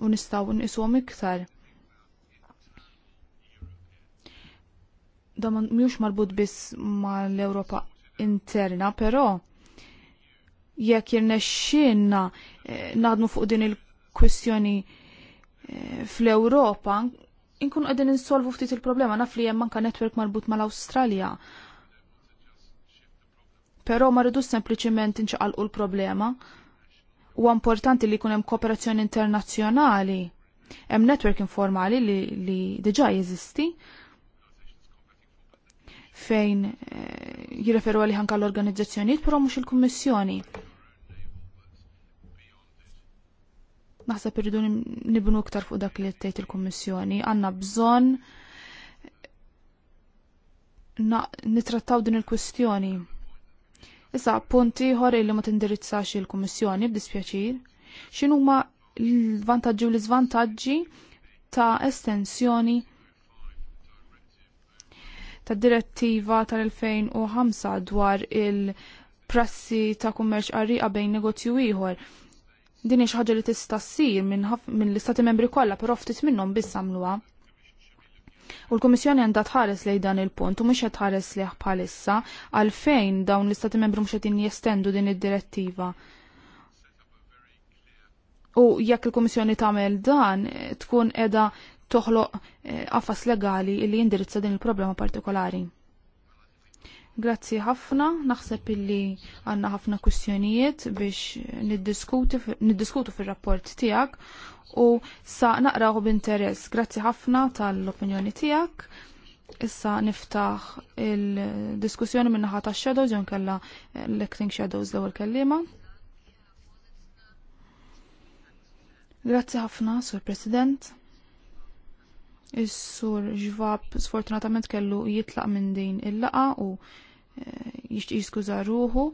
U nistgħu nqishom iktar. Da mhux marbut biss mal-Ewropa interna, però jekk jirnexxinna eh, fuq din il-kwistjoni fl-Ewropa inkun qegħdin insolvu ftit il-problema naf li hemm anke netwerk marbut mal-Awstralja. Però ma rridux sempliċiment inċaqalqu l-problema. Huwa importanti li jkun hemm kooperazzjoni internazzjonali. Hemm netwerk informali li, li diġà jeżisti fejn eh, jirreferu għalih ħanka l-organizzazzjonijiet, però mhux il-kummissjoni. Naħseb irridu nibnu iktar fuq dak li tgħid il-Kummissjoni. Għandna bżonn nitrattaw din il-kwistjoni. Issa punt ieħor illi ma tindirizzax il-Kummissjoni b'dispjaċir. X'inhuma l-vantaġġi u l-iżvantaġġi ta' estensjoni ta' direttiva tal-2005 dwar il- prassi ta' kummerċ qarriqa bejn negozju ieħor Din ix ħaġa li tista' ssir minn l-istati membri kollha, però ftit minnhom biss għamluha. U l kummissjoni għandha tħares lej dan il-punt u mhux qed tħares lejh bħalissa għalfejn dawn l-Istati Membri mhux qed jestendu din id-direttiva. U jekk il kummissjoni tagħmel dan tkun qiegħda toħloq eh, qafas legali li jindirizza din il-problema partikolari. Grazzi ħafna, naħseb illi għanna ħafna kwistjonijiet biex niddiskutu fil-rapport tijak u sa naqraħu b'interess. Grazzi ħafna tal-opinjoni tijak. Issa niftaħ il-diskussjoni minnaħa ta' Shadows, jon kalla l-Acting Shadows l-ewel kellima. Grazzi ħafna, Sur President. Is-sur ġvab sfortunatament kellu jitlaq minn din il-laqa u eh, jixtieq jiskuża ruħu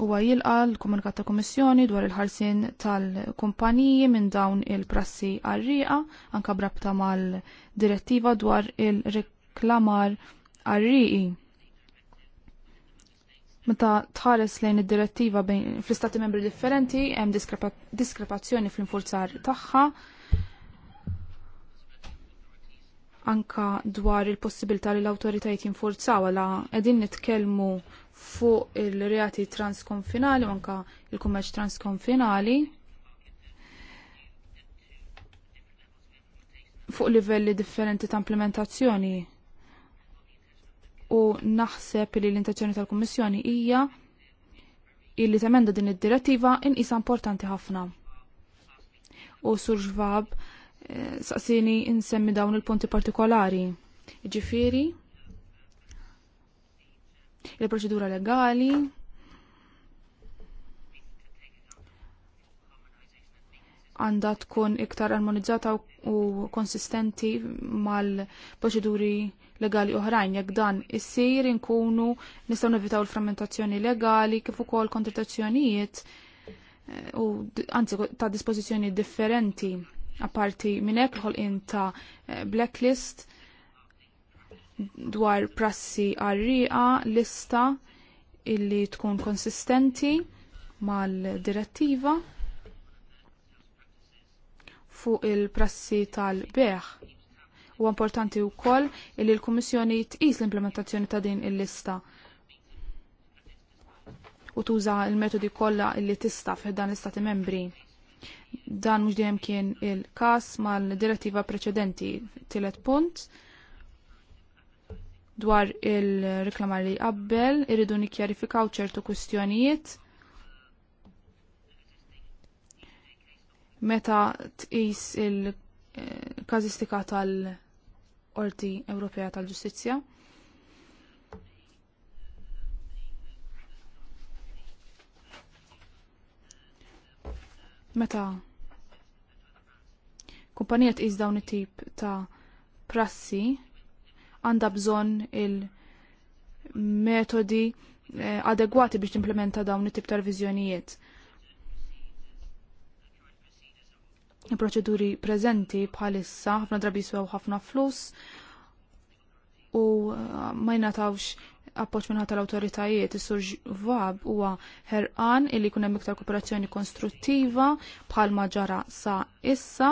huwa jilqa l-komunikat ta' kummissjoni dwar il-ħarsien tal-kumpaniji minn dawn il-prassi għarriqa anka brabta mal-direttiva dwar il-reklamar għarriqi. Meta tħares lejn id-direttiva bejn fl-istati membri differenti hemm diskrepazzjoni fl-infurzar tagħha anka dwar il-possibilità li l awtoritajiet jinforzaw għala edin nitkellmu fuq il-reati transkonfinali u anka il-kummerċ transkonfinali fuq livelli differenti ta' implementazzjoni u naħseb li l-intenzjoni tal-Kummissjoni hija illi temenda din id-direttiva inqisa importanti ħafna. U Sur Schwab saqsini insemmi dawn il-punti partikolari. Ġifiri, il-proċedura legali, għandha tkun iktar armonizzata u konsistenti mal-proċeduri legali oħrajn. Jekk dan issir inkunu nistgħu nevitaw l-frammentazzjoni legali kif ukoll kontrattazzjonijiet eh, u anzi ta' dispożizzjonijiet differenti. Apparti minn hekk ħolqien ta' eh, blacklist dwar prassi għarriqa lista illi tkun konsistenti mal-direttiva fuq il-prassi tal-beħ. U importanti wkoll illi l-Kummissjoni tqis l-implementazzjoni ta' din il-lista u tuża l-metodi kollha illi tista' fih dan l-Istati membri. Dan mhux dejjem kien il-każ mal-direttiva preċedenti. Tielet punt dwar il-reklamar li qabbel irridu nikkjarifikaw ċertu kwistjonijiet meta tqis il-kazistika tal-Qorti Ewropea tal-Ġustizzja. Meta kumpanija tqis dawn it-tip ta' prassi għandha bżonn il-metodi eh, adegwati biex timplementa dawn it-tip ta' revizjonijiet. Il-proċeduri preżenti bħalissa ħafna drabi jiswew ħafna flus u eh, ma jnatawx appoġġ minnħata l-autoritajiet is-sur Vab huwa ħerqan illi jkun hemm iktar kooperazzjoni konstruttiva bħalma ġara sa issa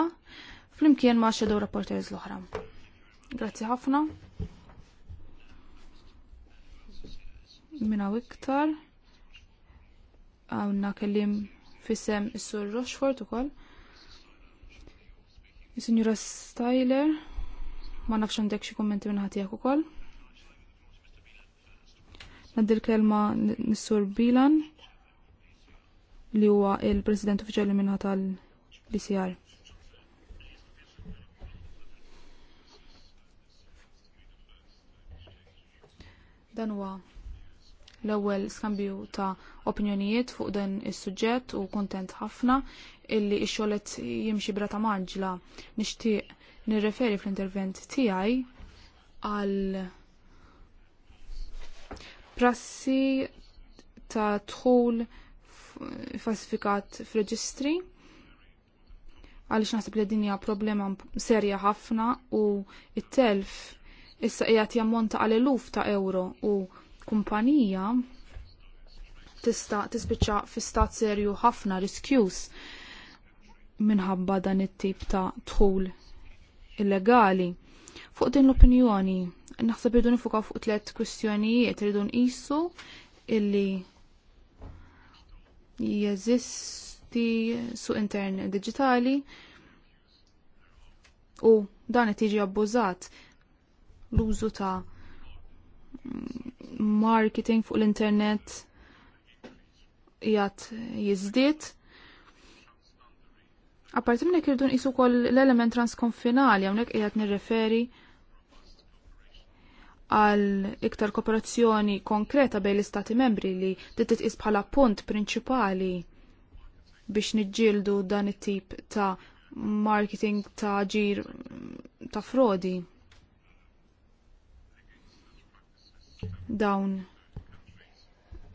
flimkien ma' xedew rapporters l-oħra. Grazzi ħafna. Minna iktar. Għawna kellim fissem is-sur Rochford ukoll. Is-Sinjura Styler, ma nafxandek xie xi kummenti minn ħatijak ukoll. Naddi il kelma Nissur Bilan li huwa il-President Uffiċjali minna tal-BCR. Dan huwa l-ewwel skambju ta' opinjonijiet fuq dan is-suġġett u kuntent ħafna illi x-xogħol jimxi brata maġla nixtieq nirreferi fl-intervent tiegħi għal prassi ta' dħul falsifikat f'reġistri għaliex naħseb li din hija problema serja ħafna u it-telf issa qiegħed jammonta għal eluf ta' euro u kumpanija tista' tispiċċa fi stat serju ħafna riskjus minħabba dan it-tip ta' dħul illegali. Fuq din l-opinjoni Naħseb irridu nifukaw fuq tliet kwistjonijiet irridu nqisu illi jeżisti su intern digitali u dan qed jiġi abbużat l-użu ta' marketing fuq l-internet jgħat jizdiet. Apparti minnek irridu nqisu wkoll l-element transkonfinali hawnhekk qiegħed nirreferi referi għal iktar kooperazzjoni konkreta bejn l-istati membri li titqis bħala punt prinċipali biex niġġieldu dan it-tip ta' marketing ta' ġir ta' frodi. Dawn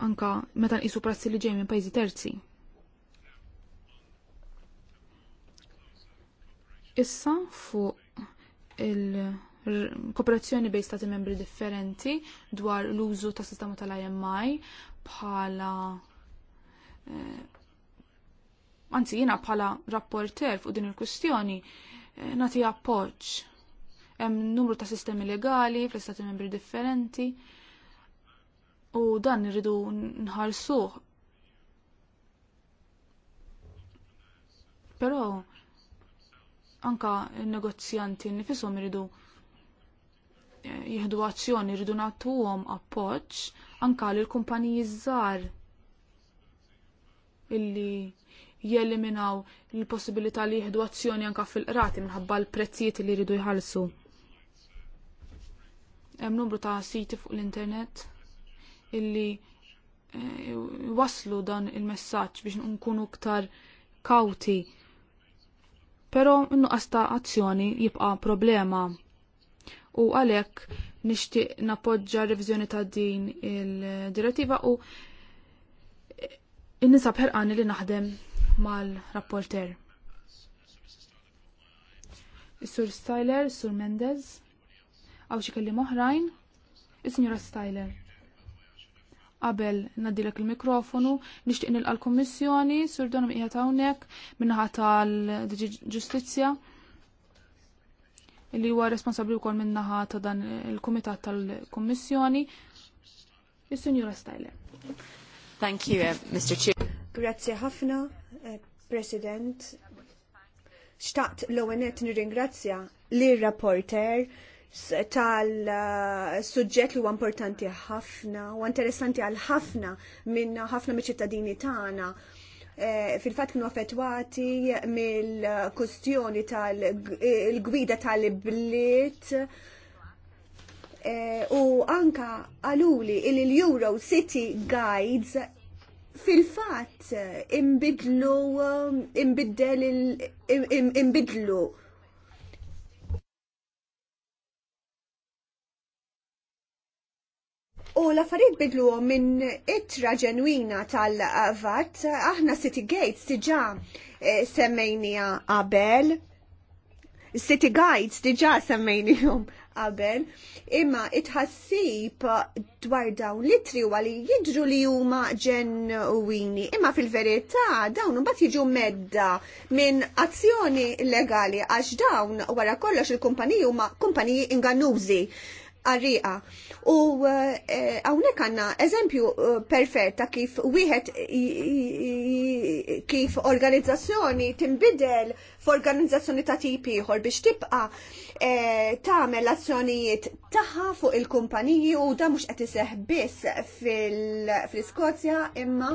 anka meta nqisu prassi li ġej minn pajjiżi terzi. Issa fuq il- kooperazzjoni bejn stati membri differenti dwar l-użu ta' sistema tal-IMI bħala eh, anzi jiena bħala rapporter fuq din il-kwistjoni eh, nagħti appoġġ. Hemm numru ta' sistemi legali fl-istati membri differenti u dan irridu nħarsuh. Però anka n-negozjanti nifisom iridu jihdu azzjoni rridu nagħtuhom appoġġ anke l kumpaniji żgħar illi jeliminaw il-possibilità li jieħdu azzjoni anke fil-qrati minħabba l-prezzijiet li jridu jħallsu. Hemm numru ta' siti fuq l-internet illi eh, waslu dan il-messaġġ biex nkunu aktar kawti. Però n-nuqqas ta' azzjoni jibqa' problema u għalhekk nixtieq napoġġa revizjoni ta' din il-direttiva u nisab ħerqani li naħdem mal-rapporter. Sur Styler, Sur Mendez, għaw xi kelli oħrajn, is signora Styler. Qabel naddilek il-mikrofonu, nixtieq nilqa' l-Kummissjoni, Sur Donum qiegħed hawnhekk minnaħa tal-Ġustizzja li huwa responsabbli wkoll min-naħa ta' dan il-Kumitat tal-Kummissjoni, is-Sinjura Styler. Thank you, uh, Mr. Chair. Grazie ħafna, eh, President. Xtaqt l-ONET nirringrazzja li rapporter tal-suġġett eh, li huwa importanti ħafna u interessanti għal ħafna minn ħafna miċ-ċittadini tagħna Eh, fil-fat kienu affettwati mill-kustjoni tal-gwida tal-bliet eh, u anka għaluli il-Euro City Guides fil-fat imbidlu imbidlu U l-affarijiet bidlu minn ittra ġenwina tal-vat, aħna City Gates diġa eh, semmejnija qabel, City Guides diġa semmejnijom qabel, imma itħassib dwar dawn litri u għali jidru li huma ġenwini. Imma fil-verità dawn bat jiġu medda minn azzjoni legali għax dawn wara kollox il-kumpaniji huma kumpaniji ingannużi għarriqa. U għawnek eh, eh, għanna eżempju eh, perfett ta' kif wieħed kif organizzazzjoni timbidel f'organizzazzjoni ta' tip ieħor biex tibqa tagħmel azzjonijiet tagħha fuq il-kumpaniji u da mhux qed iseħħ biss fil-Iskozja imma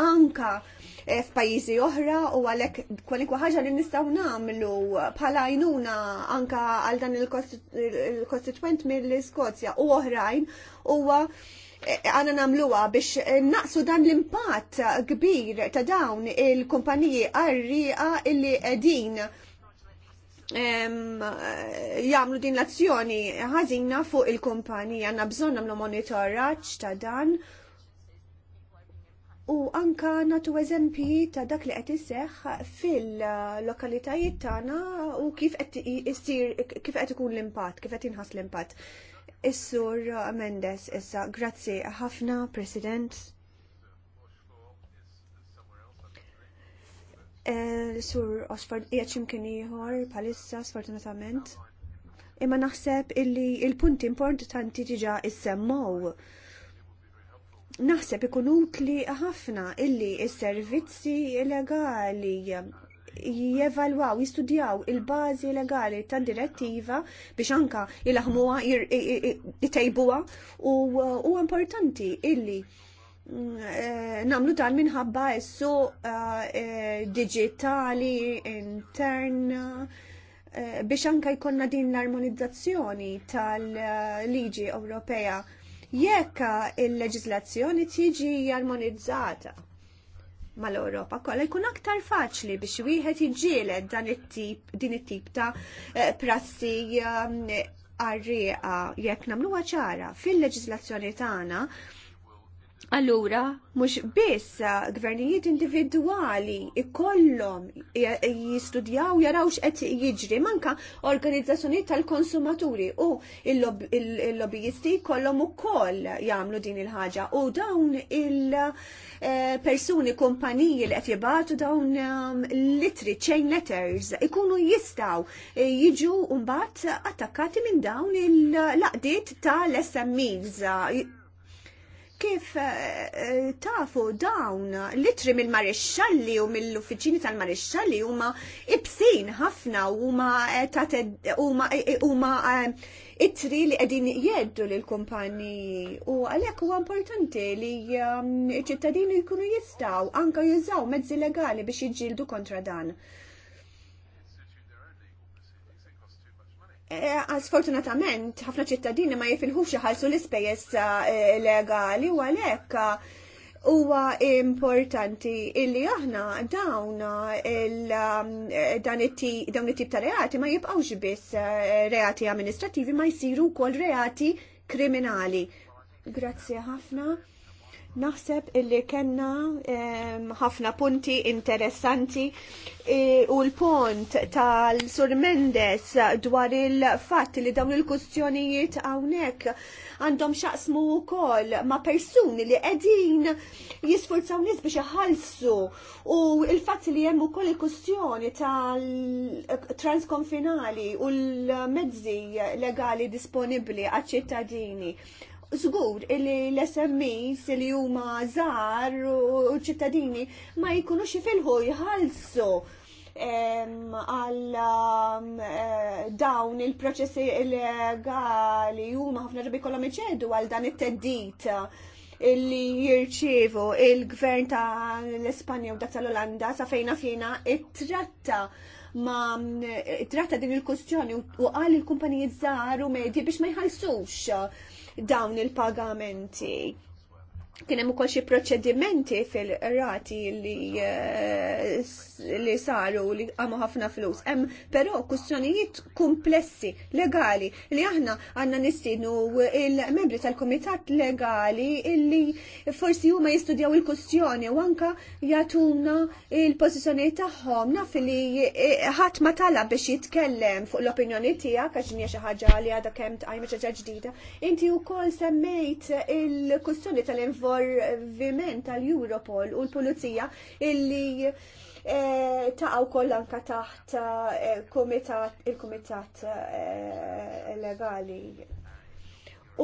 anka eh, f'pajjiżi oħra u għalhekk kwalikwa ħaġa li nistgħu nagħmlu bħala għajnuna anka għal dan il-kostituent mill-Iskozja u oħrajn huwa eh, għana namluwa biex eh, naqsu dan l-impatt kbir ta' dawn il-kumpaniji għarriqa illi qegħdin jagħmlu din l-azzjoni ħażina fuq il-kumpanija għandna bżonn nagħmlu monitoraġġ ta' dan U anka natu eżempji ta' dak li qed isseħħ fil-lokalitajiet tagħna u kif qed isir kif qed ikun l-impatt, kif qed inħass l-impatt. Is-sur Mendes issa, grazzi ħafna, President. Eh, sur Oxford jgħat x'imkien ieħor palissa sfortunatament. Imma naħseb illi il-punti importanti diġà issemmaw naħseb ikun utli ħafna illi s-servizzi legali jevalwaw, jistudjaw il-bazi legali ta' direttiva biex anka il-ħmuwa, jitejbuwa u, u importanti illi eh, namlu dan minħabba essu eh, eh, digitali, interna, biex anka jkonna din l-armonizzazzjoni tal-liġi Ewropea jekk il-leġislazzjoni tiġi armonizzata mal-Europa kollha jkun aktar faċli biex wieħed iġieled dan it-tip din it-tip ta' eh, prassi eh, għarrieqa jekk nagħmluha ċara fil-leġiżlazzjoni tagħna Allura, mux biss gvernijiet individuali ikollhom jistudjaw jaraw x'qed jiġri manka organizzazzjonijiet tal-konsumaturi u il-lobbyisti kollom ukoll jagħmlu din il-ħaġa u dawn il-persuni eh, kumpaniji li qed jibatu dawn um, litri chain letters ikunu jistgħu jiġu mbagħad attakkati minn dawn il-laqdiet tal-SMEs kif eh, eh, tafu dawn litri mill-marixxalli u mill-uffiċini tal-marixxalli huma ibsin ħafna huma eh, huma it li qegħdin jeddu lil kumpanji u għalhekk huwa importanti li ehm, ċittadini jkunu jistgħu anke jużaw mezzi legali biex jiġġieldu kontra dan. Eh, sfortunatament, ħafna ċittadini ma jifilħux iħallsu l-ispejjeż eh, legali u għalhekk eh, huwa importanti illi aħna dawn dawn it-tip ta' reati ma jibqgħux biss reati amministrativi ma jsiru wkoll reati kriminali. Grazzi ħafna. Naħseb illi kena ehm, ħafna eh, punti interessanti eh, u l-punt tal-Sur Mendes dwar il-fatt li dawn il-kustjonijiet għawnek għandhom xaqsmu u kol ma persuni li għedin jisfurzaw nis biex ħalsu u il fat li jemmu kol il-kustjoni tal-transkonfinali u l-mezzi legali disponibli għal ċittadini Zgur li l-SMEs li huma żgħar u ċittadini ma jkunux filħu jħallsu għal eh, dawn il-proċessi illegali huma ħafna ġabi kollha iċedu għal dan it-teddit illi jirċievu il-gvern ta' l-Espanja u dak tal-Olanda sa' fejna fjena it-tratta ma tratta din il-kustjoni u għal il-kumpanijiet żgħar u medji biex ma jħallsux dawn il-pagamenti kien hemm ukoll xi proċedimenti fil-rati li eh, li saru li għamu ħafna flus. Em, però kustjonijiet komplessi legali li aħna għanna nistinu il-membri tal-komitat legali illi forsi huma jistudjaw il-kustjoni u anka jatuna il-pozizjoni tagħhom naf li e, ħadd ma talab biex jitkellem fuq l-opinjoni tiegħek għax hija xi ħaġa li għadha kemm tqajma ġeġa ġdida. Inti wkoll semmejt il-kustjoni tal-involviment tal-Europol u l-Pulizija illi Eh, taqgħu kollha anke taħt eh, il-kumitat eh, legali.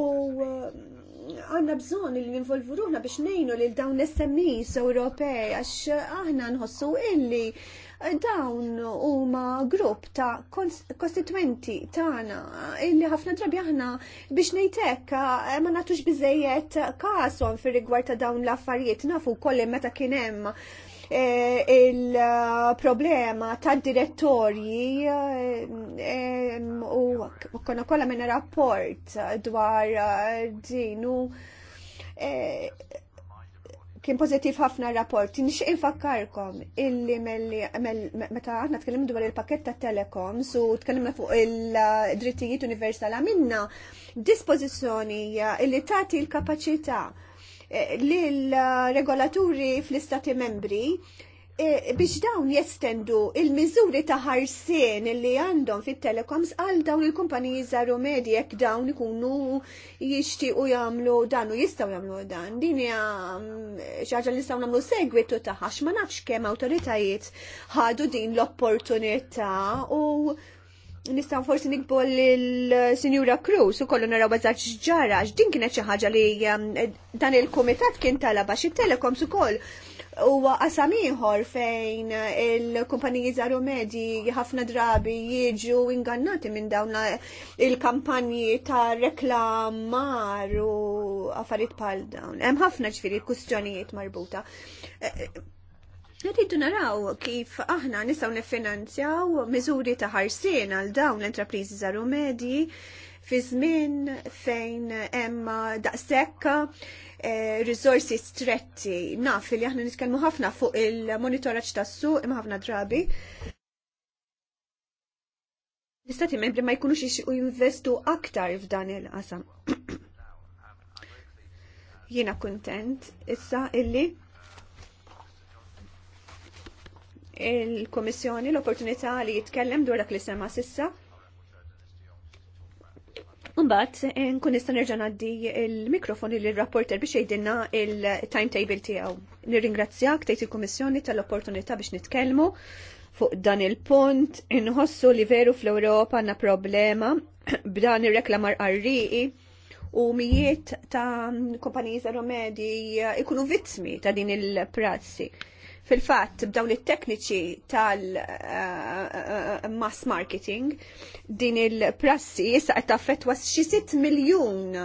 U għanna bżon li ninvolvu biex nejnu lil dawn l-SMEs Ewropej għax aħna nħossu illi dawn huma grupp ta' kostituenti tagħna illi ħafna drabi aħna biex ngħidlek ma nagħtux biżejjed kasom fir-rigward ta' dawn l-affarijiet nafu kolli meta kien hemm Eh, il-problema tad direttorji eh, u konna kolla minna rapport dwar eh, dinu kien pozittiv ħafna rapport. Nix infakkarkom illi meta aħna tkellimna dwar il-pakket ta' telecoms u tkellimna fuq il-drittijiet universala minna dispożizzjoni illi tagħti l-kapaċità lill regolaturi fl-istati membri e, biex dawn jestendu il-miżuri ta' ħarsien li għandhom fit-telekoms għal dawn il-kumpaniji żaru medji jekk dawn ikunu jixtiequ jagħmlu dan u jistgħu jagħmlu dan. Din hija mm, xi ħaġa li nistgħu nagħmlu segwitu tagħha ma nafx kemm awtoritajiet ħadu din l-opportunità u nistaw forsi nikbol il-Sinjura Cruz u kollu naraw bazzar xġara, x'din kienet xi ħaġa li um, dan il-kumitat kien talaba xi telekoms ukoll u qasam ieħor fejn il-kumpaniji żaru medji ħafna drabi jiġu ingannati minn dawn il-kampanji ta' reklamar u affarijiet bħal dawn. Hemm ħafna ġifieri kustjonijiet marbuta. Rridu naraw kif aħna nistgħu niffinanzjaw miżuri ta' ħarsien għal dawn l entrapriżi żaru medji fi żmien fejn hemm daqshekk eh, risorsi stretti. Naf li aħna nitkellmu ħafna fuq il-monitoraġġ tas-suq imma ħafna drabi. L-istati membri ma jkunux u jinvestu aktar f'dan il-qasam. Jiena kuntent issa illi il-Komissjoni l-opportunità li jitkellem dwar dak li sema sissa. Mbagħad eh, nkun nista' nerġa' ngħaddi l-mikrofon lil rapporter biex jgħidilna il-timetable tiegħu. Nirringrazzjak tgħid il-Kummissjoni tal-opportunità biex nitkellmu fuq dan il-punt inħossu li veru fl-Ewropa għandna problema b'dan ir-reklamar qarriqi u mijiet ta' kumpaniji medji eh, ikunu vittmi ta' din il-prazzi fil-fatt b'dawn it-tekniċi tal-mass eh, eh, eh, marketing din il-prassi issa qed taffettwa xi sitt miljun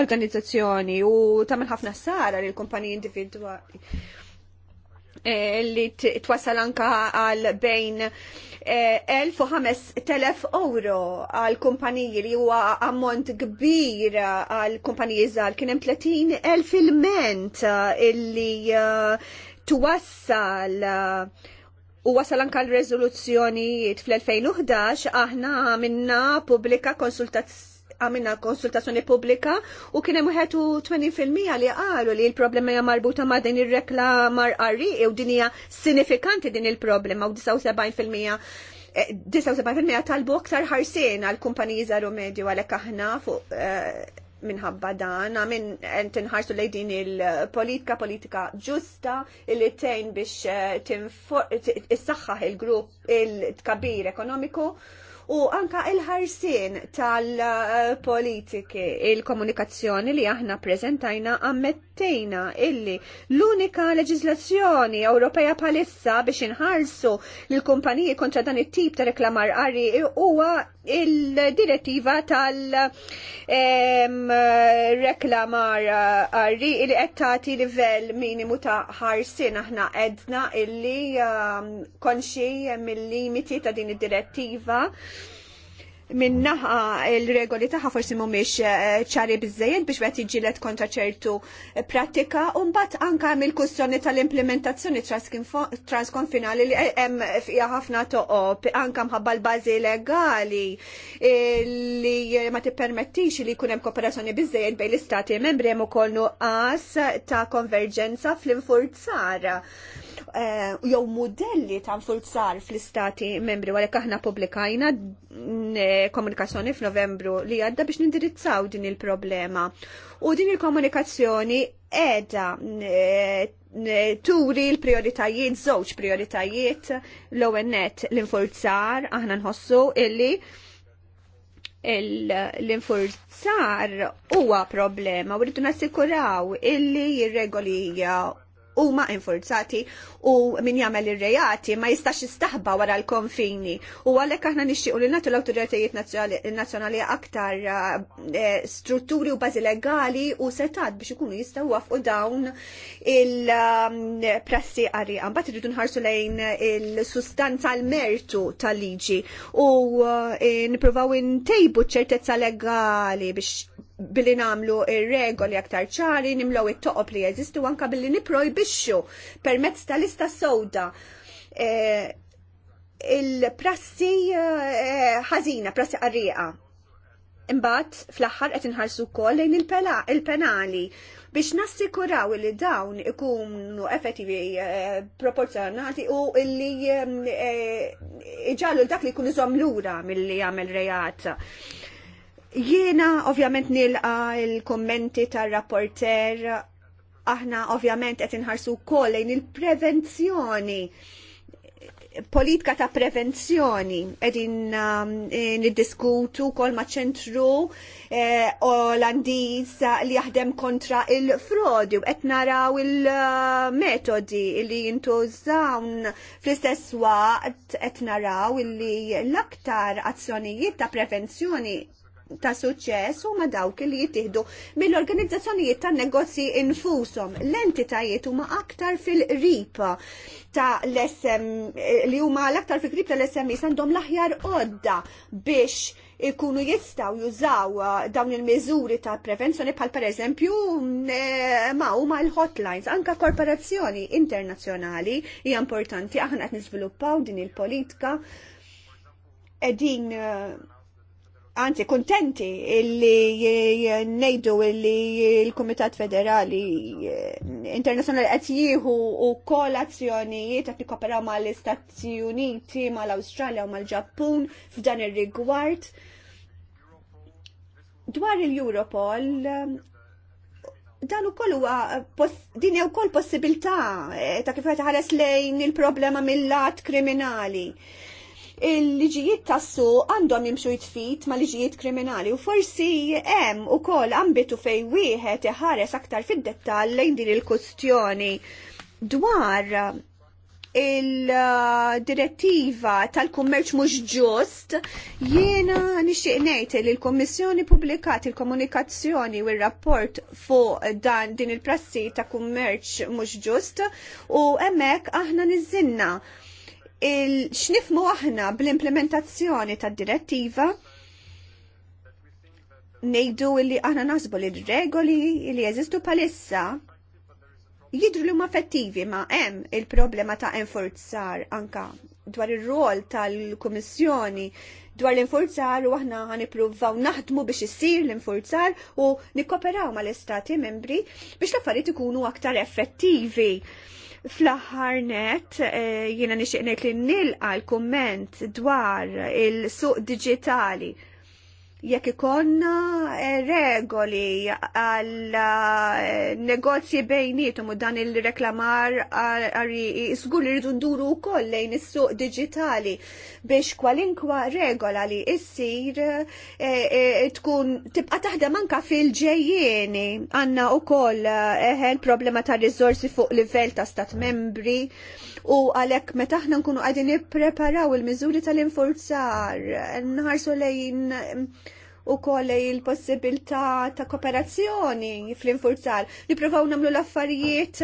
organizzazzjoni u tagħmel ħafna sara lil kumpaniji individwali li twasal anka għal bejn 1500 euro għal kumpaniji li huwa ammont kbir għal kumpaniji żgħar kien hemm 30 elf ilment illi twassal U wasal anka l-rezoluzzjonijiet fl-2011 aħna għamilna pubblika għamilna konsultazzjoni pubblika u kien hemm wieħed u 20% li qalu li l-problema hija marbuta ma' din ir-reklamar għarri u din hija sinifikanti din il-problema u 79% 79% eh, talbu aktar ħarsien għal kumpaniji żaru medju għalek aħna fuq eh, minħabba dan, minn tinħarsu li din il-politika, politika ġusta, li tejn biex eh, tissaxħaħ il-grupp il-kabir ekonomiku u anka il-ħarsin tal-politiki, il-komunikazzjoni li aħna prezentajna ammettejna illi l-unika leġizlazzjoni Ewropea palissa biex inħarsu l-kumpaniji kontra dan it-tip ta' reklamar qari huwa il-direttiva tal-reklamar għarri eh, il tagħti livell minimu ta' ħarsin aħna edna illi konxi mill-limiti ta' din id-direttiva minnaħa il-regoli taħħa forsi mumiex eh, ċari bizzejed biex għet iġilet kontra ċertu pratika un bat anka mill kussjoni tal-implementazzjoni transkonfinali li hemm eh, fija ħafna toqob anka mħabba l-bazi legali eh, li ma tippermettix li jkun hemm kooperazzjoni bizzejed bejn l-istati membri hemm ukoll nuqqas ta' konverġenza fl infurzara Eh, jew modelli ta' nfulzar fl-istati membri għalhekk aħna publikajna eh, komunikazzjoni f'Novembru li għadda biex nindirizzaw din il-problema. U din il-komunikazzjoni edha eh, turi l-prioritajiet, żewġ prioritajiet l-ONET l-infurzar, aħna nħossu illi l-infurzar huwa problema u rridu nassikuraw illi jirregoli huma infurzati u min jagħmel ir-reati ma jistax jistaħba wara l-konfini. U għalhekk aħna nixtiequ li nagħtu l-awtoritajiet nazzjonali aktar eh, strutturi u bażi legali u setat biex ikunu jistgħu wafqu dawn il-prassi um, qarrieqa. Mbagħad irridu nħarsu lejn il-sustanza l-mertu tal-liġi u eh, nippruvaw intejbu ċertezza legali biex billi namlu regoli aktar ċari, nimlow it-toqob li jeżistu anka billi niprojbixxu permezz tal-lista sowda. E, il-prassi e, ħażina, e, prassi għarriqa. Imbagħad fl-aħħar qed inħarsu wkoll lejn il-penali biex nassikuraw li dawn ikunu effettivi e, proporzjonati u illi e, iġallu dak li jkun iżom lura mill-li jagħmel rejata. Jiena ovvjament nilqa il-kommenti tar-rapporter aħna ovvjament qed inħarsu wkoll lejn il-prevenzjoni politika ta' prevenzjoni qegħdin um, eh, niddiskutu wkoll ma' ċentru eh, Olandiż li jaħdem kontra il-frodi u qed naraw il-metodi li jintużawn fl-istess waqt qed naraw illi l-aktar azzjonijiet ta' prevenzjoni ta' suċċess huma dawk li jittieħdu mill-organizzazzjonijiet tan negozji infushom. L-entitajiet huma aktar fil-rip ta' l-SM li huma l-aktar fil-rip tal-SMI għandhom l-aħjar għodda biex ikunu jistaw jużaw uh, dawn il-mizuri ta' prevenzjoni bħal per eżempju mm, eh, ma' huma l-hotlines, anka korporazzjoni internazzjonali hija importanti aħna qed niżviluppaw din il-politika edin uh, eh, anzi kontenti illi eh, nejdu illi l-Kumitat Federali eh, Internazzjonali qed jieħu wkoll azzjonijiet qed jikkoperaw mal-Istati Uniti, mal-Awstralja u mal-Ġappun f'dan ir-rigward. Dwar il-Europol dan ukoll huwa din hija wkoll possibilità eh, ta' kif qed ħares lejn il-problema mill-lat kriminali il-liġijiet tassu għandhom jimxu jitfit ma' liġijiet kriminali u forsi hemm ukoll ambitu fej wieħed iħares aktar fid-dettall lejn din il-kustjoni dwar il-direttiva tal-kummerċ mhux ġust, jiena nixtieq ngħid li l-Kummissjoni pubblikat il-komunikazzjoni u r-rapport fuq dan din il-prassi ta' kummerċ mhux ġust u hemmhekk aħna niżinna il x'nifmu aħna bl-implementazzjoni tad-direttiva nejdu illi aħna nasbu li regoli li jeżistu palissa jidru li huma effettivi ma hemm il-problema ta' enforzar anka dwar ir-rol tal-Kummissjoni dwar l-infurzar u aħna ħanippruvaw naħdmu biex issir l-infurzar u nikkoperaw mal-Istati membri biex l-affarijiet ikunu aktar effettivi. Fl-aħħar net eh, jiena nixtieq ngħid li nilqa l-kumment dwar il-suq diġitali jekk ikonna eh, regoli għal eh, negozji bejnietum u dan il-reklamar eh, għarri li rridu nduru wkoll lejn is-suq digitali biex kwalinkwa regola li issir tkun tibqa' taħdem anka fil-ġejjieni għandna wkoll eħel problema ta' rizorsi fuq livell ta' stat membri u għalhekk metaħna nkunu qegħdin nippreparaw il-miżuri tal-infurzar nħarsu lejn u koll il-possibilità ta' kooperazzjoni fl-infurzar. Niprofaw namlu l-affarijiet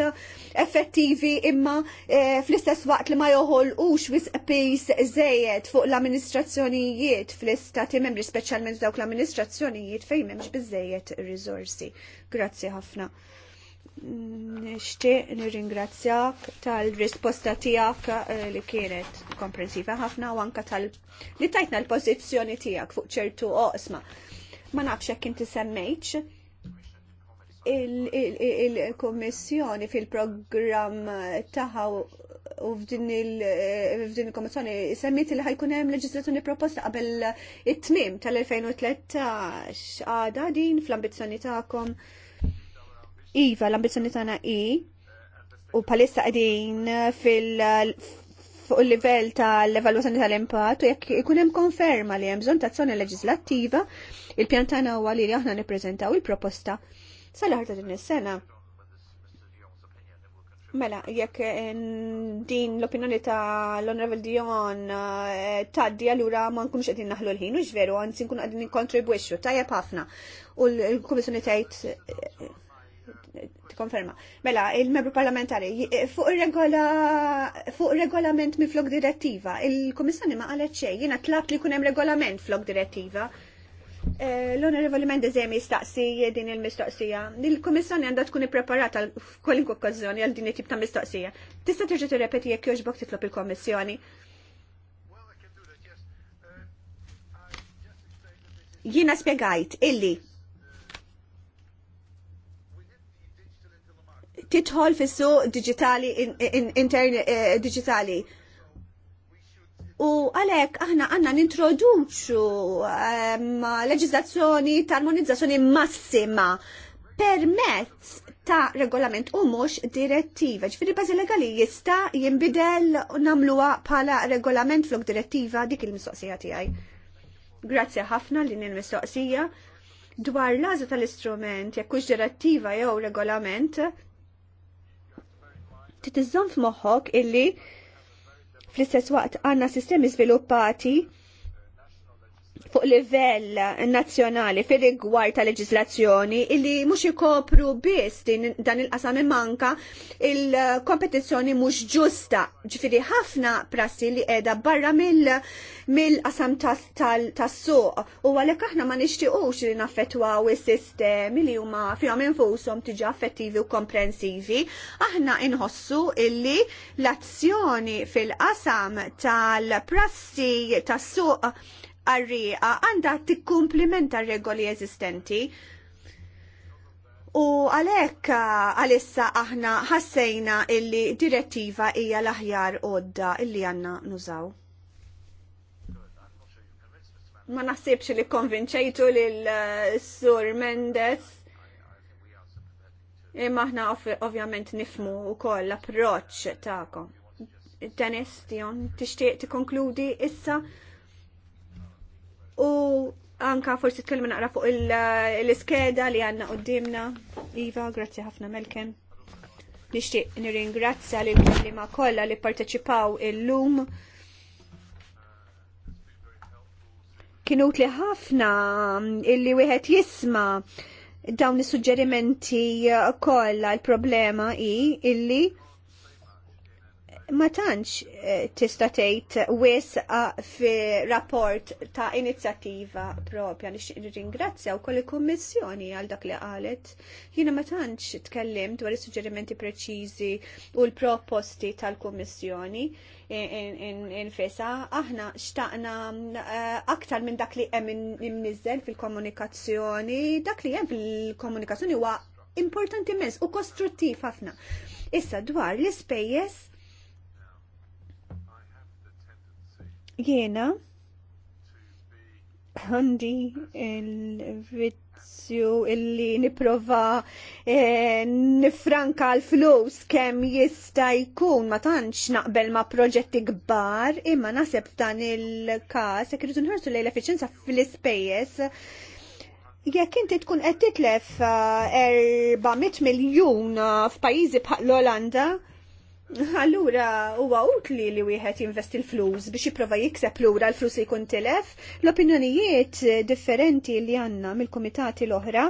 effettivi imma eh, fl-istess waqt li ma joħol ux vis pejs zejed fuq l-amministrazzjonijiet fl-istati membri, specialment dawk l-amministrazzjonijiet fejn bizzejed bizzejiet risorsi. Grazzi ħafna nishtiq nirringrazzjak tal-risposta tiegħek eh, li kienet komprensiva ħafna u anka tal- li tajtna l pożizzjoni tiegħek fuq ċertu oqsma. Ma nafx hekk inti semmejtx il-Kommissjoni fil-programm tagħha u f'din eh, il-Kommissjoni semmit li ħajkun hemm leġislazzjoni proposta qabel it-tmiem tal-2013 għada din fl-ambizzjoni tagħkom. Iva, l-ambizjoni tagħna i u palissa qegħdin fil fuq il-livell tal-evalwazzjoni tal-impatt u jekk ikun hemm konferma li hemm bżonn ta' azzjoni leġislattiva, il-pjan tagħna huwa li aħna nippreżentaw il-proposta sal-aħħar ta' din is-sena. Mela, jekk eh, din l-opinjoni ta' l-Honorable Dion eh, taddi allura ma nkunux qegħdin naħlu l-ħin, u veru, anzi nkunu qegħdin nikkontribwixxu tajjeb ħafna. U l-Kummissjoni tgħid tikkonferma. Mela, il-membru parlamentari, fuq regolament mi flok direttiva, il komissani ma qalet xej. jiena tlabt li kunem regolament flok direttiva. Eh, L-Onorevoli Mendez jemi staqsi din il-mistoqsija. il komissani għandha tkun ippreparata f'kwalinkwa okkażjoni għal din it-tip ta' mistoqsija. Tista' terġa' tirrepeti jekk jogħġbok titlob il-Komissjoni. Jiena spjegajt illi titħol fis-suq digitali interni eh, digitali. U għalek aħna għanna nintroduċu ehm, leġizazzjoni ta' armonizzazzjoni massima permezz ta' regolament u mux direttiva. Ġifiri bazi legali jista jimbidel namluwa pala regolament flok direttiva dik il-mistoqsija tijaj. Grazie ħafna li n-mistoqsija dwar lażu tal-istrument, jekkux direttiva jew regolament, titizzon f'moħħok illi fl-istess waqt għanna sistemi sviluppati fuq livell nazzjonali fir rigward ta' leġislazzjoni illi mhux ikopru biss dan il-qasam manka il-kompetizzjoni mhux ġusta. Ġifieri ħafna prassi li qiegħda barra mill-qasam tas-suq u għalhekk aħna ma nixtiequx li naffettwaw is-sistemi li huma fihom infushom tiġi affettivi u komprensivi. Aħna inħossu illi l-azzjoni fil-qasam tal-prassi tas-suq għarriqa għandha tikkumplimenta regoli eżistenti. U għalhekk uh, għalissa aħna ħassejna illi direttiva hija l-aħjar għodda illi għandna nużaw. Ma naħsibx li konvinċejtu lil uh, Sur Mendes. Imma aħna ovvjament nifmu wkoll l-approċċ tagħkom. Dennis, Dion, tixtieq tikkonkludi issa? U anka forsi tkellmu naqra fuq l-iskeda li għanna qoddimna. Iva, grazzi ħafna Melken. Nixtieq nirringrazzja lil kellima kollha li parteċipaw illum. Kienu li ħafna illi wieħed jisma' dawn is-suġġerimenti kollha l-problema hi illi ma tantx eh, tista' tgħid wisq fi rapport ta' inizjattiva propja nixtieq nirringrazzja wkoll il-Kummissjoni għal dak li qalet. Jiena ma tantx tkellim dwar is-suġġerimenti preċiżi u l-proposti tal-Kummissjoni infisa. Aħna xtaqna eh, aktar minn dak li hemm imniżel fil-komunikazzjoni, dak li hemm fil-komunikazzjoni huwa importanti mens u kostruttiv ħafna. Issa dwar l-ispejjeż Jiena għandi il-vizzju illi niprofa eh, nifranka l-flus kemm jista' jkun ma tantx naqbel ma' proġetti kbar imma naħseb f'dan il-każ jekk irid nħarsu lejn l efficienza fl-ispejjeż Jekk inti tkun qed titlef 400 eh, miljun f'pajjiżi bħal l-Olanda, Allura huwa utli li wieħed jinvesti l-flus biex jipprova jikseb lura l-flus li jkun tilef. L-opinjonijiet differenti li għandna mill-kumitati l-oħra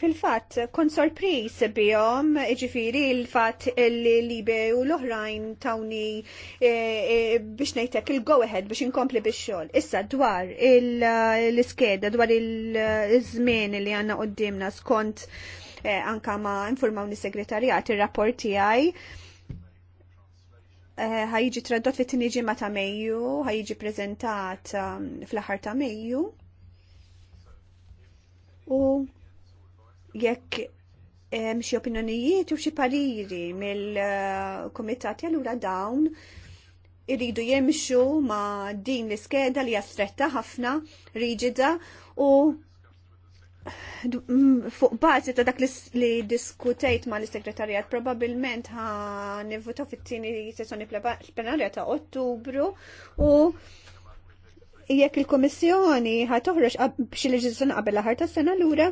fil-fat, kon sorpris bijom, ġifiri, il-fat li libe u l-oħrajn tawni e, e, biex nejtek il-go ahead biex inkompli biex xol. Issa, dwar l-iskeda, dwar il-żmien li għanna għoddimna skont E, anka ma informawni segretarjat ir-rapport tiegħi ħajġi traddot fit tiniġi ma ta' Mejju, ħajġi prezentat um, fl-aħħar ta' Mejju. U jekk xi opinjonijiet u xi pariri mill komitat allura dawn irridu jemxu ma' din l-iskeda li jastretta ħafna, riġida u Mm, fuq bazi ta' dak li diskutejt ma' l segretarijat probabilment ha' nivvuta fit-tini sessjoni plenarja ta' ottubru u jekk il-Komissjoni ħa toħroġ b'xi leġiżlazzjoni qabel l-aħar tas-sena lura.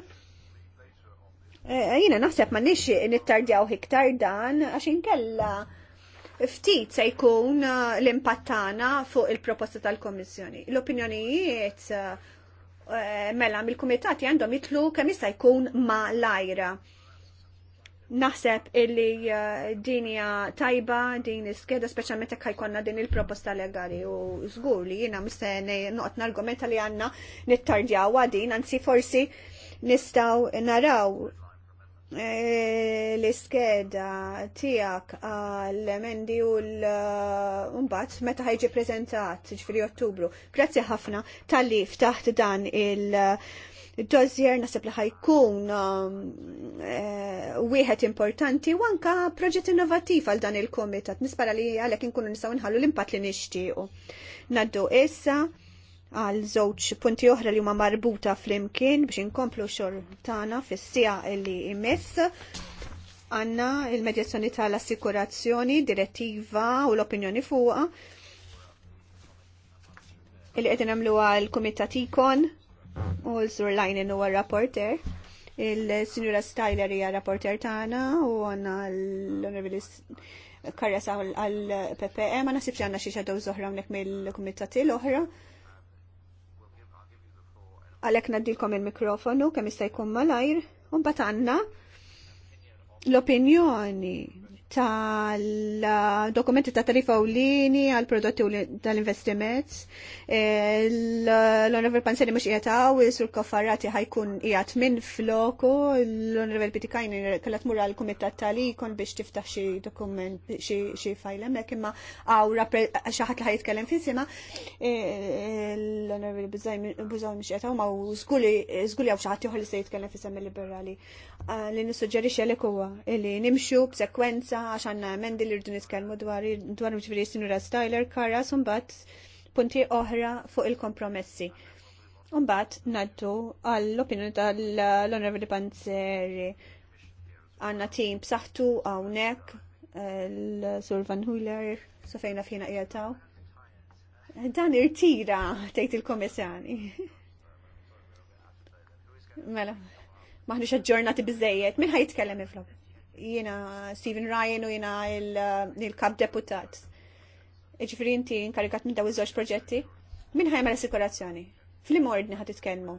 Eh, jiena naħseb ma nix nittardjaw iktar dan għax inkella ftit se jkun l-impattana fuq il-proposta tal-Komissjoni. L-opinjonijiet Eh, mela mill-kumitati għandhom jitlu kemm jista' jkun ma' lajra. Naħseb illi eh, dinja tajba din iskeda speċjalment jekk ħajkonna din il-proposta legali u żgur li jiena mistenne noqgħod nargumenta li għandna nittardjaw din anzi forsi nistgħu naraw E, l-iskeda tijak għal-mendi u l-umbat meta ħajġi prezentat ġifri ottubru. Grazie ħafna tal-li ftaħt dan il- Dozzjer nasib li ħajkun um, e, wieħed importanti u anka proġett innovativ għal dan il-komitat. Nispara li għalek nkunu nisaw nħallu l-impat li nixtiequ. Naddu issa għal żewġ punti oħra li huma marbuta flimkien biex inkomplu xor tagħna fis-sija li jmiss. Għanna il-medjazzjoni tal-assikurazzjoni, direttiva u l-opinjoni fuqa. Il qed nagħmlu għal kumitat ikon u l surlajn Lajnen huwa rapporter. Il-Sinjura Styler hija rapporter tagħna u għandna l onorabili Karja għal PPE ma nasibx għandna xi xadow zoħra hawnhekk mill-kumitati l-oħra. Għalek naddilkom il-mikrofonu kemm jista' jkun malajr, un bat l-opinjoni tal-dokumenti ta' tarifa u lini għal prodotti tal-investiment. E, L-Honorable Panseri mux jgħataw, sur koffarati ħajkun jgħat minn floku, l-Honorable Pitikajni kallat mura l komitat tal-ikon biex tiftaħ xie dokument, xie fajla, mek imma għaw xaħat li ħajitkellem finsima, e, l-Honorable Buzaw mux jgħataw, ma' zguli għaw xaħat juħol li se jitkellem finsima liberali li nissuġġerixxi għalek huwa li nimxu b'sekwenza għax għandna emendi li rridu nitkellmu dwar dwar ġifieri sinura Styler Karas mbagħad punti oħra fuq il-kompromessi. Mbagħad naddu għall-opinjoni tal-Onorevoli Panzeri għandna tim b'saħħtu hawnhekk l-Sur Van Huler, so fejna fjena jgħataw. Dan irtira, tgħid il-komissjani. Mela, maħniex aġġornati bizzejiet, minn ħaj jitkellem iflok? Jina Steven Ryan u jina il-kap deputat. Iġifri inti inkarikat minn daw iż-żewġ proġetti, minn ħajma l-assikurazzjoni? Fl-imordni ħat titkellmu?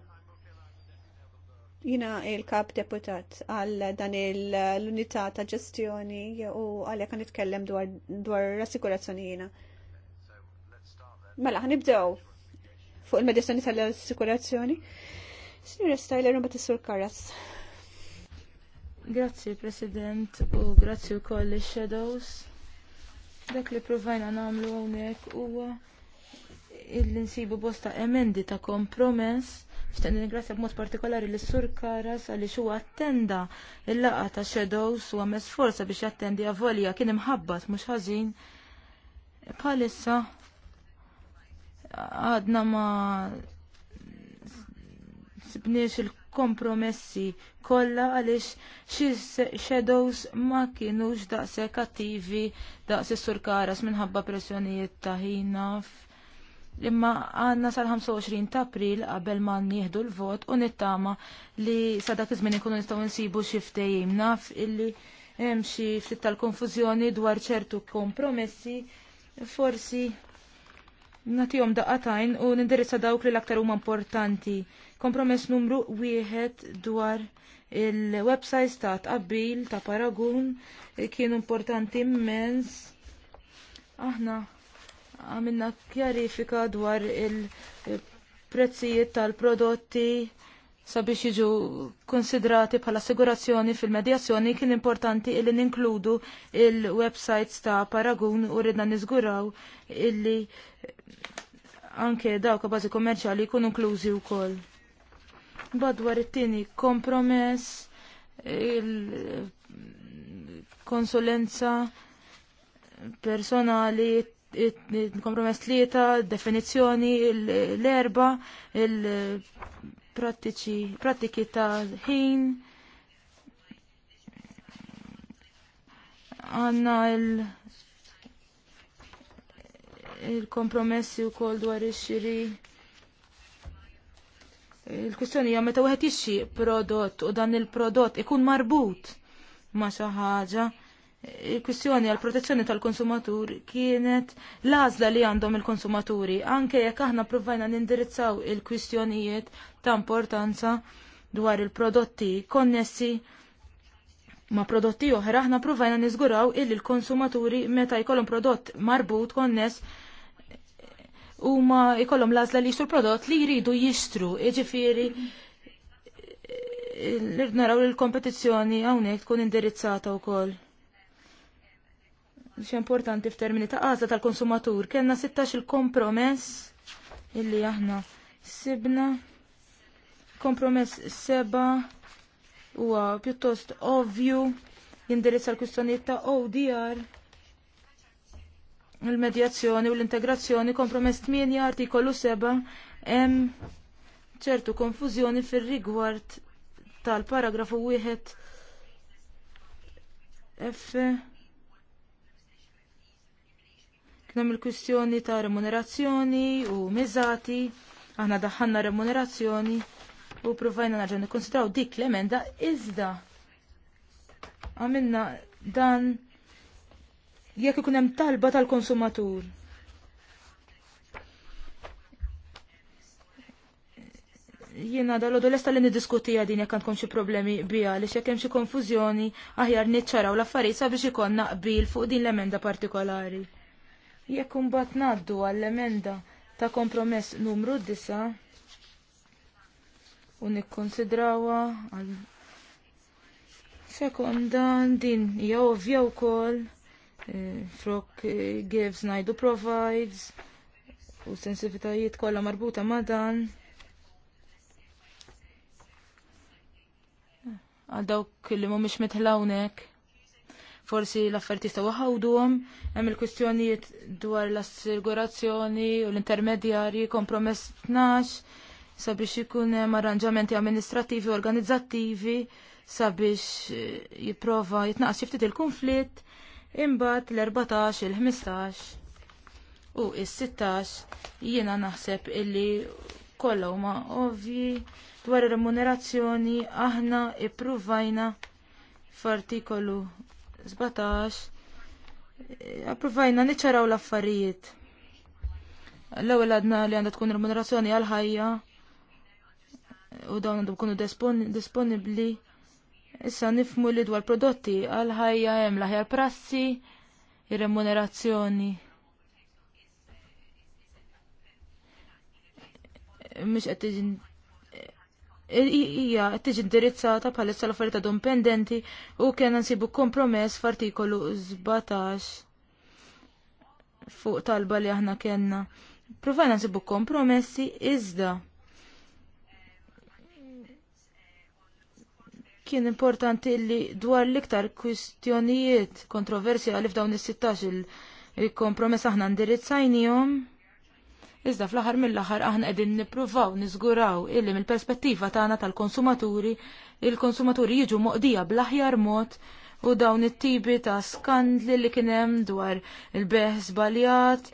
Jina il-kap deputat għal dan l-unità ta' ġestjoni u għalek għan nitkellem dwar l-assikurazzjoni jina. Mela, ħanibdew fuq il-medicini tal-assikurazzjoni. Signora Styler, un sur Karas. Grazzi, President, u grazie u koll shadows Dak li provajna namlu għonek u il-insibu bosta emendi ta' kompromess. Xtenni ringrazja b'mod partikolari l sur Karas għalli xu attenda il-laqa ta' Shadows u għamess forsa biex attendi għavolja kien imħabbat mux ħażin. Palissa għadna ma sibniex il-kompromessi kollha għaliex xi shadows ma kienux daqshekk attivi daqs is-sur Karas minħabba pressjonijiet ta' ħinaf. Imma għanna sal-25 ta' april qabel ma nieħdu l-vot u nittama li sa dak iż-żmien ikunu nistgħu nsibu xi ftehim naf illi hemm xi ftit tal-konfużjoni dwar ċertu kompromessi forsi nagħtihom daqatajn u nindirizza dawk li l-aktar huma importanti Kompromess numru wieħed dwar il-websites ta' tqabbil ta' Paragun eh, kienu importanti immens. Aħna għamilna kjarifika dwar il-prezzijiet tal-prodotti sabiex jiġu konsidrati bħala assigurazzjoni fil-medjazzjoni kien importanti illi ninkludu il-websites ta' Paragun u ridna niżguraw illi anke dawk bażi kommerċjali jkunu inklużi wkoll. Badwar it-tieni kompromess, il-konsulenza personali, il-kompromess tlieta, definizzjoni, l-erba, il-prattiċi, prattiki ta' ħin, għanna il- il-kompromessi u kol dwar ix-xiri Il-kwistjoni hija meta wieħed jixxieq prodott u dan il-prodott ikun marbut ma' xi ħaġa. Il-kwistjoni għall protezzjoni tal-konsumatur kienet l-għażla li għandhom il-konsumaturi, anke jekk aħna provajna nindirizzaw il-kwistjonijiet ta' importanza dwar il-prodotti konnessi ma' prodotti oħra aħna provajna niżguraw illi l-konsumaturi meta jkollhom prodott marbut konness huma jkollhom lazla li jistru prodott li jridu jistru, jiġifieri eh, naraw li l-kompetizzjoni hawnhekk tkun indirizzata wkoll. Xi importanti f'termini ta' għażla tal-konsumatur, kellna 16 il-kompromess illi aħna sibna kompromess seba huwa pjuttost ovvju jindirizza l kustonietta ta' ODR il-medjazzjoni u l-integrazzjoni kompromess 8 artikolu 7 hemm ċertu konfużjoni fir-rigward tal-paragrafu wieħed F Kien il-kwistjoni ta' remunerazzjoni u miżati, aħna daħħalna remunerazzjoni u provajna narġa' nikonsidraw dik l-emenda iżda għamilna dan jekk ikun hemm talba tal-konsumatur. Jiena dal l li niddiskutija din jekk għandkom xi problemi biha li jekk hemm xi konfużjoni aħjar niċċaraw l-affarijiet sabiex ikonna qbil fuq din l-emenda partikolari. Jekk imbagħad ngħaddu għall-emenda ta' kompromess numru 9 u nikkonsidrawha għal sekonda din hija ovvja wkoll Eh, frok eh, gives najdu provides u sensivitajiet kollha marbuta ma' dan. Għal dawk mish mhumiex Forsi l-affarijiet jistgħu għom hemm il-kwistjonijiet dwar l-assigurazzjoni u l-intermedjarji kompromess 12 sabiex ikun hemm arranġamenti amministrativi u organizzattivi sabiex eh, jipprova jitnaqas xi ftit il-konflitt Imbagħad l-14, il-15 u il 16 jiena naħseb illi kollha huma ovvi dwar remunerazzjoni aħna ippruvajna f'artikolu 17 eh, approvajna niċċaraw l-affarijiet. L-ewwel għadna li għandha tkun remunerazzjoni għal ħajja u dawn għandhom ikunu disponibbli. Dispon Issa nifmu li dwar prodotti għal ħajja hemm l-aħjar prassi, ir-remunerazzjoni. Mhux qed tiġi qed tiġi indirizzata bħalissa l-offerta dipendenti u kena nsibu kompromess f'artikolu 17 fuq talba li aħna kellna. Provajna nsibu kompromessi iżda Kien importanti li dwar l-iktar kwistjonijiet kontroversjali f'dawn is-16 il-kompromess aħna ndirizzajnihom. Iżda fl-aħħar mill-aħħar aħna qegħdin nippruvaw niżguraw illi mill-perspettiva tagħna tal-konsumaturi il-konsumaturi jiġu moqdija bl-aħjar mod u dawn it-tibi ta' skandli li kien hemm dwar il-beħ żbaljat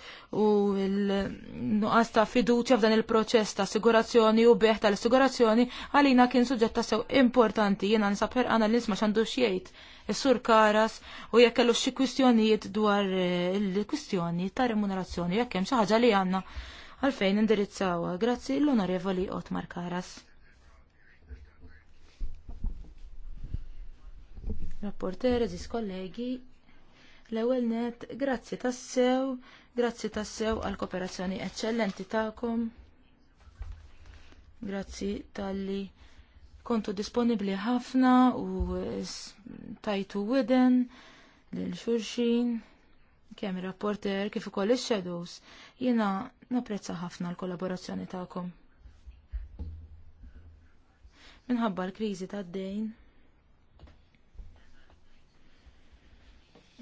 u l-nuqqas ta' fiduċja f'dan il-proċess ta' assigurazzjoni u beħ tal-assigurazzjoni għalina kien suġġett ta' sew importanti jiena nisabħer għana l nisma' x'għandu xiejt il sur Karas u jekk xie xi kwistjonijiet dwar eh, il-kwistjoni ta' remunerazzjoni jekkem xaħġa xi ħaġa li għandna għalfejn indirizzawa. Grazzi l-Onorevoli Otmar Karas. Rapporter, ziz kollegi, l-ewel net, grazzi tassew, grazzi tassew għal kooperazzjoni eccellenti ta'kom. Grazzi tal-li kontu disponibli ħafna u tajtu widen lil xurxin kemm rapporter kif ukoll ix-shadows. Jiena napprezza ħafna l-kollaborazzjoni tagħkom. Minħabba l-kriżi tad-dejn.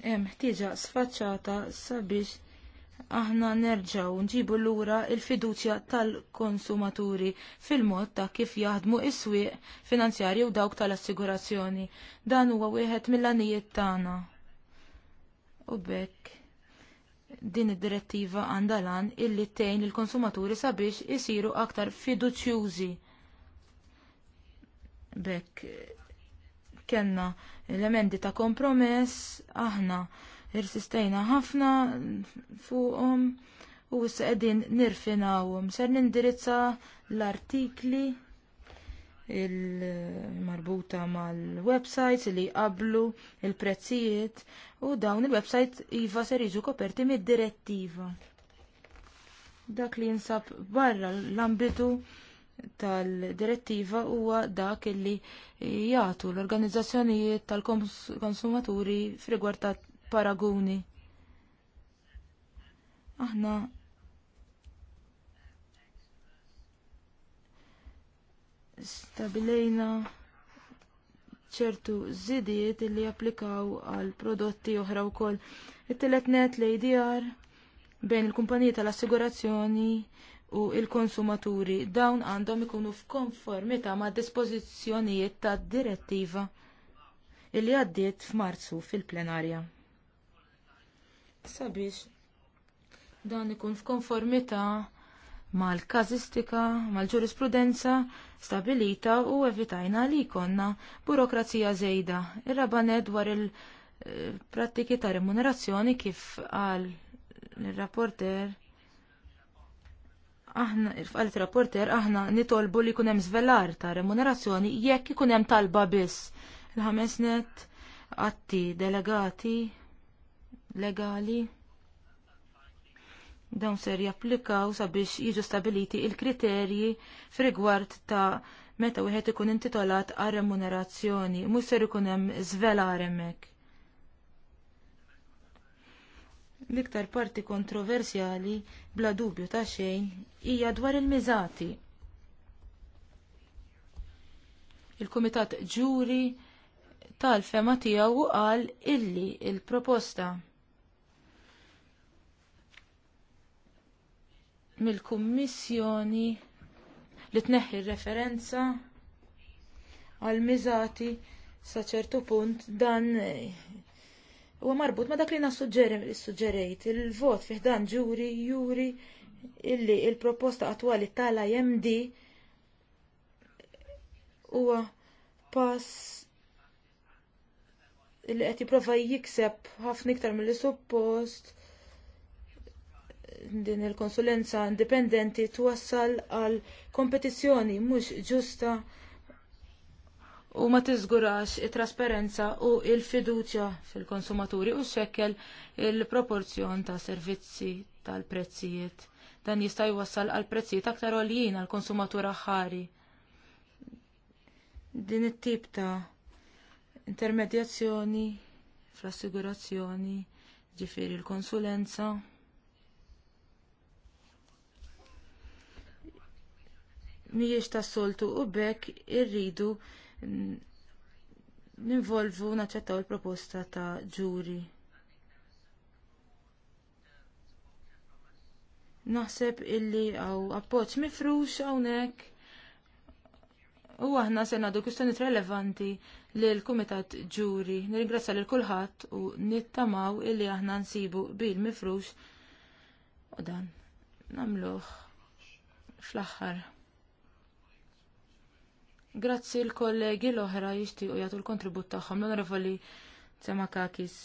hemm ħtieġa sfaċċata sabiex aħna nerġaw nġibu lura il-fiduċja tal-konsumaturi fil-mod ta' kif jaħdmu is-swieq finanzjarji u dawk tal-assigurazzjoni. Dan huwa wieħed mill-għanijiet tagħna. U bekk din id-direttiva għandha lan illi tgħin il-konsumaturi sabiex isiru aktar fiduċjużi. Bekk kellna l-emendi ta' kompromess, aħna irsistejna ħafna fuqhom u issa qegħdin nirfinawhom. Ser nindirizza l-artikli il-marbuta mal-websites li qablu il-prezzijiet u dawn il-website iva ser jiġu koperti mid-direttiva. Dak li jinsab barra l-ambitu tal-direttiva huwa dak illi jagħtu l-organizzazzjonijiet tal-konsumaturi f'rigward ta' paraguni. Aħna stabilejna ċertu żidiet li japplikaw għal prodotti oħra wkoll. It-telet net l-ADR bejn il-kumpaniji tal-assigurazzjoni u l konsumaturi dawn għandhom ikunu f'konformità mad dispożizzjonijiet tad direttiva li għaddiet f'Marzu fil-plenarja. Sabiex dan ikun f'konformità mal-kazistika, mal-ġurisprudenza stabilita u evitajna li jkollna burokrazija żejda. Ir-rabanet dwar il-prattiki eh, ta' remunerazzjoni kif qal ir rapporter aħna fqalet rapporter aħna nitolbu li jkun hemm żvelar ta' remunerazzjoni jekk ikun hemm talba biss. Il-ħames net atti delegati legali dawn ser japplikaw sabiex jiġu stabiliti il-kriterji f'rigward ta' meta wieħed ikun intitolat għal remunerazzjoni, mhux ser ikun hemm żvelar hemmhekk. L-iktar parti kontroversjali bla dubju ta' xejn hija dwar il-miżati. Il-Kumitat Ġuri tal-fema tiegħu qal illi il-proposta il proposta mill kummissjoni li tneħħi r referenza għal miżati sa ċertu punt dan huwa marbut ma dak li suġġerejt il-vot fih dan ġuri juri illi il-proposta attwali tala imd huwa pass illi qed jipprova jikseb ħafna iktar mill suppost din il-konsulenza indipendenti twassal għal kompetizzjoni mhux ġusta u ma tiżgurax it-trasparenza u il-fiduċja fil-konsumaturi u xekkel il-proporzjon ta' servizzi tal-prezzijiet. Dan jista' jwassal għal prezzijiet aktar għoljin għal konsumatur aħħari. Din it-tip ta' intermedjazzjoni fl-assigurazzjoni, ġifieri l-konsulenza. mhijiex tas-soltu u bekk irridu ninvolvu naċċettaw il-proposta ta' ġuri. Naħseb illi għaw appoċ mifrux hawnhekk u aħna se nagħdu kwistjonijiet relevanti l kumitat ġuri. Nirringrazzja lil kulħadd u nittamaw illi aħna nsibu bil mifrux u dan nagħmluh fl-aħħar. Grazzi l-kollegi l-oħra jixtiequ jagħtu l-kontribut tagħhom l-onorevoli Tsemakakis.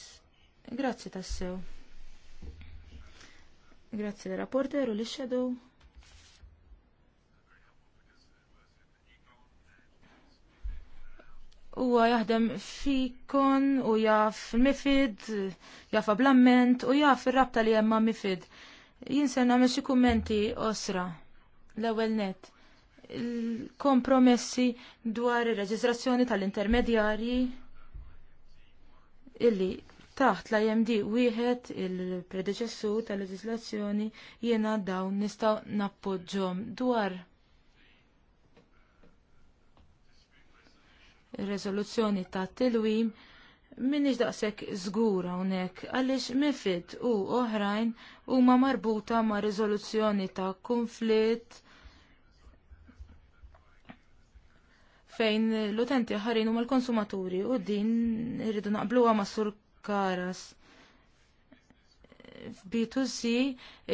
Grazzi tassew. Grazzi l-rapporter u l-shadow. Huwa jaħdem fikon u jaf mifid, jaf ablamment u jaf ir-rabta li hemm ma' mifid. Jinsen nagħmel xi kummenti osra l-ewwel net il-kompromessi dwar ir-reġistrazzjoni tal-intermedjarji illi taħt l-IMD wieħed il-predeċessu tal-leġislazzjoni jiena dawn nistgħu nappoġġom dwar ir-reżoluzzjoni ta' tilwim minix daqsek żgura hawnhekk għaliex mifid u oħrajn huma marbuta ma riżoluzzjoni ta' konflitt fejn l-utenti ħarin huma l-konsumaturi u din irridu naqbluha għama sur karas. B2C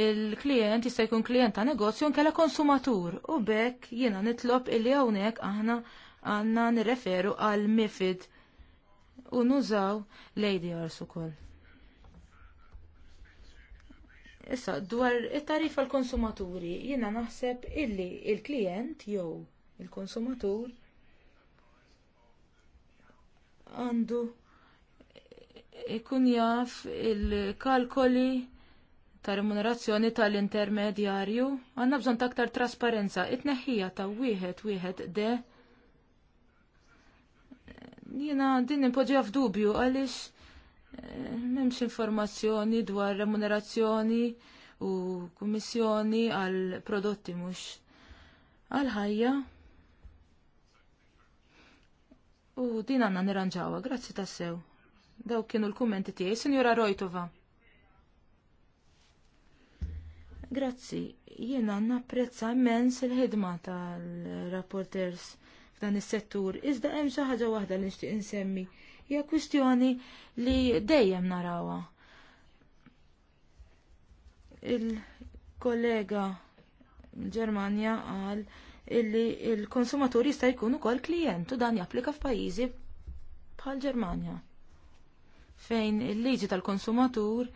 il-klient jista' jkun klient ta' negozju nkella konsumatur u bekk jiena nitlob illi hawnhekk aħna għandna nirreferu għal mifid u nużaw l-ADRs ukoll. Issa, dwar it-tarif għall konsumaturi jiena naħseb illi il-klient jew il-konsumatur il klient jew il konsumatur għandu ikun jaf il-kalkoli ta' remunerazzjoni tal-intermedjarju, għanna bżon taktar trasparenza, it-neħija ta' wieħed wieħed de. Jina din impoġġija f'dubju għaliex eh, m'hemmx informazzjoni dwar remunerazzjoni u kummissjoni għal prodotti mhux għal ħajja. U din għanna nirranġawa, grazzi tassew. Daw kienu l-kummenti tiegħi, Sinjora Rojtova. Grazzi, jiena napprezza immens il-ħidma tal-rapporters f'dan is-settur, iżda hemm xi ħaġa waħda li nixtieq insemmi. Hija kwistjoni li dejjem narawha. Il-kollega Ġermanja għal illi il-konsumatur jista' jkun ukoll klijent u dan japplika f'pajjiżi bħal Ġermanja fejn il-liġi tal-konsumatur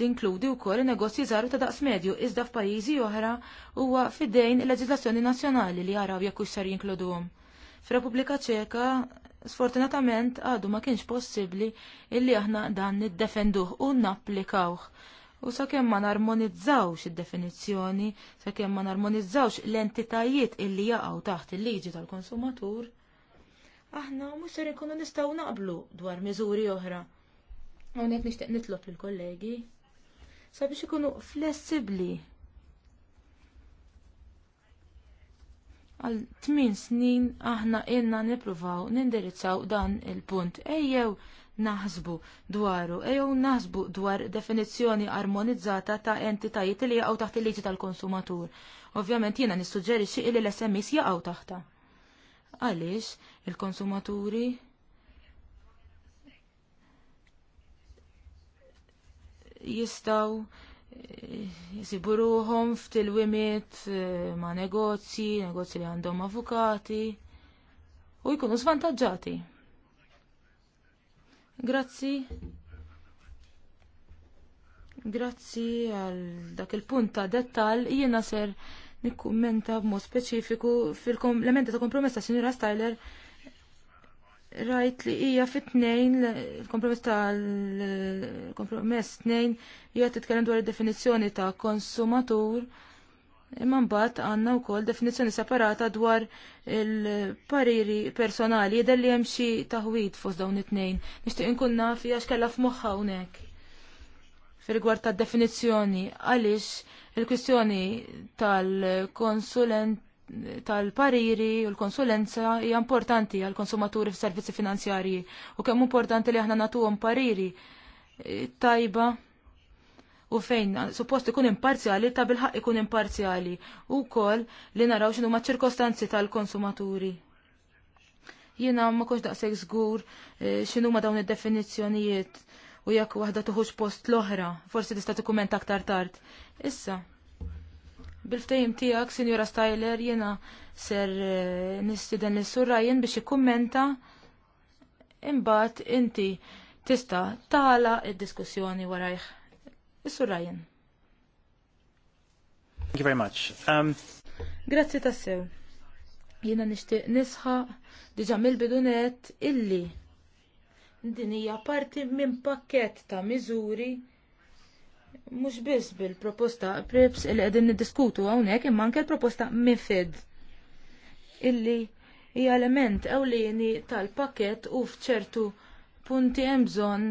tinkludi wkoll negozji żgħar ta' daqs medju iżda f'pajjiżi oħra huwa fidejn il-leġiżlazzjoni nazzjonali li jaraw jekk hux jinkluduhom. F'Repubblika Ċeka sfortunatament għadu ma kienx possibbli illi aħna dan niddefenduh u napplikawh U sakemm ma narmonizzawx id-definizzjoni, sakemm ma narmonizzawx l-entitajiet illi jaqgħu taħt il-liġi tal-konsumatur, aħna mhux ser inkunu nistgħu naqblu dwar miżuri oħra. Hawnhekk nixtieq nitlob lill-kollegi sabiex ikunu flessibbli għal tmien snin aħna ilna nippruvaw nindirizzaw dan il-punt. Ejjew, naħsbu dwaru, ejo naħsbu dwar definizzjoni armonizzata ta' entitajiet li jaqgħu taħt il-liġi tal-konsumatur. Ovvjament jiena nissuġġerixxi li l sms jaqgħu taħta. Għaliex il-konsumaturi jistaw eh, jisibu f'til-wimit eh, ma' negozji, negozji li għandhom avukati u jkunu svantagġati. Grazzi. Grazzi għal dak il-punt ta' dettal jiena ser nikkummenta b'mod speċifiku fil-komplementa ta' kompromessa ta' Sinjura Styler rajt li hija fit-tnejn kompromess tal-kompromess tnejn hija titkellem dwar id-definizzjoni ta' konsumatur Imma mbagħad għandna wkoll definizzjoni separata dwar il-pariri personali jidher li hemm xi taħwid fost dawn it-tnejn. Nixtieq inkun naf għax x'kellha f'moħħha hawnhekk. Fir-rigward tad-definizzjoni għaliex il-kwistjoni tal-konsulent tal-pariri u l-konsulenza hija importanti għall konsumaturi f'servizzi finanzjarji u kemm importanti li aħna nagħtuhom pariri eh, tajba u fejn suppost ikun imparzjali ta' bilħaq ikun imparzjali u kol li naraw xinu ma' ċirkostanzi tal-konsumaturi. Jiena ma' kux daqseg zgur e, xinu ma' dawn id-definizjonijiet u jekk waħda tuħux post l-oħra, forsi tista' dokumenta aktar tard. Issa, bil-ftejim tijak, Sinjora Styler, jiena ser e, nistiden l-surrajjen biex ikkummenta imbagħad inti tista' tala id-diskussjoni warajħ. Issu Ryan. Thank you very much. Um... Grazzi tassew. Jiena nixtieq nisħa diġa mill-bidunet illi din hija parti minn pakket ta' miżuri mhux biss bil-proposta preps li qegħdin niddiskutu hawnhekk imma anke l-proposta fed illi hija element ewlieni tal pakket u f'ċertu punti hemm bżonn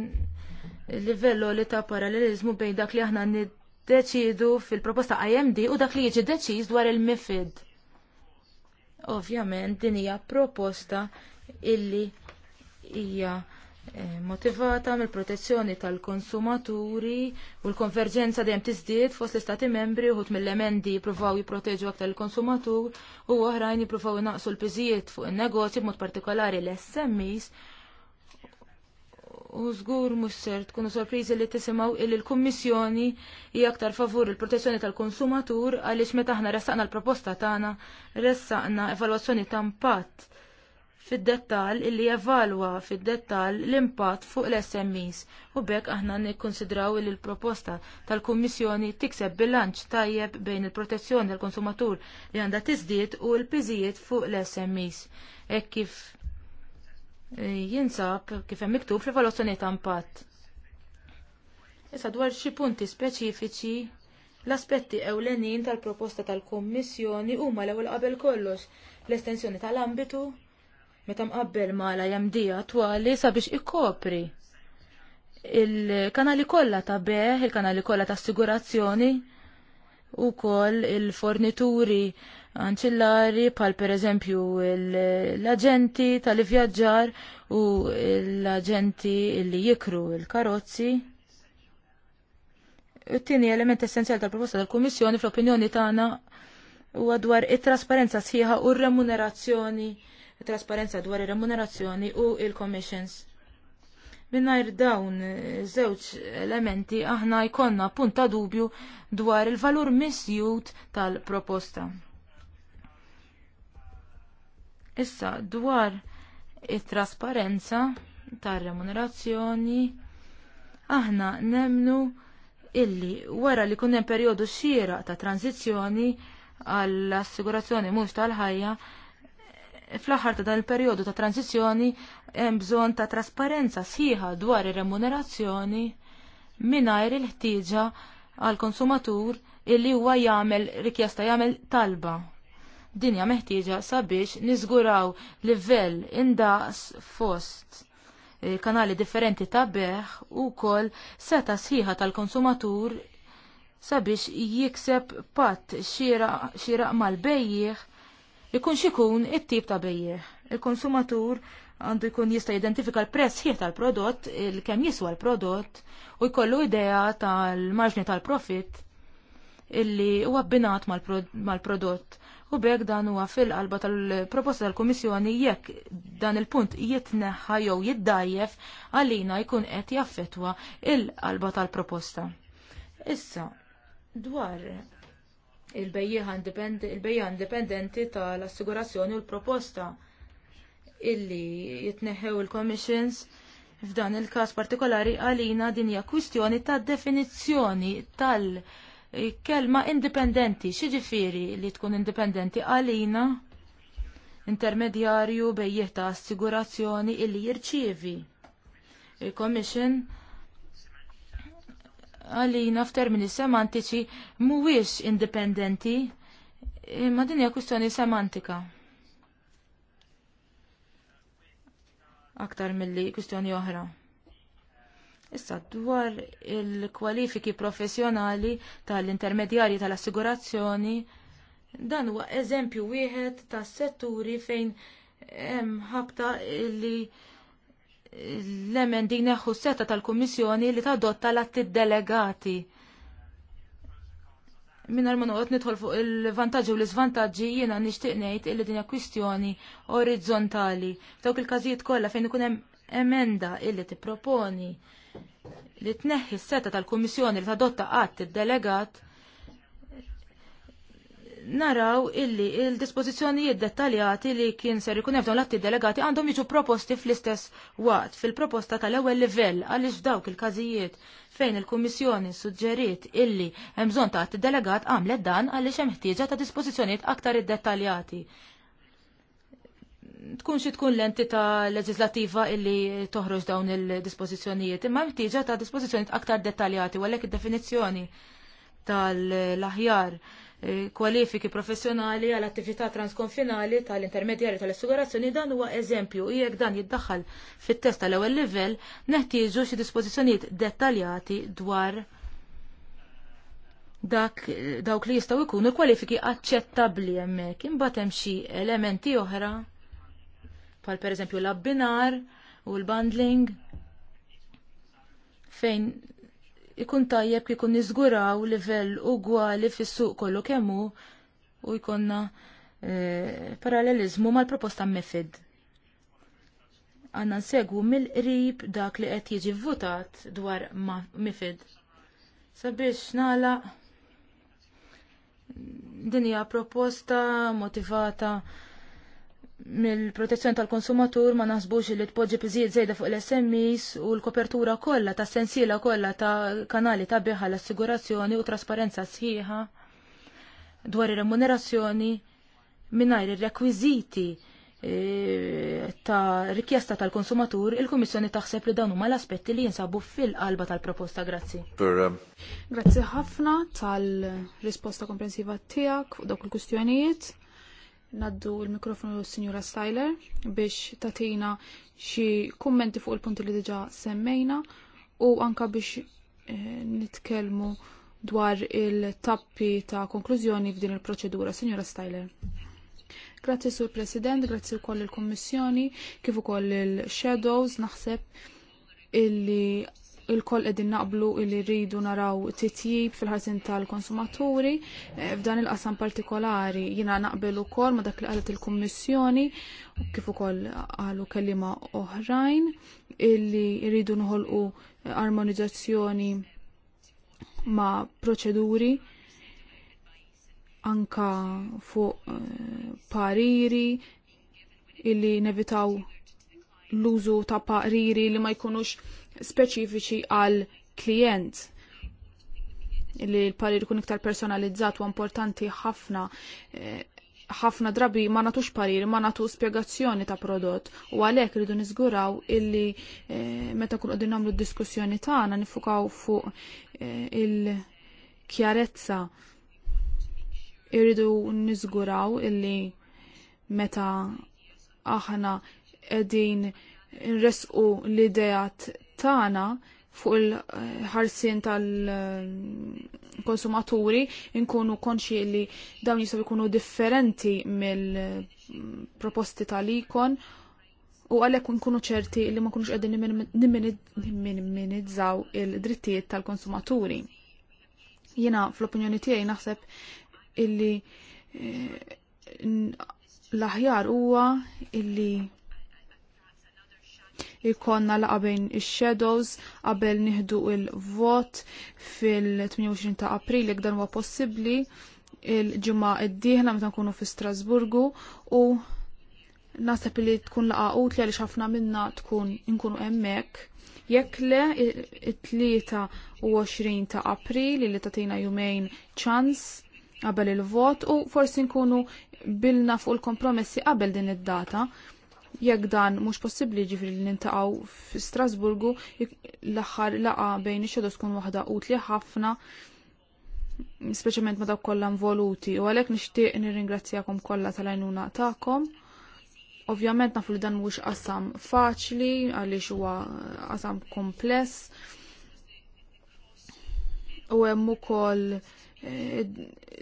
livello li ta' parallelizmu bejn dak li aħna niddeċidu fil-proposta IMD u dak li jiġi deċiż dwar il-MIFID. Ovvjament din hija proposta illi hija eh, motivata mill-protezzjoni tal-konsumaturi u l-konverġenza dejjem tiżdied fost l-istati membri uħut mill-emendi jippruvaw jipproteġu aktar il-konsumatur u oħrajn jippruvaw inaqsu l-piżijiet fuq in-negozju b'mod partikolari l-SMEs U żgur mhux ser tkunu sorpriżi li tisimgħu il l-Kummissjoni hija aktar favur il-protezzjoni tal-konsumatur għaliex meta aħna ressaqna l-proposta tagħna ressaqna evalwazzjoni ta' impatt fid-dettall illi jevalwa fid-dettall l-impatt fuq l-SMEs u bekk aħna nikkonsidraw li l-proposta tal-Kummissjoni tikseb bilanċ tajjeb bejn il-protezzjoni tal-konsumatur li għandha tiżdied u l-piżijiet fuq l-SMEs. Hekk kif jinsab kif hemm miktub fil evaluazzjoni ta' impatt. Issa dwar xi punti speċifiċi l-aspetti ewlenin tal-proposta tal-Kummissjoni huma l-ewwel qabel kollox l-estensjoni tal-ambitu meta mqabbel mala jamdi attwali sabiex ikkopri il-kanali kollha ta' beħ, il-kanali kollha ta' assigurazzjoni u koll il-fornituri anċillari pal per eżempju l-agenti tal-ivjaġġar u l-agenti li jikru il-karozzi. Il-tini element essenzjali tal-proposta tal-Kummissjoni fl-opinjoni tagħna huwa dwar it-trasparenza sħiħa u r-remunerazzjoni, trasparenza dwar ir-remunerazzjoni u il-commissions. Minnajr dawn żewġ elementi aħna jkonna punta dubju dwar il-valur misjut tal-proposta. Issa dwar it-trasparenza tar-remunerazzjoni aħna nemnu illi wara li kunem perjodu xira ta' tranzizjoni għall-assigurazzjoni mhux tal-ħajja fl-aħħar ta' dan il-perjodu ta' tranzizjoni hemm bżonn ta' trasparenza siħa dwar ir-remunerazzjoni mingħajr il-ħtieġa għall konsumatur illi huwa jagħmel rikjesta jagħmel talba dinja meħtieġa sabiex niżguraw livell indaqs fost e, kanali differenti ta' beħ u kol seta sħiħa tal-konsumatur sabiex jikseb pat xira mal-bejjieħ ikun xikun it-tip ta' bejjeħ. Il-konsumatur għandu jkun jista' identifika l-prezz ħieħ tal-prodott, il kem jiswa l-prodott u jkollu idea tal-marġni tal-profit illi huwa binat mal-prodott. U bekk dan huwa fil-qalba tal-proposta tal-Kummissjoni jekk dan il-punt jitneħħa jew jiddajjef għalina jkun qed jaffetwa il-qalba tal-proposta. Issa, dwar il il-bejja indipendenti tal-assigurazzjoni u l-proposta illi jitneħħew il-commissions f'dan il-każ partikolari għalina din hija kwistjoni ta' definizzjoni tal-, proposta kelma indipendenti, xieġifiri li tkun indipendenti għalina intermedjarju bejjeħ ta' assigurazzjoni illi jirċievi. Il-Commission għalina f'termini semantiċi mhuwiex indipendenti imma din hija kwistjoni semantika. Aktar milli kwistjoni oħra. Issa dwar il-kwalifiki professjonali tal-intermedjarji tal-assigurazzjoni, dan huwa eżempju wieħed ta' setturi fejn hemm ħabta li l-emendi neħu seta tal-Kummissjoni li tadotta l-atti delegati minnar ma noqgħod nidħol fuq il-vantaġġi u l-iżvantaġġi jiena nixtieq ngħid illi dinja kwistjoni orizzontali. F'dawk il-każijiet kollha fejn ikun hemm emenda illi tipproponi li tneħħi s-seta tal-Kummissjoni li tadotta qatt id-delegat naraw illi il-dispożizzjonijiet dettaljati li kien ser ikun hemm l-atti delegati għandhom jiġu proposti fl-istess waqt fil-proposta tal-ewwel livell għaliex dawk il-każijiet fejn il-Kummissjoni suġġeriet illi hemm bżonn ta' atti delegat għamlet dan għaliex hemm ħtieġa ta' dispożizzjonijiet aktar iddettaljati tkun xi tkun l-entità leġislattiva illi toħroġ dawn il-dispożizzjonijiet, imma mtiġa ta' dispożizzjonijiet aktar dettaljati u għalhekk id-definizzjoni tal-aħjar eh, kwalifiki professjonali għal attività transkonfinali tal-intermedjari tal-assigurazzjoni dan huwa eżempju jekk dan jiddaħħal fit-test tal-ewwel livell neħtieġu xi dispożizzjonijiet dettaljati dwar dak dawk li jistgħu jkunu kwalifiki aċċettabbli hemmhekk imbagħad hemm xi elementi oħra pal per eżempju l-abbinar u l-bundling fejn ikun tajjeb kikun niżguraw livell ugwali fis-suq kollu kemmu u jkonna e, eh, parallelizmu mal-proposta MIFID. Għanna nsegwu mill-qrib dak li qed jiġi votat dwar MIFID. Sabiex nala dinja proposta motivata mill-protezzjoni tal-konsumatur ma naħsbux li tpoġġi piżijiet żejda fuq l-SMEs u l-kopertura kollha ta' sensiela kollha ta' kanali ta' biħa l-assigurazzjoni u trasparenza sħiħa dwar ir-remunerazzjoni mingħajr ir-rekwiżiti e, ta' rikjesta tal-konsumatur, il-Kummissjoni taħseb li dawn huma l-aspetti li jinsabu fil-qalba tal-proposta. Grazzi. Eh, Grazzi ħafna tal-risposta komprensiva tiegħek u dawk il-kustjonijiet naddu il-mikrofonu l-Sinjura Styler biex tatina xi kummenti fuq il-punti li diġa semmejna u anka biex eh, nitkellmu dwar il-tappi ta' konklużjoni f'din il-proċedura. Sinjura Styler. Grazzi Sur President, grazzi wkoll il-Kommissjoni, kif ukoll il-Shadows naħseb illi il-koll edin naqblu li rridu naraw titjib fil-ħarsin tal-konsumaturi eh, f'dan il-qasam partikolari jina naqbel ukoll ma dak li qalet il-kummissjoni kif ukoll qalu kelliema oħrajn illi rridu nħolqu armonizzazzjoni ma' proċeduri anka fuq eh, pariri illi nevitaw l-użu ta' pariri li ma jkunux speċifiċi għal klient li l-parir kun iktar personalizzat u importanti ħafna eh, ħafna drabi ma natux parir, ma natux spiegazzjoni ta' prodott u għalek rridu nizguraw illi eh, meta kun għodin namlu diskussjoni tagħna nifukaw fuq eh, il-kjarezza irridu nizguraw illi meta aħna edin nresqu l-idejat tagħna fuq il-ħarsin tal-konsumaturi inkunu konxi li dawn jistgħu ikunu differenti mill-proposti tal-ikon u għalek nkunu ċerti li ma kunux għedin nimminizzaw il-drittijiet tal-konsumaturi. Jena fl-opinjoni tiegħi naħseb illi eh, l-aħjar huwa illi ikonna laqa bejn ix-shadows qabel nieħdu il-vot fil-28 ta' April jekk dan huwa possibbli il-ġimgħa d-dieħla meta nkunu fi Strasburgu u naħseb li tkun laqa utli għaliex ħafna minna tkun inkunu hemmhekk. Jekk le it-tlieta u 20 ta' April li tatina jumejn ċans qabel il-vot u forsi nkunu bilna fuq il-kompromessi qabel din id-data. Jekk dan mhux possibbli ġifri li nintaqgħu fi Strasburgu l-aħħar laqa bejn ix-xedu tkun waħda utli ħafna speċjalment ma dawk kollha involuti u għalhekk nixtieq nirringrazzjakom kollha tal-għajnuna tagħkom. Ovvjament nafu li dan mhux qasam faċli għaliex huwa qasam kompless. U hemm ukoll eh,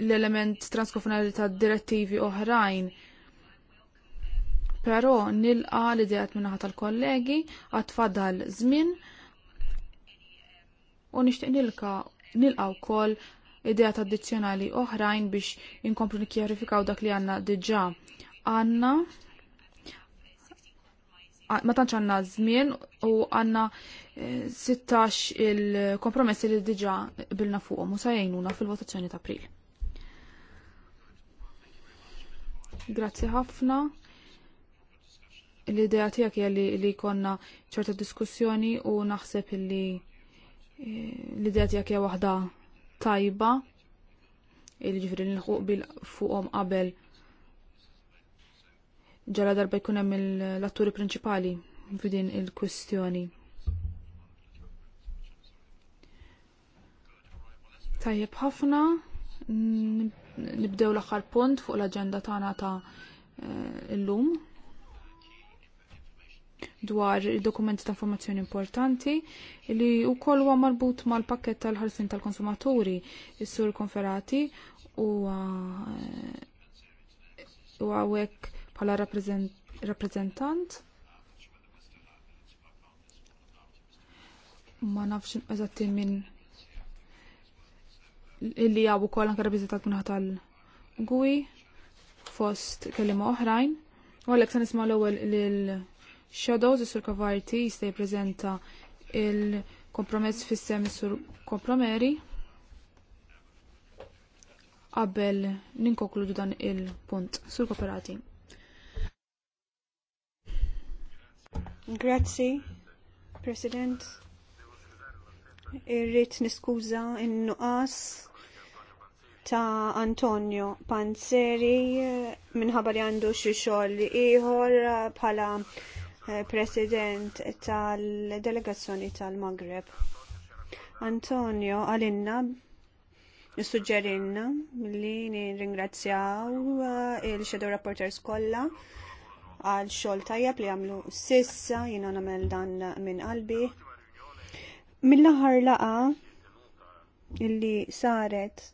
l-element transkofunali ta' direttivi oħrajn però nilqa li l-idejat minnaħa tal-kollegi għatfadal żmien u nixtieq nilqa nilqa wkoll idejat addizzjonali oħrajn biex inkomplu nikkjarifikaw dak li għandna diġà għandna ma tantx għandna żmien u għandna 16 e, il-kompromessi li diġà bilna fuqhom u se fil-votazzjoni ta' April. Grazzi ħafna l-idea tiegħek hija li jkollna ċerta diskussjoni u naħseb li eh, l-idea tiegħek hija waħda tajba li ġifri li nħuq bil fuqhom qabel ġara darba jkun hemm l-atturi prinċipali f'din il-kwistjoni. Tajjeb ħafna nibdew l-aħħar punt fuq l-aġenda tagħna ta' eh, illum dwar dokumenti ta' informazzjoni importanti li wkoll huwa marbut mal-pakket tal-ħarsin tal-konsumaturi is-sur konferati u uh, u għawek bħala rappresentant ma nafx eżatti minn illi jabu kol anka rappresentat minn tal-gwi fost kellima oħrajn. U għalek san nisma l-ewel lil Shadows is-Sur Kavarti jista' jiprezenta il-kompromess fis-sem sur Kompromeri qabel ninkonkludu dan il-punt. Sur Koperati. Grazzi, President. Irrit niskuża in-nuqas ta' Antonio Panzeri minħabba li għandu xi xogħol ieħor bħala president tal-delegazzjoni tal-Maghreb. Antonio għalinna suġġerinna li nirringrazzjaw eh, il xedur rapporters kollha għal xogħol tajjeb li għamlu sissa jiena nagħmel dan minn qalbi. Mill-aħħar laqa illi saret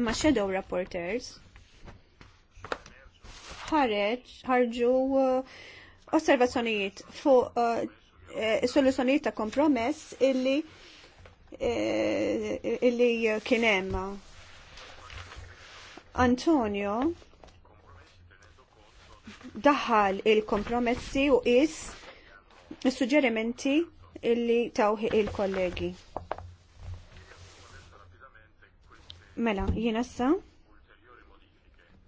imma Shadow Reporters ħareġ ħarġu uh, osservazzjonijiet fuq uh, eh, soluzzjonijiet ta' kompromess illi eh, illi kien hemm. Antonio daħal il-kompromessi u is il-suġġerimenti illi tawħi il-kollegi. Mela, jien sa'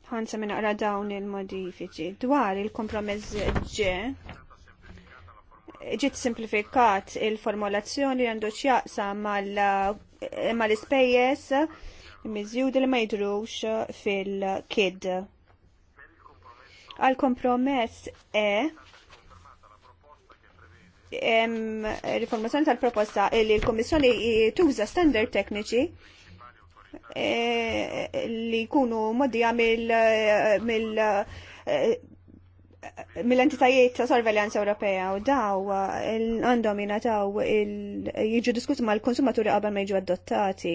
ħansa minn għara dawn il-modifiċi. Dwar il-kompromess ġe, ġiet simplifikat il-formulazzjoni għandu x'jaqsa mal-ispejjeż mizjud li ma jidrux fil-kid. Għal kompromess e riformazzjoni tal-proposta li l-Kommissjoni tuża standard tekniċi Eh, li jkunu moddija mill eh, mill-entitajiet ta' sorveljanza Ewropea u daw eh, għandhom jingħataw jiġu diskuti mal-konsumaturi qabel ma jiġu adottati.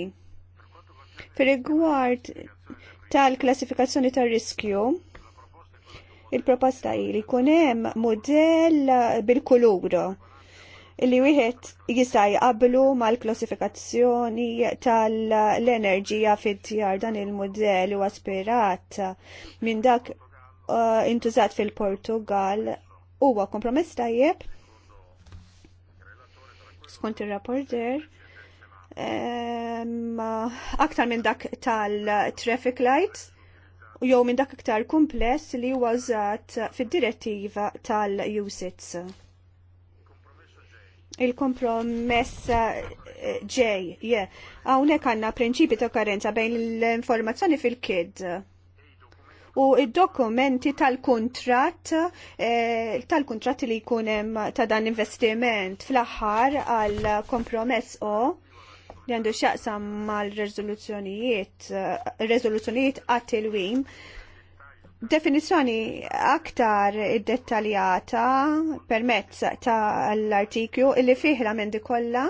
Fir-rigward tal-klassifikazzjoni tar-riskju, il-proposta li jkun hemm modell bil-kulur Illi wieħed jista' jqablu mal-klassifikazzjoni tal-enerġija fid-djar dan il-mudell u aspirat minn dak uh, intużat fil-Portugal huwa kompromess tajjeb skont ir-rapporter um, aktar minn dak tal-traffic lights jew minn dak iktar kumpless li huwa żgħat fid-direttiva tal-USITS il-kompromess ġej, eh, je. Għawnek għanna prinċipi ta' karenza bejn l-informazzjoni fil-kid. U id-dokumenti tal-kontrat, eh, tal-kontrat li jkunem ta' dan investiment fl-axħar għal kompromess o li għandu xaqsam mal-rezoluzzjonijiet, eh, rezoluzzjonijiet għat-tilwim. rezoluzzjonijiet għat tilwim Definizzjoni aktar dettaljata permezz tal-artiklu illi fih l-amendi kollha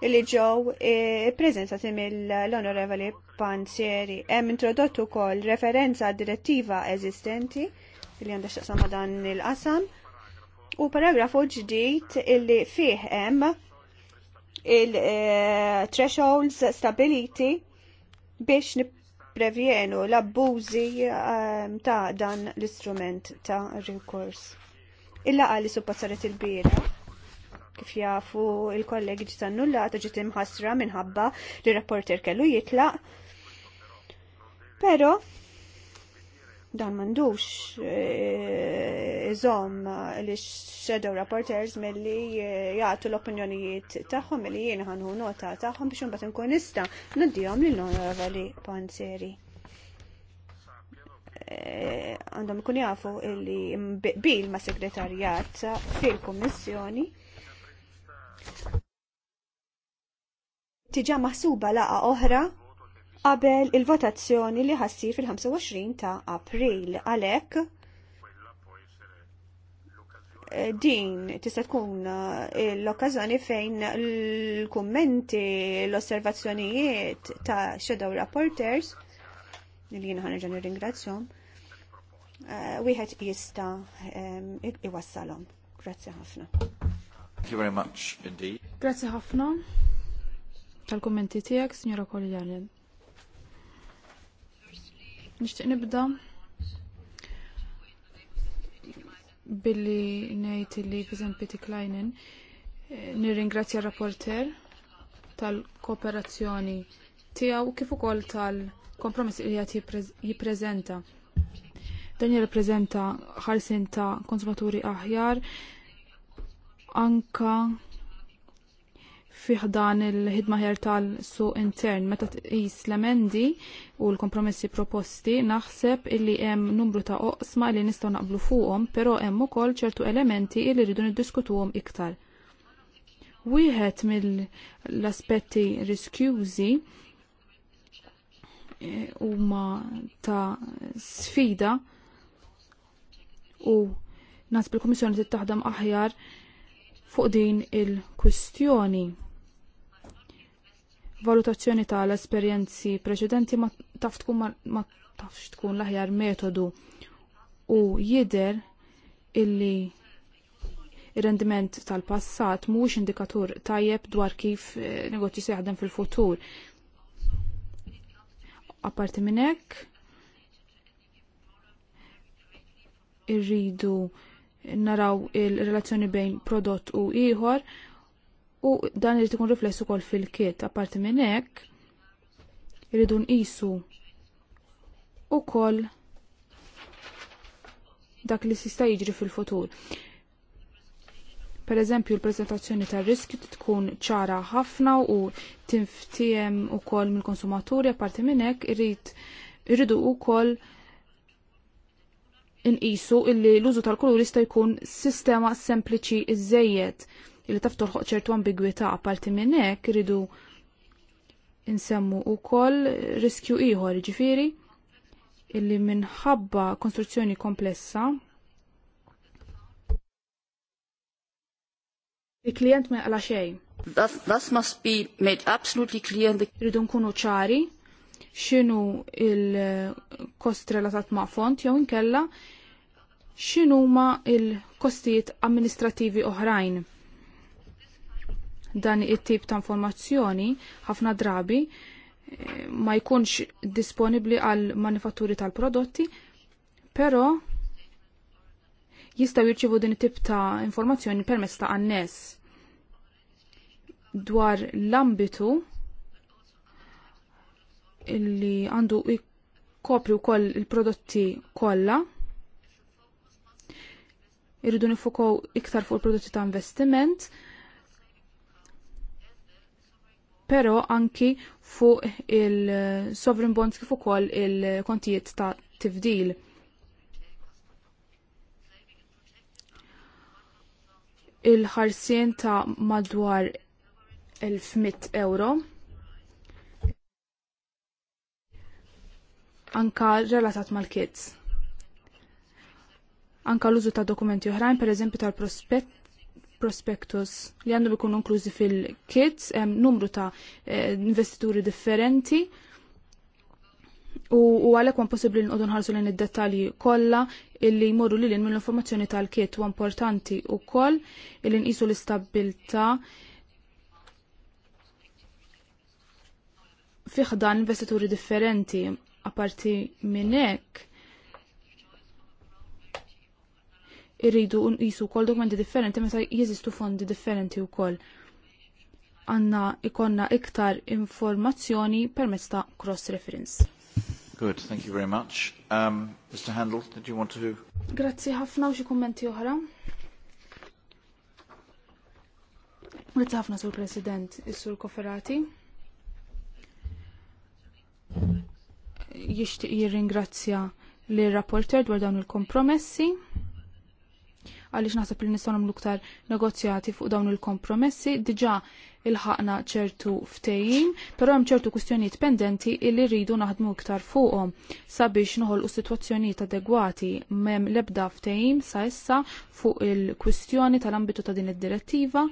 illi ġew eh, preżentati mill-Onorevoli Panzieri. Hemm introdottu kol referenza direttiva eżistenti li għandha x'taqsam dan il-qasam u paragrafu ġdid illi fih hemm il-thresholds eh, stability biex prevjenu l-abbużi ehm, ta' dan l-istrument ta' rikors. Illa għalli passaret il-bira kif jafu il-kollegi la' annullata ġitim ħasra minħabba li rapporter kellu jitlaq. Pero dan mandux eh, iżom li shadow rapporters mill-li eh, jgħatu l-opinjonijiet tagħhom mill-li jien ħanħu nota tagħhom biex imbagħad nkun nista' li l onorevoli Panzeri. Eh, għandhom ikun jafu illi bil ma' segretarjat fil-Kummissjoni tiġa maħsuba laqa oħra qabel il-votazzjoni li ħassir fil-25 ta' April. Għalhekk eh, din tista' tkun eh, l-okkażjoni fejn l-kummenti, l-osservazzjonijiet ta' shadow rapporters li jiena ħanerġa' nirringrazzjom eh, wieħed jista' iwassalhom. Grazzi ħafna. Thank you very much indeed. Grazzi ħafna tal-kummenti tiegħek, Signora Koljanin nixtieq nibda billi ngħid li fiżempi tiklajnen eh, nirringrazzja rapporter tal-kooperazzjoni tiegħu kif ukoll tal-kompromiss li qed jippreżenta. Dan jirrappreżenta ħarsin ta' konsumaturi aħjar anka fiħdan il-ħidma ħer tal-su intern meta tqis l-emendi u l-kompromessi proposti naħseb illi hemm numru ta' oqsma li nistgħu naqblu fuqhom, però hemm ukoll ċertu elementi li rridu niddiskutuhom iktar. Wieħed mill-aspetti riskjużi eh, huma ta' sfida u nas bil-Kummissjoni tittaħdem aħjar fuq din il-kwistjoni. Valutazzjoni tal-esperjenzi preċedenti ma taf tkun ma tafx tkun l-aħjar metodu u jider illi ir-rendiment tal-passat mhuwiex indikatur tajjeb dwar kif eh, negozju se jaħdem fil-futur. Apparti minn hekk irridu naraw il-relazzjoni bejn prodott u ieħor u dan irid ikun rifless ukoll fil-kiet. Apparti minn hekk iridu nqisu ukoll dak li sista jiġri fil-futur. Per eżempju, l-prezentazzjoni tar riskju tkun ċara ħafna u tinftiem ukoll mill-konsumaturi, apparti minn hekk irrid irridu wkoll inqisu illi l-użu tal-kulur jista' jkun sistema sempliċi iżejjed illi taf torħoq ċertu ambigwità parti minn hekk iridu insemmu wkoll riskju ieħor ġifieri illi minħabba konstruzzjoni komplessa il-klient ma jaqla xejn. That, that must be made absolutely clear. Rridu nkunu ċari xinu il-kost relatat ma' font jew inkella xinu ma' il-kostijiet amministrativi oħrajn. Dan it-tip ta' informazzjoni ħafna drabi eh, ma jkunx disponibli għal manifatturi tal-prodotti, però jistaw jirċivu din it-tip ta' informazzjoni permezz ta' annes dwar l-ambitu illi għandu kopri wkoll il-prodotti kollha. Irridu nifukaw iktar fuq il-prodotti ta' investiment, però anki fuq il-sovereign bonds kif ukoll il-kontijiet ta' tifdil. il ħarsien ta' madwar 1100 euro anka relatat mal-kids. Anka l-użu ta' dokumenti oħrajn, per eżempju tal-prospett prospectus li għandu bikun inklużi fil-kits, numru ta' eh, investituri differenti, u, għalek għan possibli nqodu nħarsu l id-dettalji kolla illi jmorru li l-in mill-informazzjoni tal-kit u importanti u koll illi nqisu l-istabilta fiħdan investituri differenti Aparti minn hekk irridu jisu kol dokumenti differenti meta jeżistu fondi differenti u kol. Għanna ikonna iktar informazzjoni permezz ta' cross-reference. Good, thank you very much. Um, Mr. Handel, did you want to... Grazzi ħafna u xi kummenti oħra. Grazzi ħafna sur President, is-Sur Koferati jixtieq jirringrazzja lir rapporter dwar dawn il-kompromessi għaliex naħseb li nistgħu nagħmlu iktar negozjati fuq dawn il-kompromessi diġà ilħaqna ċertu ftejjin, però hemm ċertu kwistjonijiet pendenti li rridu naħdmu iktar fuqhom sabiex noħolqu sitwazzjonijiet adegwati m'hemm l-ebda ftehim sa issa fuq il-kwistjoni tal-ambitu ta' din id-direttiva.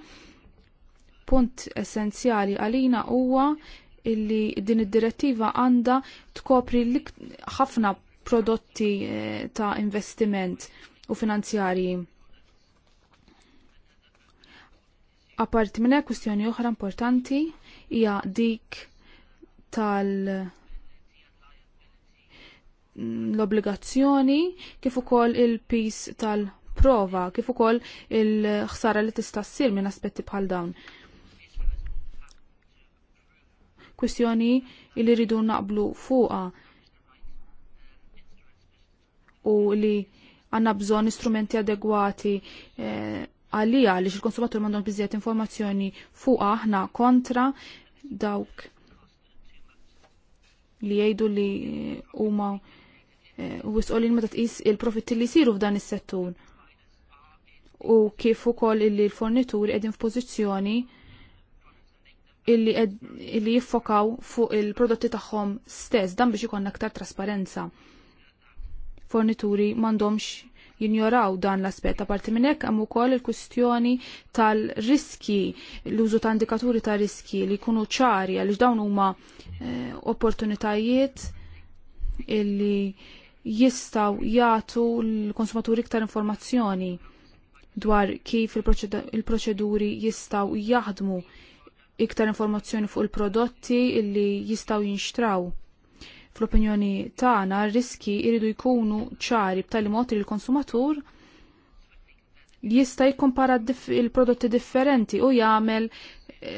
Punt essenzjali għalina huwa illi din id-direttiva għandha tkopri ħafna prodotti eh, ta' investiment u finanzjarji. Apart minn hekk kwistjoni oħra importanti hija dik tal l-obbligazzjoni kif ukoll il-pis tal-prova, kif ukoll il-ħsara li tista' ssir minn aspetti bħal dawn kwistjoni li rridu naqblu fuqa u li għanna bżon istrumenti adegwati eh, għalija li il-konsumatur mandon bizziet informazzjoni fuqa aħna kontra dawk li jgħidu li eh, huma eh, u wisqolin meta tqis il-profitti li jsiru f'dan is-settur u kif ukoll illi l-fornitur qegħdin f'pożizzjoni illi, illi jiffokaw fuq il-prodotti tagħhom stess dan biex ikon aktar trasparenza. Fornituri m'għandhomx jinjoraw dan l-aspet. Aparti minn hekk hemm ukoll il kustjoni tal-riski, l-użu ta' indikaturi ta' riski li jkunu ċari għaliex dawn huma eh, opportunitajiet illi jistaw jagħtu l-konsumaturi iktar informazzjoni dwar kif il-proċeduri jistaw jaħdmu iktar informazzjoni fuq il-prodotti illi jistaw jinxtraw. Fl-opinjoni tagħna r-riski jridu jkunu ċari b'tali mod li l-konsumatur jista' jikkompara il-prodotti differenti u jagħmel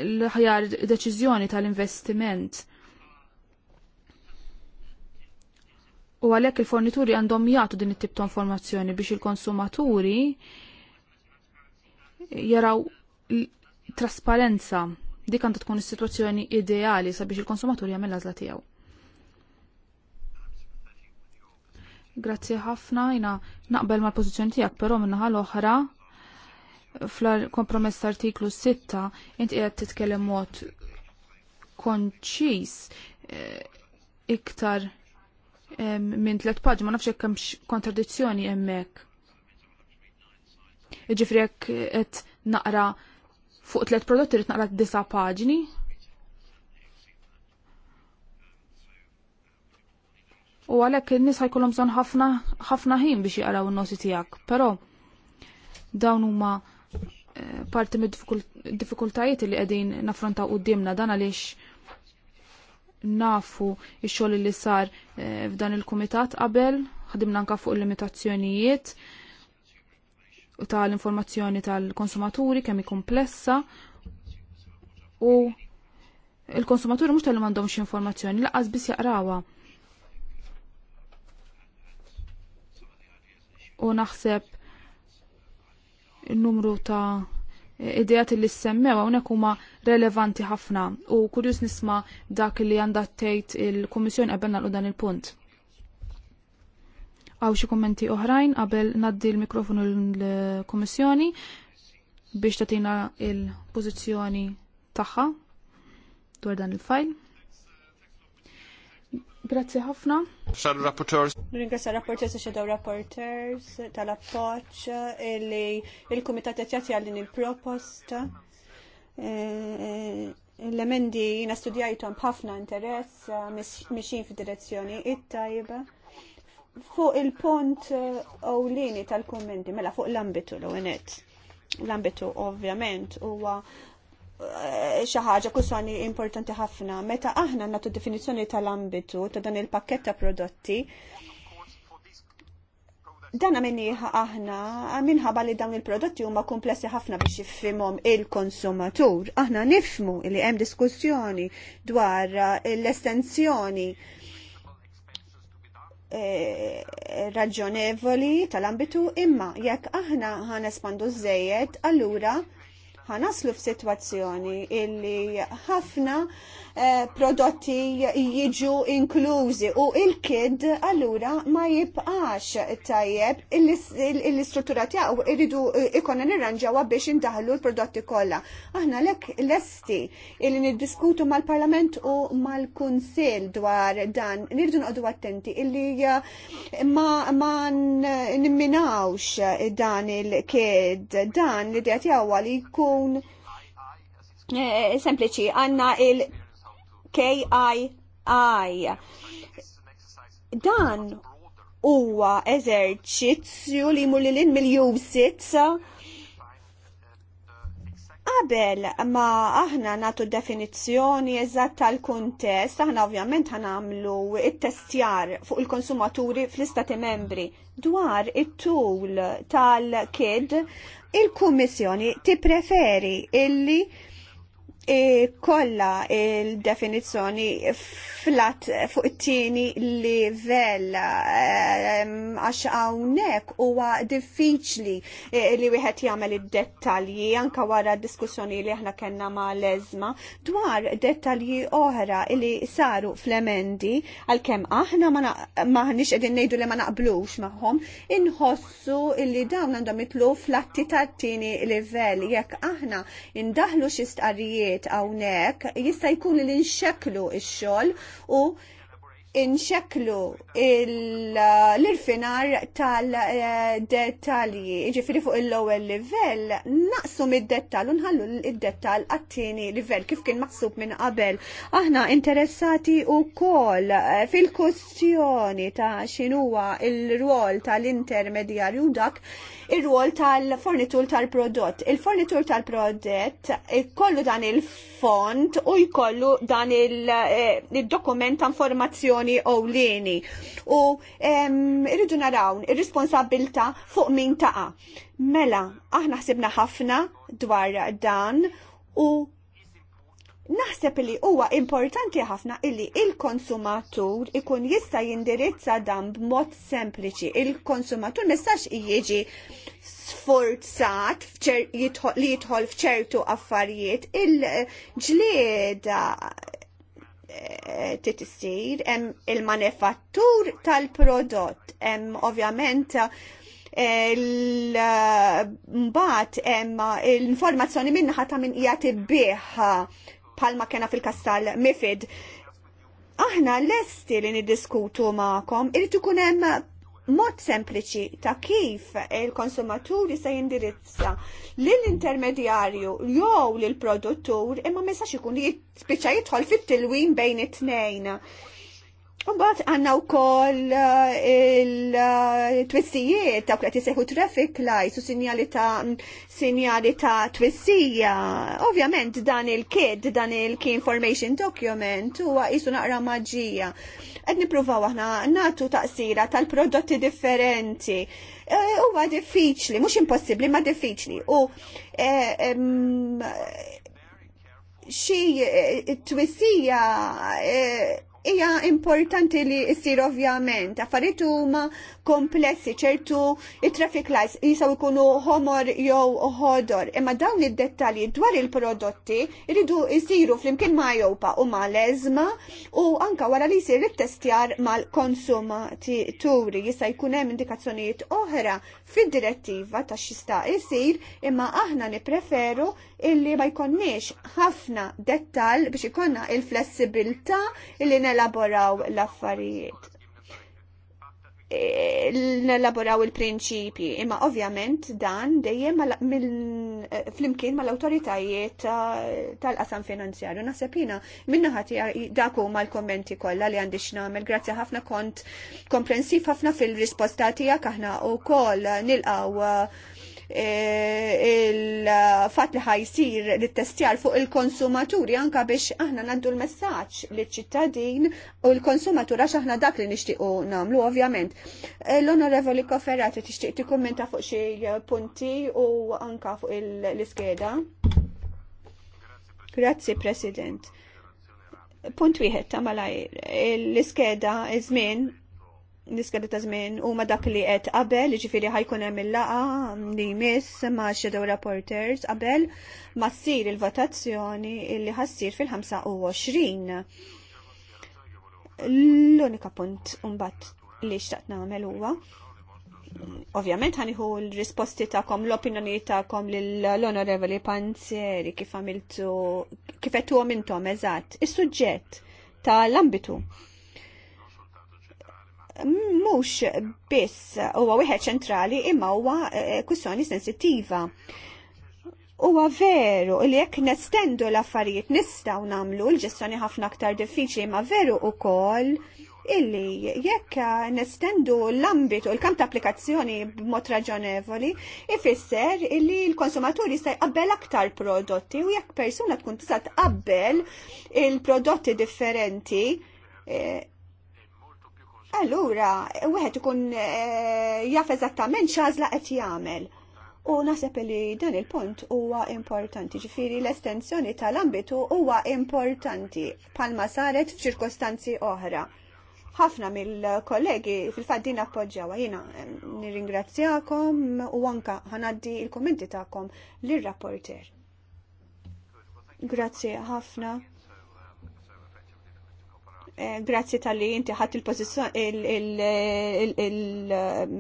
l-ħjar deċiżjoni tal-investiment. U għalhekk il-fornituri għandhom jagħtu din it-tip ta' informazzjoni biex il-konsumaturi jaraw trasparenza Dik għandha tkun is-sitwazzjoni ideali sabiex il-konsumatur jagħmel l-għażla tiegħu. Grazzi ħafna, jina naqbel mal pożizzjoni tiegħek, però minnaħa l-oħra fl-kompromess artiklu 6 inti qed titkellem mod konċis eh, iktar minn tliet paġi, ma nafx hekk hemm kontradizzjoni hemmhekk. Jiġifieri jekk qed naqra Fuq tliet prodotti rrit naqra disa' paġni. U għalhekk in-nies ħajkollhom bżonn ħafna ħafna ħin biex jgħaraw n nosi tiegħek, però dawn huma eh, parti mid diffikultajiet li qegħdin naffrontaw dimna dan għaliex nafu x xol li sar eh, f'dan il-kumitat qabel, ħadimna anka fuq il-limitazzjonijiet tal-informazzjoni tal-konsumaturi kemm komplessa u il-konsumaturi mhux tal-li m'għandhomx informazzjoni laqas biss jaqrawha. U naħseb il-numru ta' idejat li semmew hawnhekk huma relevanti ħafna u kurjus nisma' dak li għandha tgħid il-Kummissjoni qabel l dan il-punt għaw xi kummenti oħrajn qabel naddi l-mikrofonu l-Kummissjoni biex tatina il-pożizzjoni tagħha dwar dan il-fajl. Grazzi ħafna. Shadow Rapporteurs. Ringrazza Rapporteurs e Shadow Rapporteurs tal-appoċ li il-Kumitat qed għallin il-proposta. Eh, l-emendi jina studjajtom b'ħafna interess eh, mixin fid-direzzjoni it-tajba fuq il-punt eh, ewlieni tal-kommenti, mela fuq l-ambitu l għenet L-ambitu ovvjament huwa eh, xi ħaġa kussjoni importanti ħafna. Meta aħna nagħtu definizzjoni tal-ambitu ta' dan il-pakket ta' prodotti, dan minni aħna minħabba li dawn il-prodotti huma komplessi ħafna biex jiffimhom il-konsumatur. Aħna nifmu li hemm diskussjoni dwar eh, l-estensjoni Eh, raġonevoli tal-ambitu imma jekk aħna ħan espandu zzejjed allura ħanaslu f'sitwazzjoni illi ħafna eh, prodotti jiġu inklużi u il-kid allura ma jibqax tajjeb il istruttura tiegħu irridu eh, ikonna nirranġawha biex indaħlu l-prodotti kollha. Aħna lek lesti illi niddiskutu mal-Parlament u mal-Kunsill dwar dan nirridu noqogħdu attenti illi eh, ma, nimminawx dan il-kid dan li tiegħu li jkun ikun eh, sempliċi għanna il-KII. Dan huwa eżerċizzju li mulli l-in mill Qabel ma aħna natu definizzjoni eżatt tal-kuntest, aħna ovvjament għamlu it-testjar fuq il-konsumaturi fl-istati membri dwar it-tul tal-kid, il-Kummissjoni tippreferi illi E kolla il definizzjoni flat fuq it-tieni livell għax hawnhekk huwa diffiċli e, li wieħed jagħmel id-dettalji anke wara d-diskussjoni li aħna kellna ma' leżma dwar dettalji oħra li saru fl-emendi għalkemm aħna maħniex qegħdin ngħidu li ma naqblux magħhom inħossu li dawn għandhom jitlu flatti tat-tieni livell jekk aħna indaħlu xi stqarrijiet l għawnek, hawnhekk jista' jkun li nxekklu x-xogħol u inxeklu l-irfinar tal-detalji, eh, ġifiri fuq il-lowel level, naqsu mid detal unħallu id detal għattini level, kif kien maqsub minn qabel. Aħna interessati u kol eh, fil-kustjoni ta' xinuwa il-rwol tal-intermedjarju dak, il-rwol tal-fornitur tal-prodott. Il-fornitur tal-prodott kollu dan il-font u jkollu dan eh, il-dokument ta' informazzjoni kwistjoni ewleni. U irridu naraw ir-responsabilta fuq min taqa. Mela, aħna ħsibna ħafna dwar dan u naħseb li huwa importanti ħafna illi il-konsumatur ikun jista' jindirizza dan b'mod sempliċi. Il-konsumatur mistax jiġi sforzat li jidħol f'ċertu affarijiet il-ġlieda titistir, hemm il-manifattur tal-prodott, ovvjament eh, il-mbat eh, l-informazzjoni minna ta' min jgħati ibbieħ palma kena fil-kastal mifid. Aħna lesti li niddiskutu ma'kom, irrid ikun hemm mod sempliċi ta' kif il-konsumaturi se jindirizza lill-intermedjarju jew lill-produttur imma ma jistax ikun jispiċċa fit tilwin bejn it-tnejn. Mbagħad għandna wkoll eh, il-twissijiet dawk qed iseħħu traffic lights u sinjali ta' sinjali ta' twissija. Ovvjament dan il-kid, dan il-key information document huwa qisu naqra maġija. Qed nippruvaw aħna nagħtu taqsira tal-prodotti differenti. Eh, huwa diffiċli, mhux impossibbli ma diffiċli. U eh, xi twissija hija importanti li jsir ovvjament. Affarijiet huma komplessi ċertu it-traffic lights jisaw ikunu homor jew ħodor. Imma dawn id-dettalji dwar il-prodotti iridu jsiru flimkien ma' jopa u ma' leżma u anka wara li jsir it-testjar mal-konsumaturi jista' jkun hemm indikazzjonijiet oħra fid-direttiva ta' xista isir imma aħna nipreferu illi ma jkonniex ħafna dettal biex ikonna il-flessibilta illi nelaboraw l-affarijiet nelaboraw il-prinċipi, imma ovvjament dan dejjem fl-imkien mal-autoritajiet tal-qasam finanzjarju. Naħseb jina minna ħati daku mal-kommenti kollha li għandix namel. Grazie ħafna kont komprensiv ħafna fil-risposta tiegħek aħna wkoll nilqgħu E, il-fat li ħajsir l-testjar fuq il-konsumaturi anka biex aħna nandu l-messaġġ li ċittadin u l-konsumatur għax aħna dak li nixtiequ nagħmlu ovvjament. E, L-Onorevoli Koferrati tixtieq tikkummenta fuq xi punti u anka fuq l-iskeda. Grazzi President punt wieħed ta' malajr e, l-iskeda iż-żmien niskadu ta' żmien huma dak li qed qabel, ġifiri ħajkun hemm il-laqa li jmiss ma' shadow reporters qabel ma ssir il-votazzjoni li ħassir fil-25. L-unika punt mbagħad li xtaqt nagħmel huwa ovvjament ħaniħu l-risposti ta'kom, l-opinjoni ta'kom l-onorevoli panzeri kif għamiltu, kif għetu għom intom, eżat, il-sujġet tal-ambitu mhux biss huwa wieħed ċentrali imma huwa eh, kwistjoni sensittiva. Huwa veru li jekk nestendu l-affarijiet nistgħu nagħmlu l-ġestjoni ħafna aktar diffiċli ma veru ukoll illi jekk nestendu l-ambit u l-kamp ta' applikazzjoni b'mod raġonevoli, ifisser illi l-konsumaturi jista' jqabbel aktar prodotti u jekk persuna tkun tista' tqabbel il-prodotti differenti, eh, Allura, wieħed ikun eh, jaf eżattament x'għażla qed jagħmel. U naħseb li dan il-punt huwa importanti, ġifiri l-estensjoni tal-ambitu huwa importanti palma saret f'ċirkostanzi oħra. Ħafna mill-kollegi fil-fatt din appoġġjawa jiena eh, nirringrazzjakom u anka ħanaddi il-kummenti tagħkom lir-rapporter. Grazzi ħafna. Eh, grazzi tal-li inti ħadd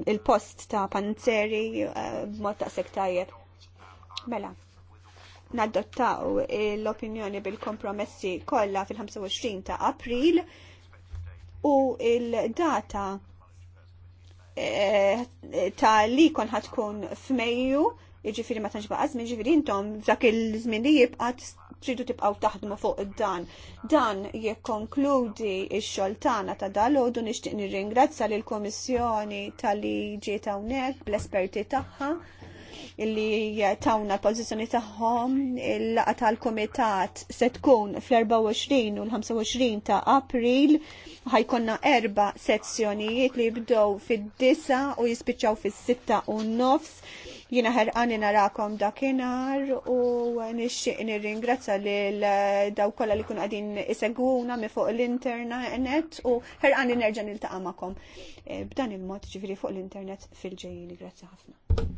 il-post ta' panzeri eh, b'mod ta' sektajer. Mela, nadottaw l-opinjoni bil-kompromessi kollha fil-25 ta' April u il-data eh, ta' li kon ħatkun f'Mejju, jiġifieri ma tantx baqgħaż, jiġifieri intom dak il-żmien li jibqa' tridu tibqaw taħdmu fuq id dan. Dan jekkonkludi x-xogħol tagħna ta' dalodu nixtieq nirringrazzja lill kummissjoni tal-li ġiet hawnhekk bl-esperti tagħha illi tawna l-pożizzjoni tagħhom il-laqa tal-kumitat se tkun fl-24 u l-25 ta' April ħajkonna erba' sezzjonijiet li jibdew fid-disa u jispiċċaw fis-sitta u nofs Jina ħerqani narakom dakinar u nixxieq nirringrazza lil eh, daw kollha li kun qegħdin iseguna minn fuq l-internet u ħerqani nerġa' niltaqa' eh, B'dan il-mod ġifieri fuq l-internet fil ġejjini. Grazzi ħafna.